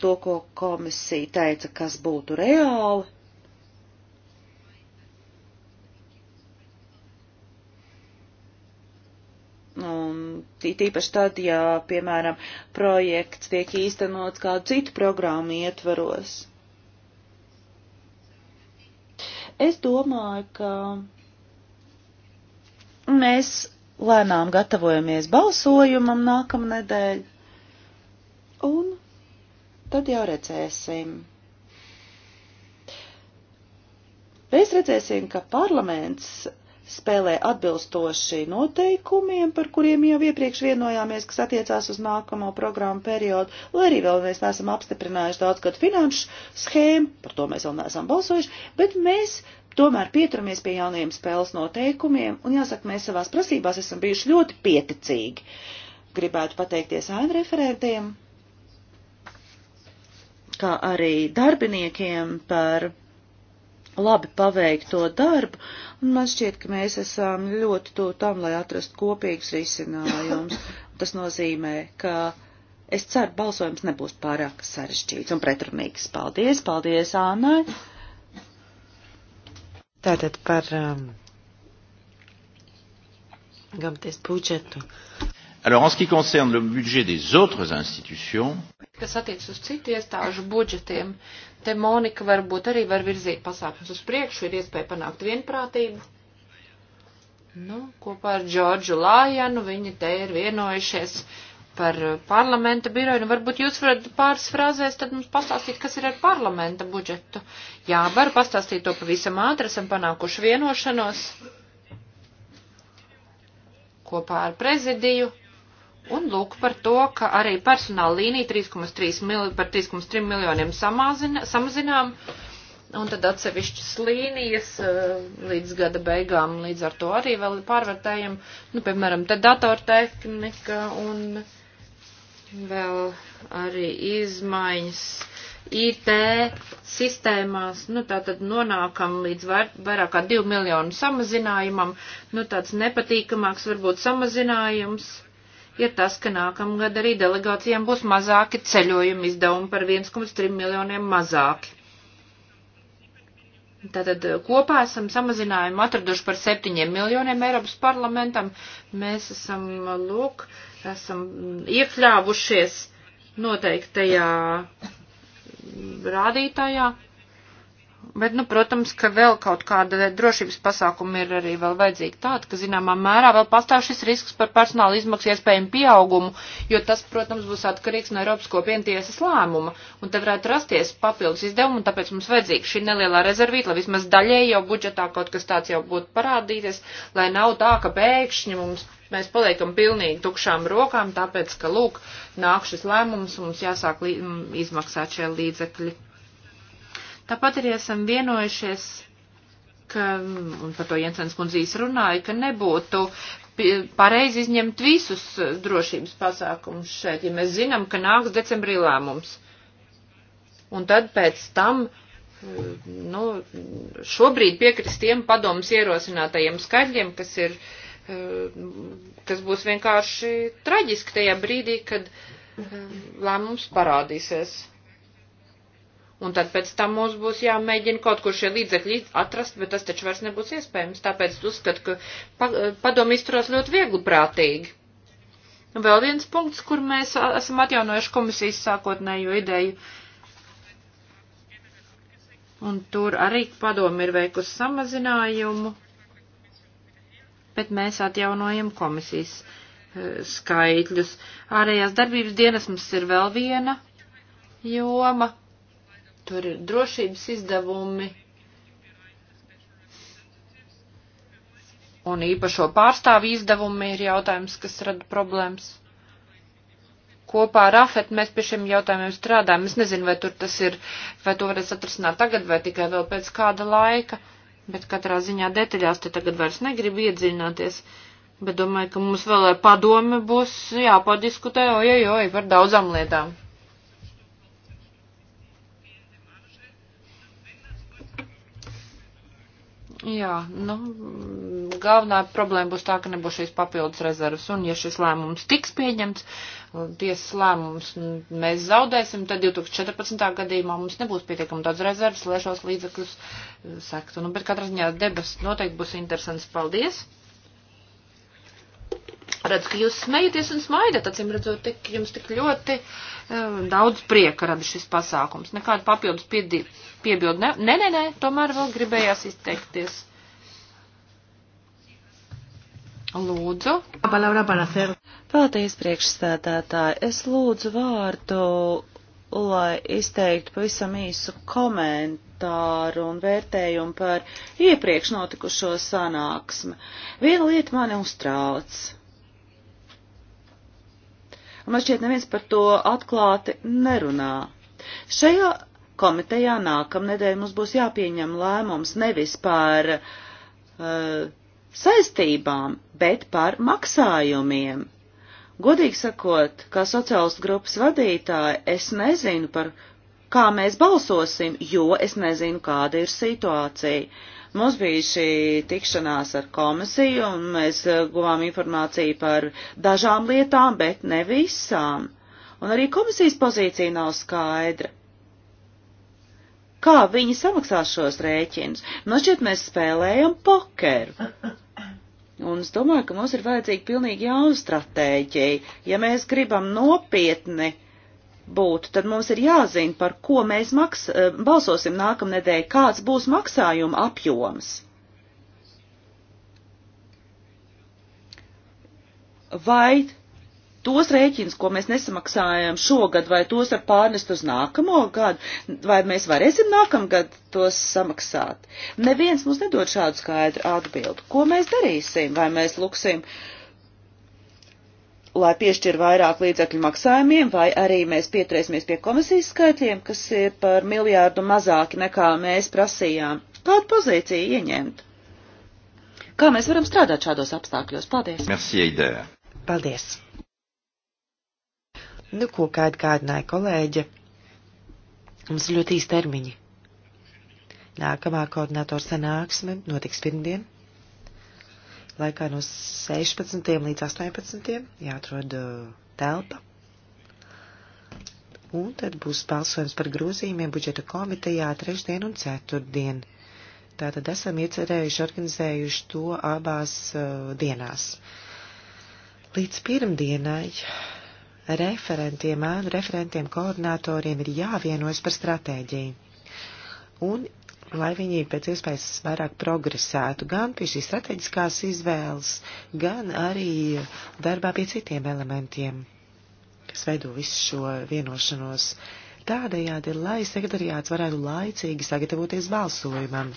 to, ko komisija teica, kas būtu reāli. Un tīpaši tad, ja, piemēram, projekts tiek īstenots kādu citu programmu ietvaros. Es domāju, ka mēs lēnām gatavojamies balsojumam nākamnedēļ, un tad jau redzēsim. Mēs redzēsim, ka parlaments spēlē atbilstoši noteikumiem, par kuriem jau iepriekš vienojāmies, kas attiecās uz nākamo programmu periodu, lai arī vēl mēs neesam apstiprinājuši daudz gadu finanšu schēmu, par to mēs vēl neesam balsojuši, bet mēs tomēr pieturamies pie jaunajiem spēles noteikumiem, un jāsaka, mēs savās prasībās esam bijuši ļoti pieticīgi. Gribētu pateikties ēnu referentiem, kā arī darbiniekiem par labi paveikto darbu, un man šķiet, ka mēs esam ļoti to tam, lai atrastu kopīgus risinājumus. Tas nozīmē, ka es ceru, balsojums nebūs pārāk sarežģīts un pretrunīgs. Paldies, paldies Ānai! Tātad par um, gamties budžetu. Alors, en ce qui concerne le budget des autres institutions, kas attiecas uz citu iestāžu budžetiem, te Monika varbūt arī var virzīt pasākums uz priekšu, ir iespēja panākt vienprātību. Nu, kopā ar Džordžu Lājanu viņi te ir vienojušies uh, par eh, parlamenta biroju. Nu, varbūt jūs varat pāris frāzēs tad mums pastāstīt, kas ir ar parlamenta budžetu. Jā, var pastāstīt to pavisam ātri, esam panākuši vienošanos kopā ar prezidiju. Un lūk par to, ka arī personāla līnija 3,3 mil, par 3,3 miljoniem samazina, samazinām, un tad atsevišķas līnijas eh, līdz gada beigām, līdz ar to arī vēl pārvērtējam, nu, piemēram, te datortehnika un. Uh, vēl arī izmaiņas IT sistēmās, nu tā tad nonākam līdz var, vairāk kā 2 miljonu samazinājumam, nu tāds nepatīkamāks varbūt samazinājums ir tas, ka nākamgad arī delegācijām būs mazāki ceļojumi izdevumi par 1,3 miljoniem mazāki. Tātad e, kopā esam samazinājumu atraduši par 7 miljoniem Eiropas parlamentam. Mēs esam, e, lūk, uh, esam iekļāvušies noteiktajā rādītājā. Bet, nu, protams, ka vēl kaut kāda drošības pasākuma ir arī vēl vajadzīga tāda, ka zināmā mērā vēl pastāv šis risks par personāla izmaksu iespējumu pieaugumu, jo tas, protams, būs atkarīgs no Eiropas kopientiesas lēmuma, un te varētu rasties papildus izdevumu, un tāpēc mums vajadzīga šī nelielā rezervīta, lai vismaz daļēji jau budžetā kaut kas tāds jau būtu parādīties, lai nav tā, ka pēkšņi mums mēs paliekam pilnīgi tukšām rokām, tāpēc, ka, lūk, nāk šis lēmums, mums jāsāk izmaksāt šie līdzekļi. Tāpat arī esam vienojušies, ka, un par to Jensens kundzīs runāja, ka nebūtu pareizi izņemt visus drošības pasākumus šeit, ja mēs zinām, ka nāks decembrī lēmums. Un tad pēc tam, nu, šobrīd piekrist tiem padomus ierosinātajiem skaidriem, kas ir, kas būs vienkārši traģiski tajā brīdī, kad eh, lēmums parādīsies. Un tad pēc tam mums būs jāmēģina kaut kur šie līdzekļi atrast, bet tas taču vairs nebūs iespējams. Tāpēc uzskatu, ka pa, padomu izturās ļoti viegli prātīgi. Un vēl viens punkts, kur mēs esam atjaunojuši komisijas sākotnējo ideju. Un tur arī padomu ir veikusi samazinājumu, bet mēs atjaunojam komisijas e, skaitļus. Ārējās darbības dienas mums ir vēl viena joma, Tur ir drošības izdevumi un īpašo pārstāvu izdevumi ir jautājums, kas rada problēmas kopā ar AFET mēs pie šiem jautājumiem strādājam. Es nezinu, vai tur tas ir, vai to varēs atrasināt tagad vai tikai vēl pēc kāda laika, bet katrā ziņā detaļās te tagad vairs negribu iedziļināties. Bet domāju, ka mums vēl ar padomi būs jāpadiskutē, ojoj, oj, par daudzām lietām. Jā, nu, galvenā problēma būs tā, ka nebūs šīs papildus rezervas, un ja šis lēmums tiks pieņemts, tiesas lēmums mēs zaudēsim, tad 2014. gadījumā mums nebūs pietiekami daudz rezervas, lai šos līdzekļus sektu. Nu, bet katrā ziņā debes noteikti būs interesants. Paldies! Redz, ka jūs smejaties un smaidat, acīm redzot, tik, jums tik ļoti um, daudz prieka rada šis pasākums. Nekāda papildus piebildu. Ne? Nē, nē, nē, tomēr vēl gribējās izteikties. Lūdzu. Paldies, priekšstādātāji. Es lūdzu vārdu, lai izteiktu pavisam īsu komentu komentāru un vērtējumu par iepriekš notikušo sanāksmi. Viena lieta mani uztrauc un man šķiet neviens par to atklāti nerunā. Šajā komitejā nākamnedēļ mums būs jāpieņem lēmums nevis par uh, saistībām, bet par maksājumiem. Godīgi sakot, kā sociālistu grupas vadītāja, es nezinu par kā mēs balsosim, jo es nezinu, kāda ir situācija. Mums bija šī tikšanās ar komisiju, un mēs eh, guvām informāciju par dažām lietām, bet ne visām. Un arī komisijas pozīcija nav skaidra. Kā viņi samaksās šos rēķinus? Man nu, šķiet, mēs spēlējam pokeru. Un es domāju, ka mums ir vajadzīga pilnīgi jauna stratēģija. Ja mēs gribam nopietni būtu, tad mums ir jāzina, par ko mēs maks, eh, balsosim nākamnedēļ, kāds būs maksājuma apjoms. Vai tos rēķinus, ko mēs nesamaksājam šogad, vai tos var pārnest uz nākamo gadu, vai mēs varēsim nākamgad tos samaksāt? Neviens mums nedod šādu skaidru atbildi. Ko mēs darīsim? Vai mēs luksim uh, lai piešķir vairāk līdzekļu maksājumiem, vai arī mēs pieturēsimies pie komisijas skaitļiem, kas ir par miljārdu mazāki nekā mēs prasījām. Kādu pozīciju ieņemt? Kā mēs varam strādāt šādos apstākļos? Paldies! Merci, Eidē! Paldies! Nu, ko kāda kādināja kolēģe? Mums ļoti īsti termiņi. Nākamā koordinātora sanāksme notiks pirmdien, laikā no 16. līdz 18. jāatrod uh, telpa. Un tad būs balsojums par grozījumiem budžeta komitejā trešdien un ceturtdien. Tātad esam iecerējuši, organizējuši to abās uh, dienās. Līdz pirmdienai referentiem, ēnu referentiem, koordinatoriem ir jāvienojas par stratēģiju. Un lai viņi pēc iespējas vairāk progresētu gan pie šīs strateģiskās izvēles, gan arī darbā pie citiem elementiem, kas veido visu šo vienošanos. Tādējādi, lai sekretariāts varētu laicīgi sagatavoties balsojumam.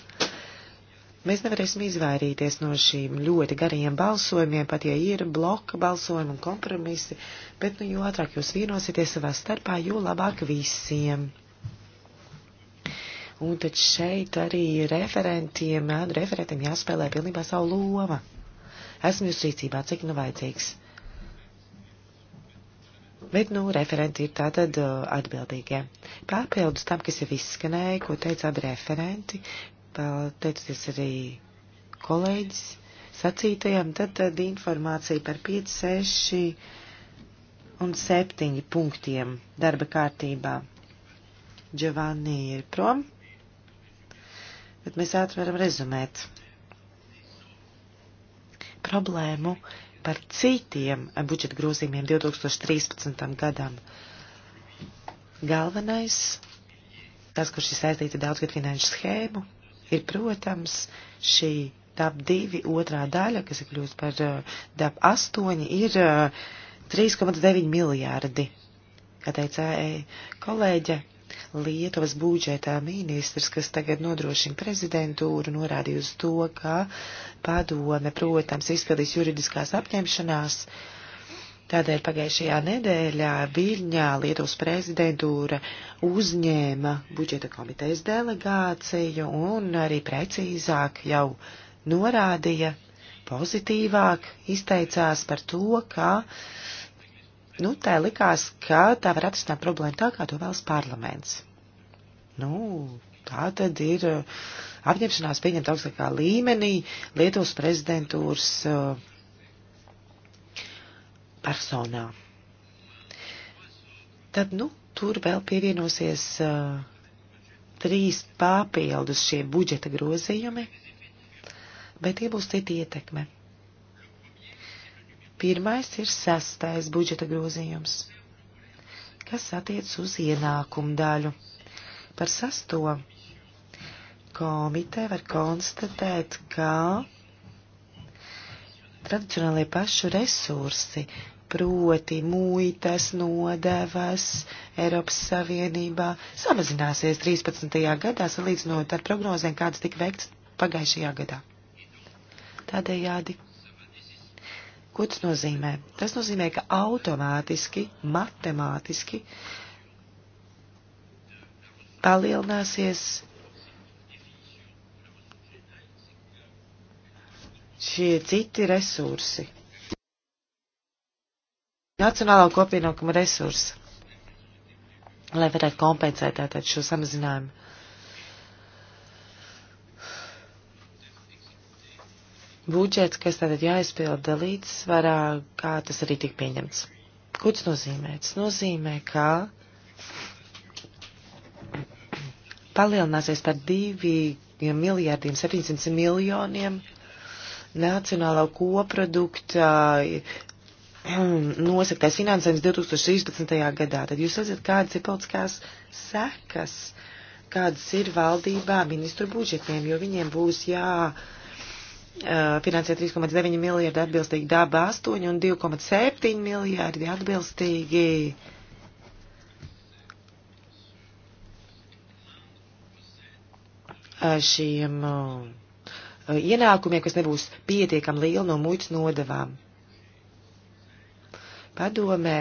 Mēs nevarēsim izvairīties no šīm ļoti garajiem balsojumiem, pat ja ir bloka balsojumi un kompromisi, bet nu, jo ātrāk jūs vienosieties savā starpā, jo labāk visiem. Un tad šeit arī referentiem, referentiem jāspēlē pilnībā savu loma. Esmu jūs rīcībā, cik nu vajadzīgs. Bet, nu, referenti ir tātad uh, atbildīgie. Papildus tam, kas jau izskanēja, ko teica abi referenti, pateicoties arī kolēģis sacītajam, tad, tad informācija par 5, 6 un 7 punktiem darba kārtībā. Giovanni ir prom bet mēs ātri varam rezumēt problēmu par citiem budžeta grozījumiem 2013. gadam. Galvenais, tas, kurš ir saistīts ar daudzgad finanšu schēmu, ir, protams, šī DAP 2 otrā daļa, kas ir kļūst par uh, DAP 8, ir 3,9 uh, miljārdi. Kā teica e, kolēģe, Lietuvas būdžetā ministrs, kas tagad nodrošina prezidentūru, norādīja uz to, ka padome, protams, izpildīs juridiskās apņemšanās. Tādēļ pagājušajā nedēļā Viļņā Lietuvas prezidentūra uzņēma budžeta komitejas delegāciju un arī precīzāk jau norādīja, pozitīvāk izteicās par to, ka uh, nu, tā likās, ka tā var atrisināt problēmu tā, kā to vēlas parlaments. Nu, tā tad ir uh, apņemšanās pieņemt augstākā līmenī Lietuvas prezidentūras uh, personā. Tad, nu, tur vēl pievienosies uh, trīs papildus šie budžeta grozījumi, bet tie būs citi ietekme. Pirmais ir sestais budžeta grozījums, kas attiec uz ienākumu daļu. Par sesto komite var konstatēt, ka tradicionālie pašu resursi, proti muitas nodevas Eiropas Savienībā, samazināsies 13. gadā, salīdzinot ar prognozēm, kādas tika veikts pagājušajā gadā. Tādējādi Ko tas nozīmē? Tas nozīmē, ka automātiski, matemātiski palielināsies šie citi resursi. Nacionālā kopienokuma resursa, lai varētu kompensēt tātad šo samazinājumu. budžets, kas tātad jāizpilda līdzsvarā, kā tas arī tika pieņemts. Ko tas nozīmē? Tas nozīmē, ka palielināsies par 2 miljārdiem 700 miljoniem nacionālā koprodukta um, nosaktais finansējums 2016. gadā. Tad jūs redzat, kādas ir politiskās sekas, kādas ir valdībā ministru budžetiem, jo viņiem būs jā. Uh, Eh, finansē 3,9 miljardi atbilstīgi daba 8 un 2,7 miljardi atbilstīgi eh, šiem eh, ienākumiem, kas nebūs pietiekami lieli no muitas nodevām. Padomē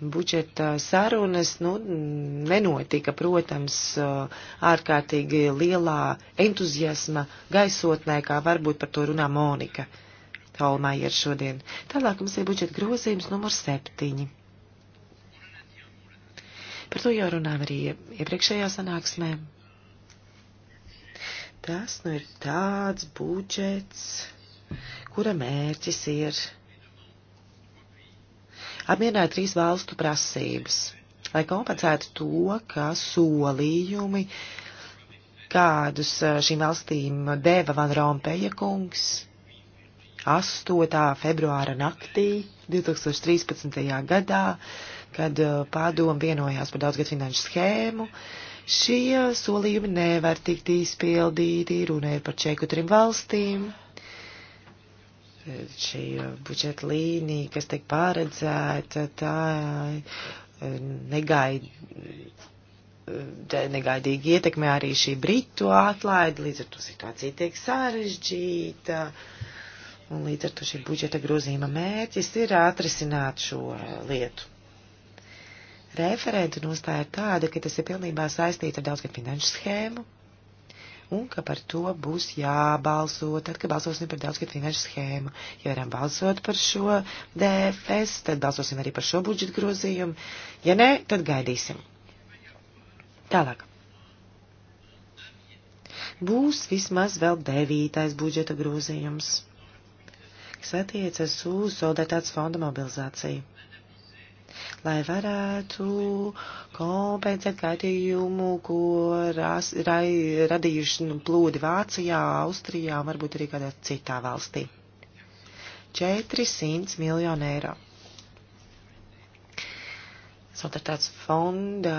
budžeta sarunas nu, nenotika, protams, ārkārtīgi lielā entuziasma gaisotnē, kā varbūt par to runā Monika Talmājer šodien. Tālāk mums ir budžeta grozījums numur septiņi. Par to jau runājam arī iepriekšējā sanāksmē. Tas nu ir tāds budžets, kura mērķis ir apmierināja trīs valstu prasības, lai kompensētu to, ka solījumi, kādus šīm valstīm deva Van Rompeja kungs 8. februāra naktī 2013. gadā, kad pārdomu vienojās par daudzgad finanšu schēmu, šie solījumi nevar tikt izpildīti, runa ir par čeku trim valstīm šī budžeta līnija, kas tiek pārredzēta, tā e, negaid, e, negaidīgi ietekmē arī šī britu atlaida, līdz ar to situācija tiek sarežģīta. Un līdz ar to šī budžeta grozījuma mērķis ir atrisināt šo lietu. Referenta nostāja ir tāda, ka tas ir pilnībā saistīts ar daudzgad finanšu schēmu, un ka par to būs jābalso, tad, kad balsosim par daudzgad finanšu schēmu. Ja varam balsot par šo DFS, tad balsosim arī par šo budžetu grozījumu. Ja nē, tad gaidīsim. Tālāk. Būs vismaz vēl devītais budžeta grozījums, kas attiecas uz solidaritātes fonda mobilizāciju lai varētu kompensēt kaitījumu, ko ras, rai, radījuši nu, plūdi Vācijā, Austrijā un varbūt arī kādā citā valstī. 400 miljonu eiro. Solidaritātes fonda,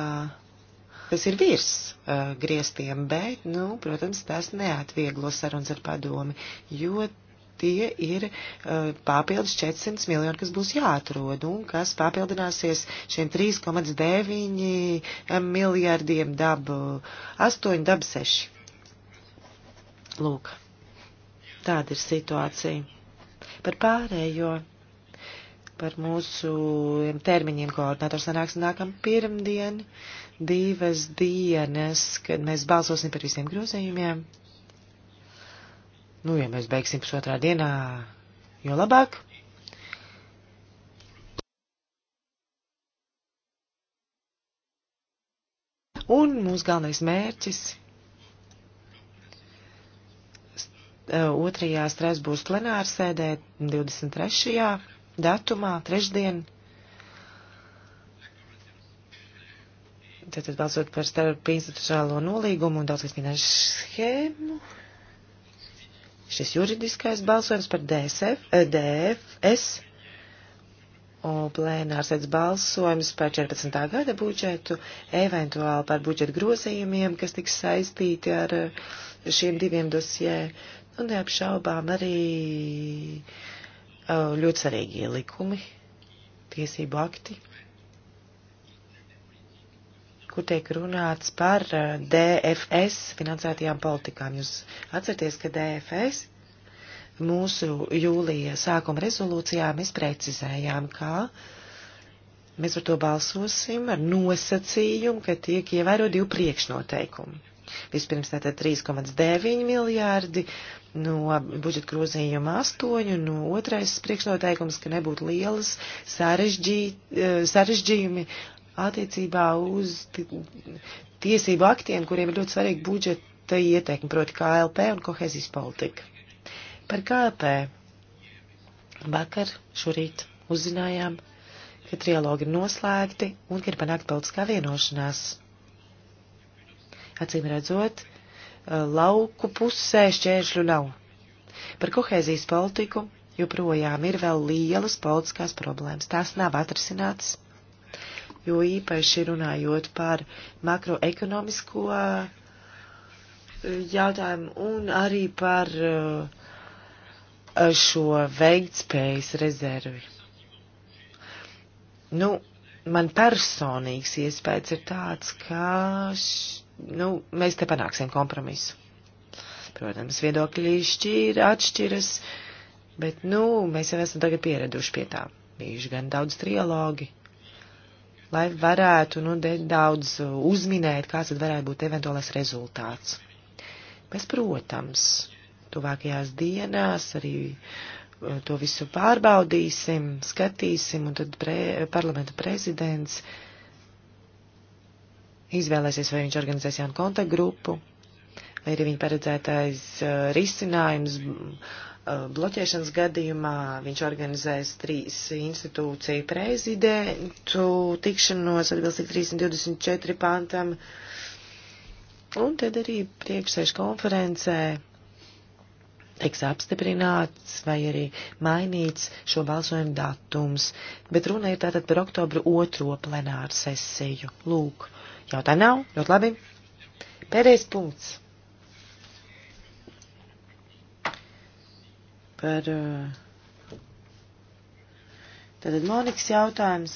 tas ir virs uh, griestiem, bet, nu, protams, tas neatvieglo sarunas ar padomi, jo tie ir uh, papildus 400 miljoni, kas būs jāatrod un kas papildināsies šiem 3,9 miljārdiem dabu 8, dabu 6. Lūk, tāda ir situācija. Par pārējo, par mūsu termiņiem koordinators sanāks nākam pirmdien, divas dienas, kad mēs balsosim par visiem grozījumiem Nu, ja mēs beigsim pusotrā dienā, jo labāk. Un mūsu galvenais mērķis eh, otrajā Strasbūras plenāra sēdē 23. datumā, trešdien. Tātad balsot par starp institucionālo nolīgumu un daudzgadsmīnēšu schēmu šis juridiskais balsojums par DSF, eh, DFS un plēnārsēdz balsojums par 14. gada budžetu, eventuāli par budžeta grozījumiem, kas tiks saistīti ar eh, šiem diviem dosjē. Un nu, neapšaubām arī eh, ļoti svarīgi ielikumi, tiesību akti kur tiek runāts par eh, DFS finansētajām politikām. Jūs atcerieties, ka DFS mūsu jūlija sākuma rezolūcijā mēs precizējām, kā mēs par to balsosim ar nosacījumu, ka tiek ievēro divu priekšnoteikumu. Vispirms tātad 3,9 miljārdi no budžeta grozījuma 8, no otrais priekšnoteikums, ka nebūtu lielas eh, sarežģījumi attiecībā uz tiesību aktiem, kuriem ir ļoti svarīga budžeta ietekme, proti KLP un kohezijas politika. Par KLP vakar, šorīt uzzinājām, ka trialogi ir noslēgti un ir panākt politiskā vienošanās. Acīm redzot, eh, lauku pusē šķēršļu nav. Par kohēzijas politiku joprojām ir vēl lielas politiskās problēmas. Tās nav atrisinātas jo īpaši runājot par makroekonomisko eh, jautājumu un arī par eh, šo veiktspējas rezervi. Nu, man personīgs iespējas ir tāds, ka š, nu, mēs te panāksim kompromisu. Protams, viedokļi šķīri, atšķiras, bet, nu, mēs jau esam tagad pieraduši pie tā. Bijuši gan daudz trialogi, lai varētu nu, daudz uh, uzminēt, kāds tad varētu būt eventuālais rezultāts. Mēs, protams, tuvākajās dienās arī uh, to visu pārbaudīsim, skatīsim, un tad pre, parlamenta prezidents izvēlēsies, vai viņš organizēs jaunu kontaktgrupu, vai arī viņa paredzētais uh, risinājums Eh, bloķēšanas gadījumā viņš organizēs trīs institūciju prezidentu tikšanos atbilstīgi 324 pantam. Un tad arī priekšsēžu konferencē tiks apstiprināts vai arī mainīts šo balsojumu datums, bet runa ir tātad par oktobru otro plenāru sesiju. Lūk, jautā nav, ļoti labi. Pēdējais punkts. par. Eh, tātad Monikas jautājums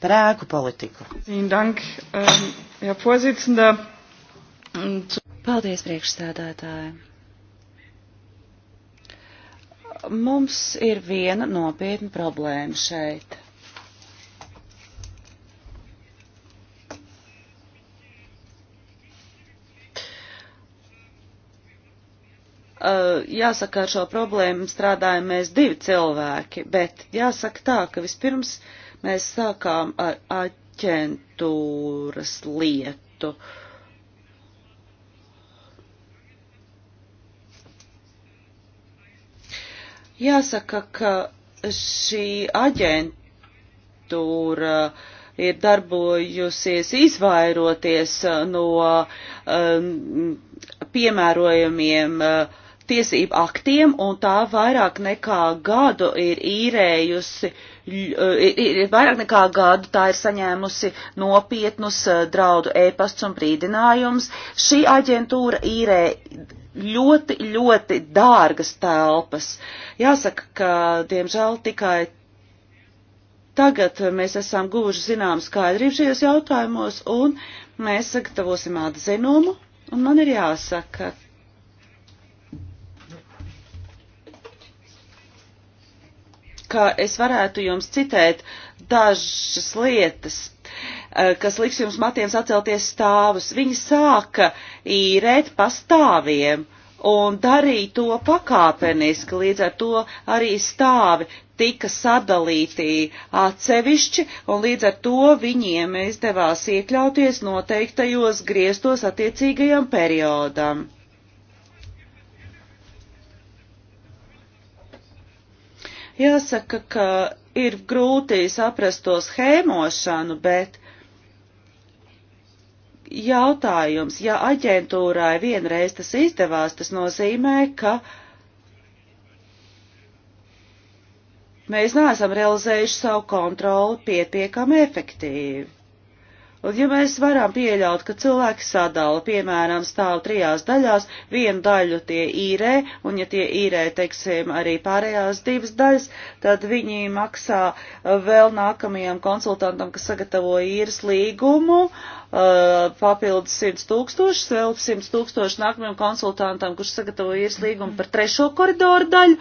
par ēku politiku. Eh, Paldies, priekšstādātāji. Mums ir viena nopietna problēma šeit. Eh, jāsaka, ar šo problēmu strādājam mēs divi cilvēki, bet jāsaka tā, ka vispirms mēs sākām ar aģentūras lietu. Jāsaka, ka šī aģentūra ir darbojusies izvairoties eh, no um, eh, piemērojumiem uh, tiesību aktiem, un tā vairāk nekā gadu ir īrējusi, ir, e, ir vairāk nekā gadu tā ir saņēmusi nopietnus e, draudu ēpasts un brīdinājums. Šī aģentūra īrē ļoti, ļoti dārgas telpas. Jāsaka, ka, diemžēl, tikai tagad mēs esam guvuši zinām skaidrību šajos jautājumos, un mēs sagatavosim atzinumu, un man ir jāsaka, ka es varētu jums citēt dažas lietas, eh, kas liks jums matiem sacelties stāvus. Viņi sāka īrēt pastāviem un darīja to pakāpeniski, līdz ar to arī stāvi tika sadalīti atsevišķi, un līdz ar to viņiem izdevās iekļauties noteiktajos griestos attiecīgajam periodam. Jāsaka, ka ir grūti saprast to schēmošanu, bet jautājums, ja aģentūrai vienreiz tas izdevās, tas nozīmē, ka mēs neesam realizējuši savu kontroli pietiekami efektīvi. Ja mēs varam pieļaut, ka cilvēki sadala, piemēram, stāv trijās daļās, vienu daļu tie īrē, un ja tie īrē, teiksim, arī pārējās divas daļas, tad viņi maksā uh, vēl nākamajam konsultantam, kas sagatavo īres līgumu, uh, papildus 100 tūkstošus, vēl 100 tūkstoši nākamajam konsultantam, kurš sagatavo īres līgumu par trešo koridoru daļu.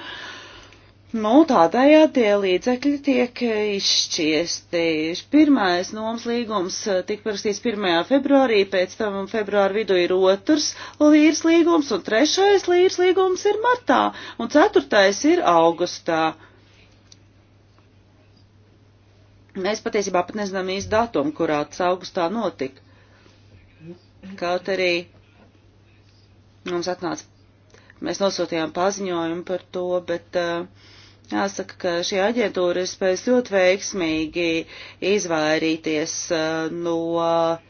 Nu, tādējādi tie līdzekļi tiek izšķiesti. Pirmais nomas līgums eh, tika parakstīts 1. februārī, pēc tam februāra vidu ir otrs līras līgums, un trešais līras līgums ir martā, un ceturtais ir augustā. Mēs patiesībā pat nezinām īsti datumu, kurā tas augustā notika. Kaut arī mums atnāca mēs nosūtījām paziņojumu par to, bet uh, Jāsaka, ka šī aģentūra ir spējusi ļoti veiksmīgi izvairīties uh, no uh,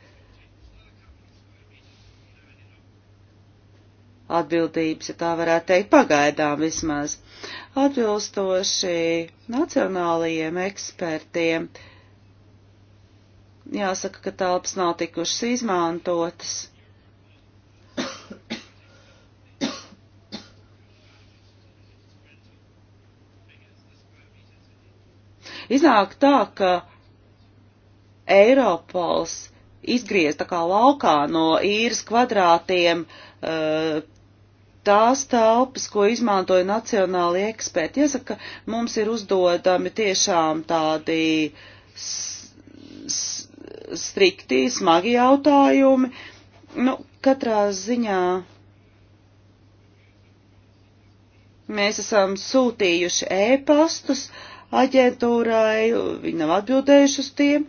atbildības, ja tā varētu teikt, pagaidām vismaz. Atbilstoši nacionālajiem ekspertiem, jāsaka, ka telpas nav tikušas izmantotas. Iznāk tā, ka Eiropols izgriez tā kā laukā no īras kvadrātiem uh, tās telpas, ko izmantoja nacionāli eksperti. Jāsaka, mums ir uzdodami tiešām tādi strikti, smagi jautājumi. Nu, katrā ziņā mēs esam sūtījuši ēpastus e aģentūrai, viņi nav atbildējuši uz tiem.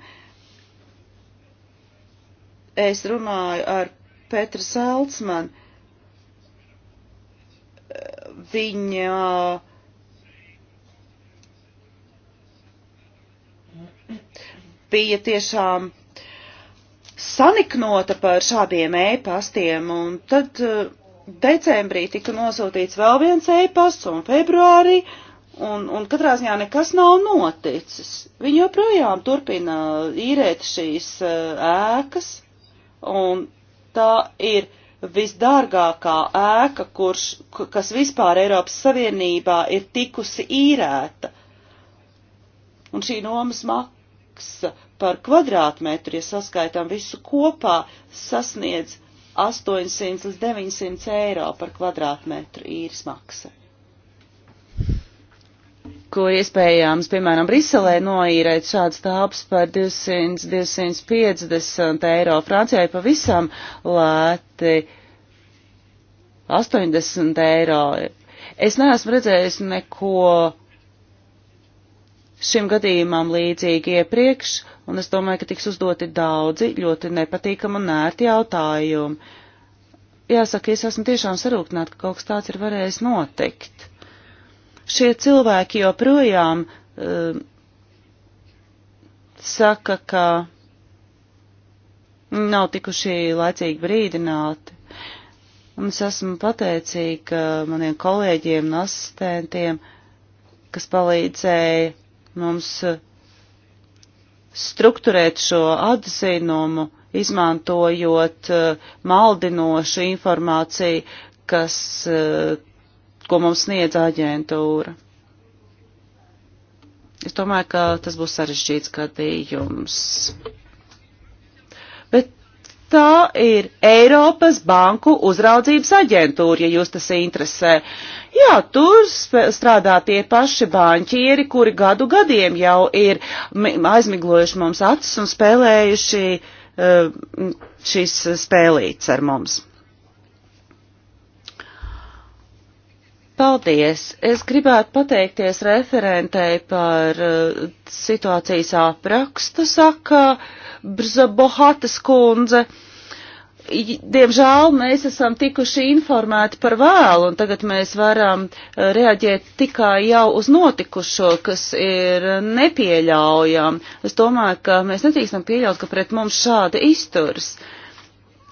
Es runāju ar Petru Seltsmanu. Viņa bija tiešām saniknota par šādiem ēpastiem, un tad eh, decembrī tika nosūtīts vēl viens ēpasts, un februārī, Un, un katrā ziņā nekas nav noticis. Viņi joprojām turpina īrēt šīs eh, ēkas, un tā ir visdārgākā ēka, kurš, kas vispār Eiropas Savienībā ir tikusi īrēta. Un šī nomas maksa par kvadrātmetru, ja saskaitām visu kopā, sasniedz 800 līdz 900 eiro par kvadrātmetru īres maksa ko iespējams, piemēram, Briselē noīrēt šāds tāps par 200-250 eiro. Francijai pavisam lēti 80 eiro. Es neesmu redzējis neko šim gadījumam līdzīgi iepriekš, un es domāju, ka tiks uzdoti daudzi ļoti nepatīkami un nērti jautājumi. Jāsaka, es esmu tiešām sarūktināta, ka kaut kas tāds ir varējis notikt. Šie cilvēki joprojām uh, saka, ka nav tikuši laicīgi brīdināti. Un es esmu pateicīga maniem kolēģiem un asistentiem, kas palīdzēja mums eh, strukturēt šo atzinumu, izmantojot eh, maldinošu informāciju, kas ko mums sniedz aģentūra. Es domāju, ka tas būs sarežģīts gadījums. Bet tā ir Eiropas Banku uzraudzības aģentūra, ja jūs tas interesē. Jā, tur strādā tie paši banķieri, kuri gadu gadiem jau ir aizmiglojuši mums acis un spēlējuši eh, šīs spēlītes ar mums. Paldies! Es gribētu pateikties referentei par uh, situācijas aprakstu, saka Brzabohatas kundze. Diemžēl mēs esam tikuši informēti par vēlu, un tagad mēs varam eh, reaģēt tikai jau uz notikušo, kas ir nepieļaujami. Es domāju, ka mēs netīkstam pieļaut, ka pret mums šādi izturs.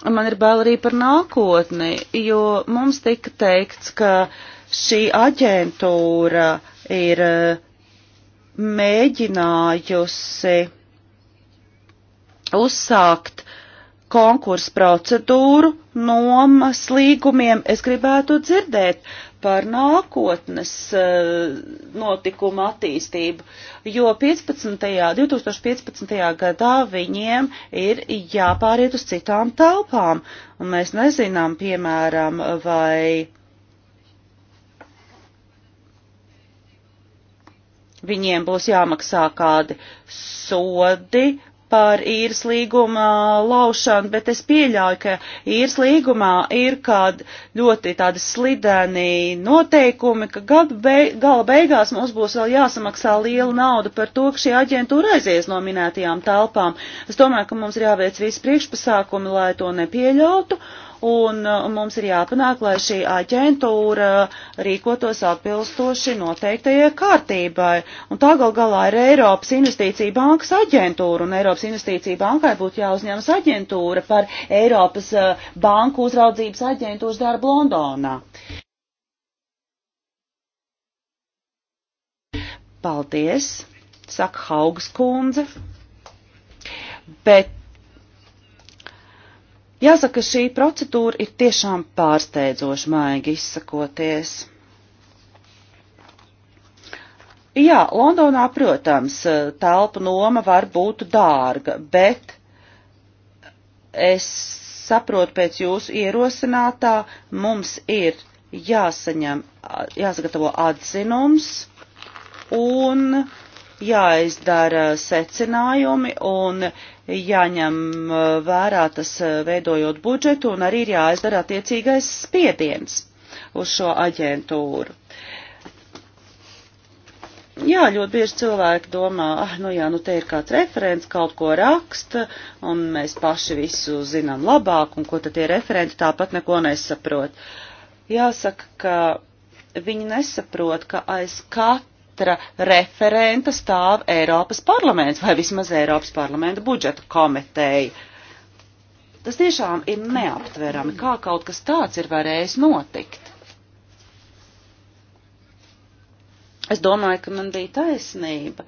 Man ir bail arī par nākotni, jo mums tika teikts, ka uh, Šī aģentūra ir eh, mēģinājusi uzsākt konkursu procedūru nomas līgumiem. Es gribētu dzirdēt, par nākotnes eh, notikumu attīstību, jo 15. 2015. gadā viņiem ir jāpāriet uz citām telpām, un mēs nezinām, piemēram, vai Viņiem būs jāmaksā kādi sodi par īres līguma laušanu, bet es pieļauju, ka īres līgumā ir kādi ļoti tādi slideni noteikumi, ka gada beig gala beigās mums būs vēl jāsamaksā liela nauda par to, ka šī aģentūra aizies no minētajām telpām. Es domāju, ka mums ir jāveic visi priekšpasākumi, lai to nepieļautu un uh, mums ir jāpanāk, lai šī aģentūra rīkotos atbilstoši noteiktajai kārtībai. Un tā gal galā ir Eiropas Investīcija bankas aģentūra, un Eiropas Investīcija bankai būtu jāuzņemas aģentūra par Eiropas uh, banku uzraudzības aģentūras darbu Londonā. Paldies, saka Haugas kundze. Bet Jāsaka, šī procedūra ir tiešām pārsteidzoši maigi izsakoties. Jā, Londonā, protams, telpu noma var būt dārga, bet es saprotu pēc jūsu ierosinātā, mums ir jāsaņem, jāsagatavo atzinums un jāizdara secinājumi un jāņem uh, vērā tas uh, veidojot budžetu un arī ir jāizdara attiecīgais spiediens uz šo aģentūru. Jā, ļoti bieži cilvēki domā, ah, nu jā, nu te ir kāds referents, kaut ko raksta, un mēs paši visu zinām labāk, un ko tad tie referenti tāpat neko nesaprot. Jāsaka, ka viņi nesaprot, ka aiz katru katra referenta stāv Eiropas parlaments vai vismaz Eiropas parlamenta budžeta komiteja. Tas tiešām ir neaptverami, kā kaut kas tāds ir varējis notikt. Es domāju, ka man bija taisnība.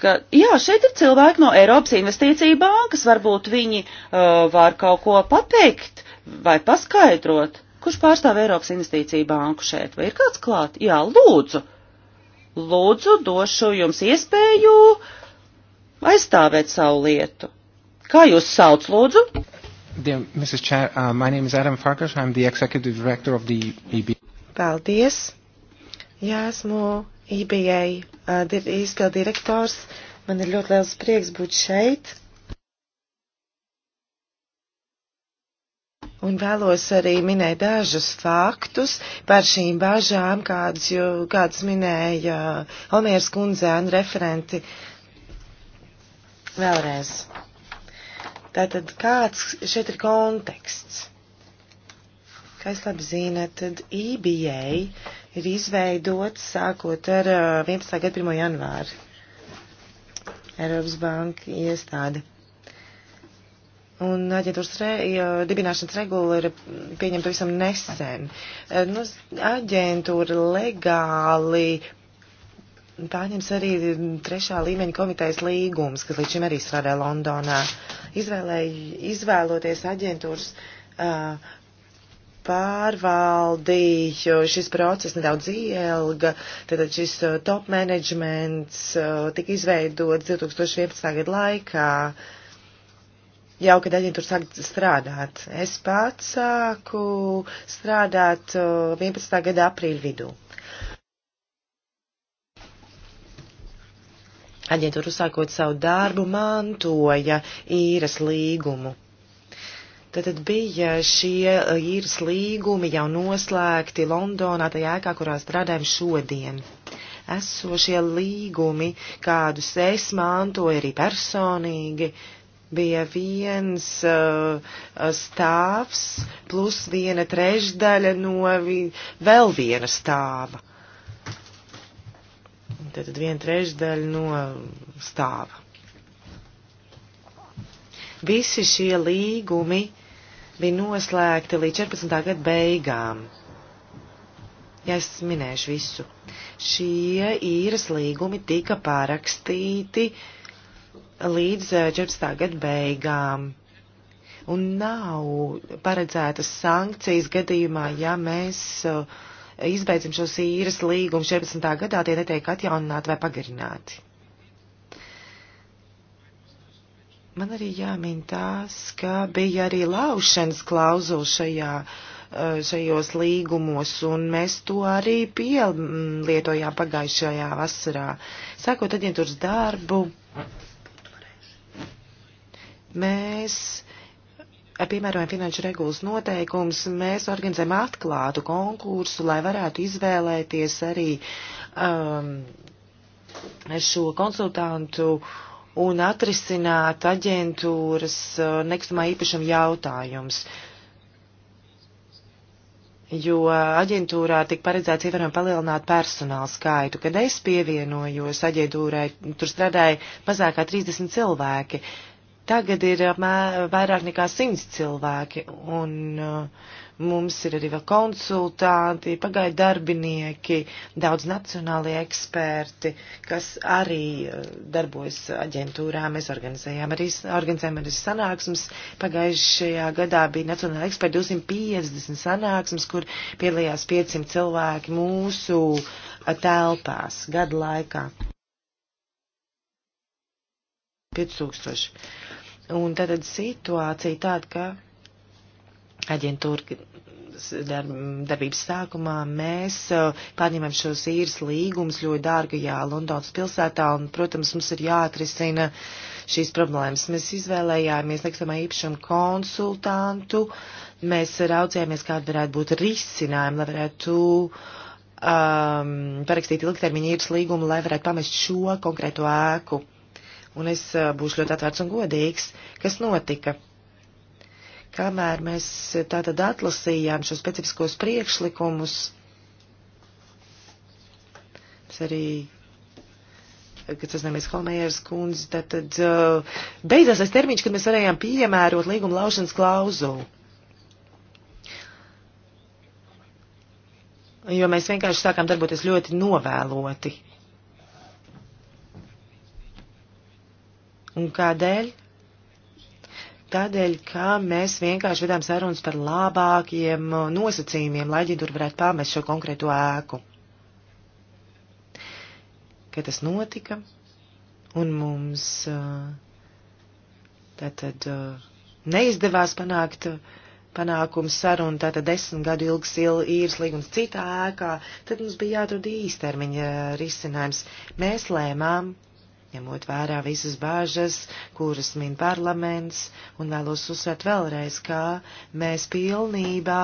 Ka, jā, šeit ir cilvēki no Eiropas investīcija bankas, varbūt viņi uh, var kaut ko pateikt vai paskaidrot. Kurš pārstāv Eiropas investīciju banku šeit? Vai ir kāds klāt? Jā, lūdzu. Lūdzu, došu jums iespēju aizstāvēt savu lietu. Kā jūs sauc, lūdzu? Dear Mrs. Chair, uh, my name is Adam Farkas. I'm the executive director of the EB. Paldies. Jā, esmu EBA uh, izgaldirektors. Man ir ļoti liels prieks būt šeit. Un vēlos arī minēt dažus faktus par šīm bažām, kādas, jo, kādas minēja Omieras kundze un referenti vēlreiz. Tātad kāds šeit ir konteksts? Kā es labi zinu, tad EBA ir izveidots sākot ar 11. Uh, gada 1. janvāru. Eiropas Banka iestāde. Un aģentūras re, dibināšanas regula ir pieņemta visam nesen. E, nu, aģentūra legāli pārņems arī trešā līmeņa komitejas līgums, kas līdz šim arī strādā Londonā. Izvēlē, izvēloties aģentūras uh, pārvaldīju, šis process nedaudz ielga, tātad šis e, top managements uh, tika izveidots 2011. gada laikā. Uh, jau, kad aģentūra sāk strādāt. Es pats sāku strādāt 11. Uh, gada aprīļa vidū. Aģentūra uzsākot savu darbu mantoja īres līgumu. Tad bija šie īres līgumi jau noslēgti Londonā, tajā ēkā, kurā strādājam šodien esošie līgumi, kādus es mantoju arī personīgi, bija viens uh, stāvs plus viena trešdaļa no vi vēl viena stāva. Tad viena trešdaļa no stāva. Visi šie līgumi bija noslēgti līdz 14. gada beigām. Ja es minēšu visu, šie īres līgumi tika pārakstīti uh, līdz 14. Eh, gada beigām. Un nav paredzētas sankcijas gadījumā, ja mēs eh, izbeidzam šos īres līgumus 14. gadā, tie netiek atjaunināti vai pagarināti. Man arī jāmin tās, ka bija arī laušanas klauzula šajā uh, šajos līgumos, un mēs to arī pielietojām pagājušajā vasarā. Sākot aģentūras darbu, Mēs eh, piemērojam finanšu regulas noteikums, mēs organizējam atklātu konkursu, lai varētu izvēlēties arī um, šo konsultantu un atrisināt aģentūras uh, nekustamā īpašuma jautājums. Jo aģentūrā tika paredzēts ievērojami palielināt personāla skaitu. Kad es pievienojos aģentūrai, tur strādāja mazākā 30 cilvēki. Uh, Tagad ir eh, mē, vairāk nekā simts cilvēki, un uh, mums ir arī vēl konsultanti, pagaidu darbinieki, daudz nacionāli eksperti, kas arī uh, darbojas aģentūrā. Mēs organizējām arī, organizējām arī sanāksmes. Pagājušajā gadā bija nacionāli eksperti 250 sanāksmes, kur piedalījās 500 cilvēki mūsu telpās gadu laikā. 5000. Un tad situācija tāda, ka aģentūra darb, darbības sākumā mēs uh, pārņemam šos īres līgumus ļoti dārgajā Londonas pilsētā, un, protams, mums ir jāatrisina šīs problēmas. Mēs izvēlējāmies nekustamā īpašuma konsultantu, mēs raudzījāmies, kāda varētu būt risinājuma, lai varētu um, parakstīt ilgtermiņa īres līgumu, lai varētu pamest šo konkrēto ēku un es būšu ļoti atvērts un godīgs, kas notika. Kamēr mēs tātad atlasījām šo specifiskos priekšlikumus, mēs arī kad sazināmies Holmējers kundze, tad, tad uh, beidzās tas termiņš, kad mēs varējām piemērot līguma laušanas klauzulu. Jo mēs vienkārši sākām darboties ļoti novēloti. Un kādēļ? Tādēļ, ka mēs vienkārši vedām sarunas par labākiem nosacījumiem, lai ģidur varētu pamest šo konkrēto ēku. Kad tas notika, un mums tātad neizdevās panākt panākums saruna, tātad desmit gadu ilgs īres līgums citā ēkā, tad mums bija jāatrod īstermiņa risinājums. Mēs lēmām ņemot vērā visas bāžas, kuras min parlaments, un vēlos uzsvērt vēlreiz, kā mēs pilnībā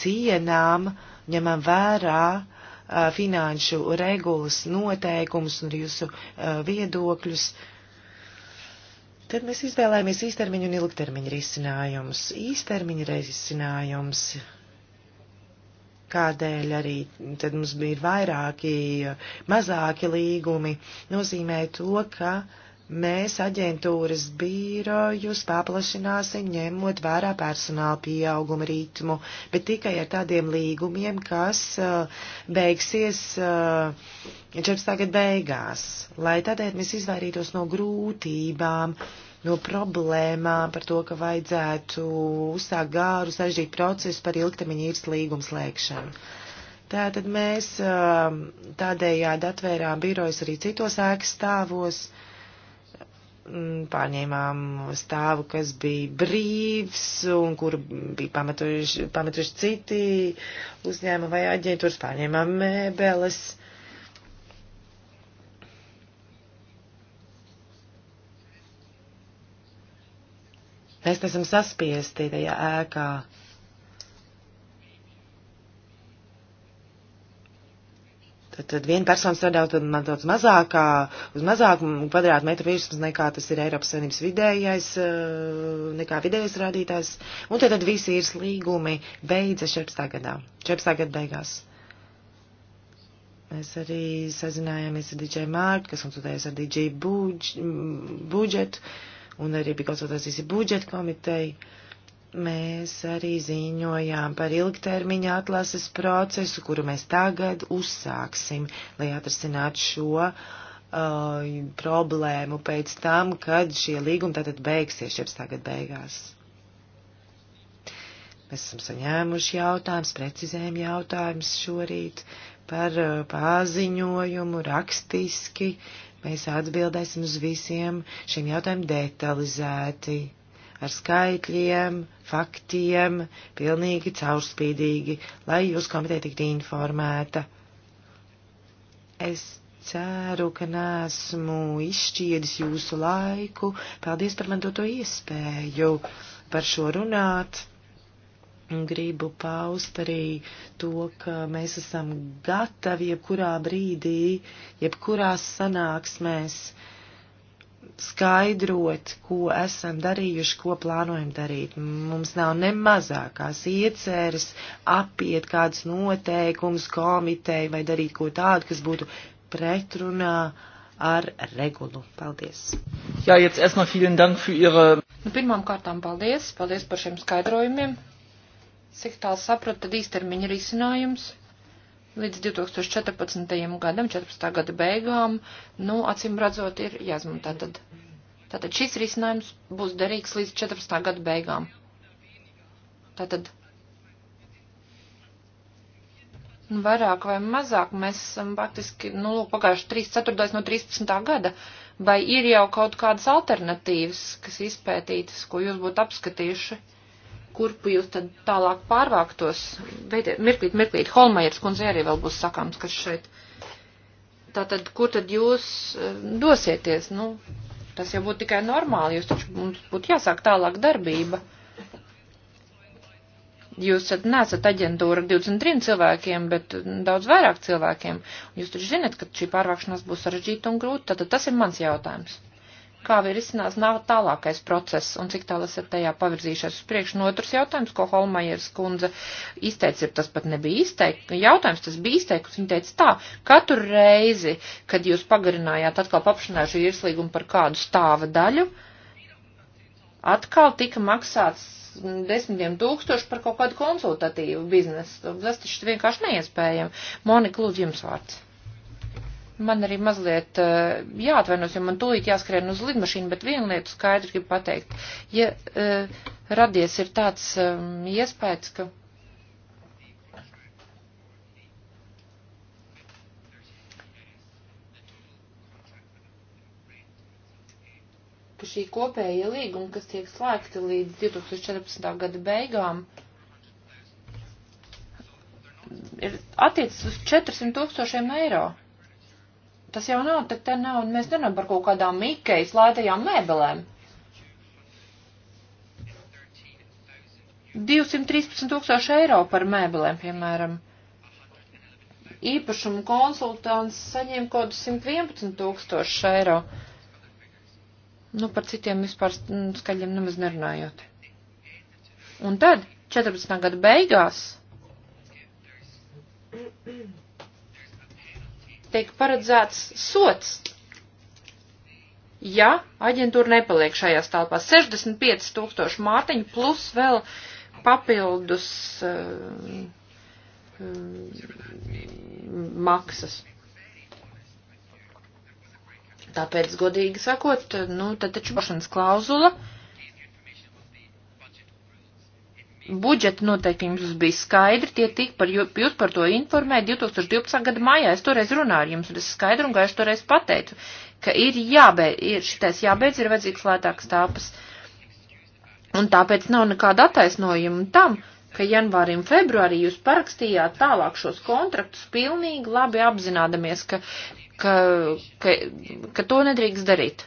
cienām, ņemam vērā uh, finanšu regulas noteikumus un jūsu uh, viedokļus. Tad mēs izvēlējāmies īstermiņu un ilgtermiņu risinājumus. Īstermiņa risinājums. Īstermiņa risinājums kādēļ arī tad mums bija vairāki mazāki līgumi, nozīmē to, ka mēs aģentūras bīrojus paplašināsim ņemot vērā personāla pieauguma ritmu, bet tikai ar tādiem līgumiem, kas uh, beigsies uh, 14. gada beigās, lai tādēļ mēs izvairītos no grūtībām. Uh, no problēmām par to, ka vajadzētu uzsākt gāru sažģīt procesu par ilgtermiņa īres līgumu slēgšanu. Tātad mēs um, tādējādi atvērām birojas arī citos ēkas stāvos, mm, pārņēmām stāvu, kas bija brīvs un kur bija pametuši, pametuši citi uzņēmumi vai aģentūras, pārņēmām mēbeles Mēs esam saspiesti tajā ēkā. Tad, tad viena persona strādā man daudz mazākā, uz mazāku kvadrātmetru virsmas nekā tas ir Eiropas Savienības vidējais, eh, nekā vidējais rādītājs. Un tad, tad visi ir slīgumi beidzas 14. gadā, 14. gada beigās. Mēs arī sazinājāmies ar DJ Mārt, kas konsultējas ar DJ budž, budžetu. Budžet, un arī bija konsultācijas ar budžeta komiteju. Mēs arī ziņojām par ilgtermiņa atlases procesu, kuru mēs tagad uzsāksim, lai atrasinātu šo uh, problēmu pēc tam, kad šie līgumi tātad beigsies, šieps tagad beigās. Mēs esam saņēmuši jautājumus, precizējam jautājumus šorīt par uh, paziņojumu rakstiski. Uh, Mēs atbildēsim uz visiem šiem jautājumiem detalizēti, ar skaitļiem, faktiem, pilnīgi caurspīdīgi, lai jūs komiteja tiktu informēta. Es ceru, ka nesmu izšķiedis jūsu laiku. Paldies par man doto iespēju par šo runāt gribu paust arī to, ka mēs esam gatavi jebkurā brīdī, jebkurās sanāksmēs skaidrot, ko esam darījuši, ko plānojam darīt. Mums nav ne mazākās ieceres apiet kādus noteikumus komiteju vai darīt ko tādu, kas būtu pretrunā ar regulu. Paldies! Jā, jetzt erstmal vielen Dank für Ihre. Nu, pirmām kārtām paldies, paldies par šiem skaidrojumiem. Cik tālu sapratu, tad īstermiņa risinājums līdz 2014. gadam, 14. gada beigām, nu, acīm redzot, ir jāizmanto tad. Tātad šis risinājums būs derīgs līdz 14. gada beigām. Tātad nu, vairāk vai mazāk mēs esam faktiski, nu, lūk, pagājuši 3, 4. no 13. gada. Vai ir jau kaut kādas alternatīvas, kas izpētītas, ko jūs būtu apskatījuši? kurpu jūs tad tālāk pārvāktos. Veidiet, mirklīt, mirklīt, Holmajers kundze arī vēl būs sakāms, kas šeit. Tātad, kur tad jūs eh, dosieties? Nu, tas jau būtu tikai normāli, jūs taču mums būtu jāsāk tālāk darbība. Jūs nesat aģentūra 23 cilvēkiem, bet eh, daudz vairāk cilvēkiem. Jūs taču zinat, ka šī pārvākšanās būs sarežģīta un grūta, tātad tas ir mans jautājums kā ir izcinās nav tālākais process un cik tālu esat tajā pavirzījušies uz priekšu. Un otrs jautājums, ko Holmajers kundze izteica, ir tas pat nebija izteikts. Jautājums tas bija izteikts. Viņa teica tā, katru reizi, kad jūs pagarinājāt atkal papšanāšu ierslīgumu par kādu stāva daļu, atkal tika maksāts desmitiem tūkstoši par kaut kādu konsultatīvu biznesu. Tas taču vienkārši neiespējami. Monika, lūdzu, jums vārds. Man arī mazliet uh, eh, jāatvainos, jo man tūlīt jāskrien uz lidmašīnu, bet vienu lietu skaidri gribu pateikt. Ja uh, radies ir tāds um, iespējas, ka. ka šī kopēja līguma, kas tiek slēgta līdz 2014. gada beigām, ir attiecas uz 400 tūkstošiem eiro. Tas jau nav, tad te nav, un mēs nerunājam par kaut kādām Mikejas lētajām mēbelēm. 213 tūkstoši eiro par mēbelēm, piemēram. Īpašumu konsultants saņem kaut 111 tūkstoši eiro. Nu, par citiem vispār skaļiem nemaz nerunājot. Un tad, 14. gada beigās, tiek paredzēts sots, ja aģentūra nepaliek šajās telpās. 65 tūkstoši mātiņu plus vēl papildus uh, um, maksas. Tāpēc, godīgi sakot, nu, tad taču pašanas klauzula uh, budžeta noteikti jums bija skaidri, tie tik par jūs par to informēja 2012. gada maijā. Es toreiz runāju ar jums, un es skaidru un gaišu toreiz pateicu, ka ir jābeidz, ir šitais jābeidz, ir vajadzīgs lētāks tāpas. Un tāpēc nav nekāda attaisnojuma tam, ka janvārī un februārī jūs parakstījāt tālāk šos kontraktus pilnīgi labi apzinādamies, ka, ka, ka, ka to nedrīkst darīt.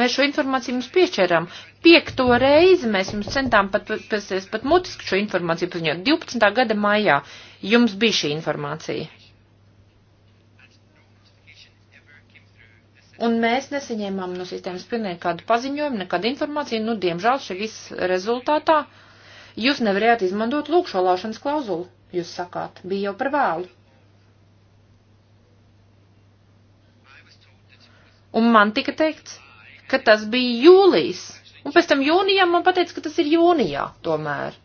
Mēs šo informāciju mums piešķērām. Piekto reizi mēs jums centām pat, pat, pat mutiski šo informāciju paziņot. 12. gada maijā jums bija šī informācija. Un mēs nesaņēmām no sistēmas pilnīgi kādu paziņojumu, nekādu informāciju. Nu, diemžēl šī viss rezultātā jūs nevarējāt izmantot lūk šo laušanas klauzulu. Jūs sakāt, bija jau par vēlu. Un man tika teikts, ka tas bija jūlijs. Un pēc tam jūnijā man pateica, ka tas ir jūnijā tomēr.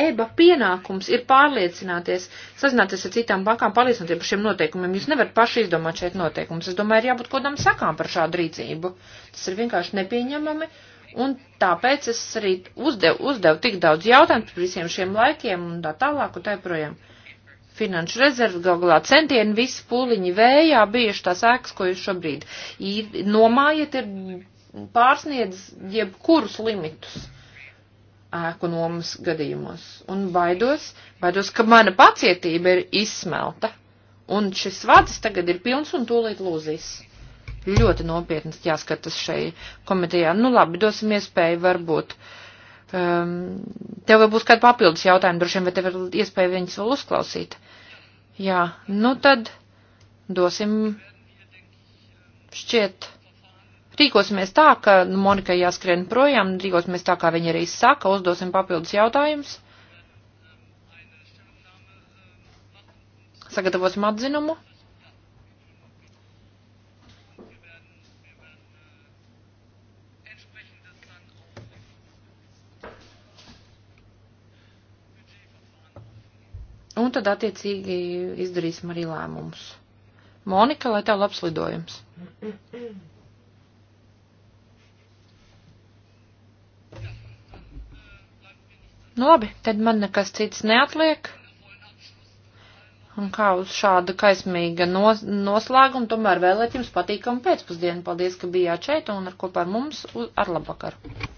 EBA pienākums ir pārliecināties, sazināties ar citām bankām, pārliecināties par šiem noteikumiem. Jūs nevarat paši izdomāt šeit noteikumus. Es domāju, ir jābūt kodam sakām par šādu rīcību. Tas ir vienkārši nepieņemami. Un tāpēc es arī uzdevu, uzdevu tik daudz jautājumu par visiem šiem laikiem un tā tālāk un tā joprojām. Tā finanšu rezervi, gal galā centieni, visi pūliņi vējā, bijuši tās ēkas, ko jūs šobrīd nomājat, ir pārsniedz jebkurus limitus ēku nomas gadījumos. Un baidos, baidos, ka mana pacietība ir izsmelta. Un šis vads tagad ir pilns un tūlīt lūzīs. Ļoti nopietnas jāskatas šai komitejā. Nu labi, dosim iespēju varbūt. Uh, Um, tev vēl būs kādi papildus jautājumi, droši vien, vai tev ir iespēja viņus vēl uzklausīt? Jā, nu tad dosim šķiet. Rīkosimies tā, ka nu, Monika jāskrien projām, rīkosimies tā, kā viņa arī saka, uzdosim papildus jautājumus. Sagatavosim atzinumu Un tad attiecīgi izdarīsim arī lēmumus. Monika, lai tev labs lidojums. Nu labi, tad man nekas cits neatliek. Un kā uz šāda kaismīga nos, noslēguma, tomēr vēlēt jums patīkamu pēcpusdienu. Paldies, ka bijāt šeit un ar kopā ar mums uz, ar labvakaru.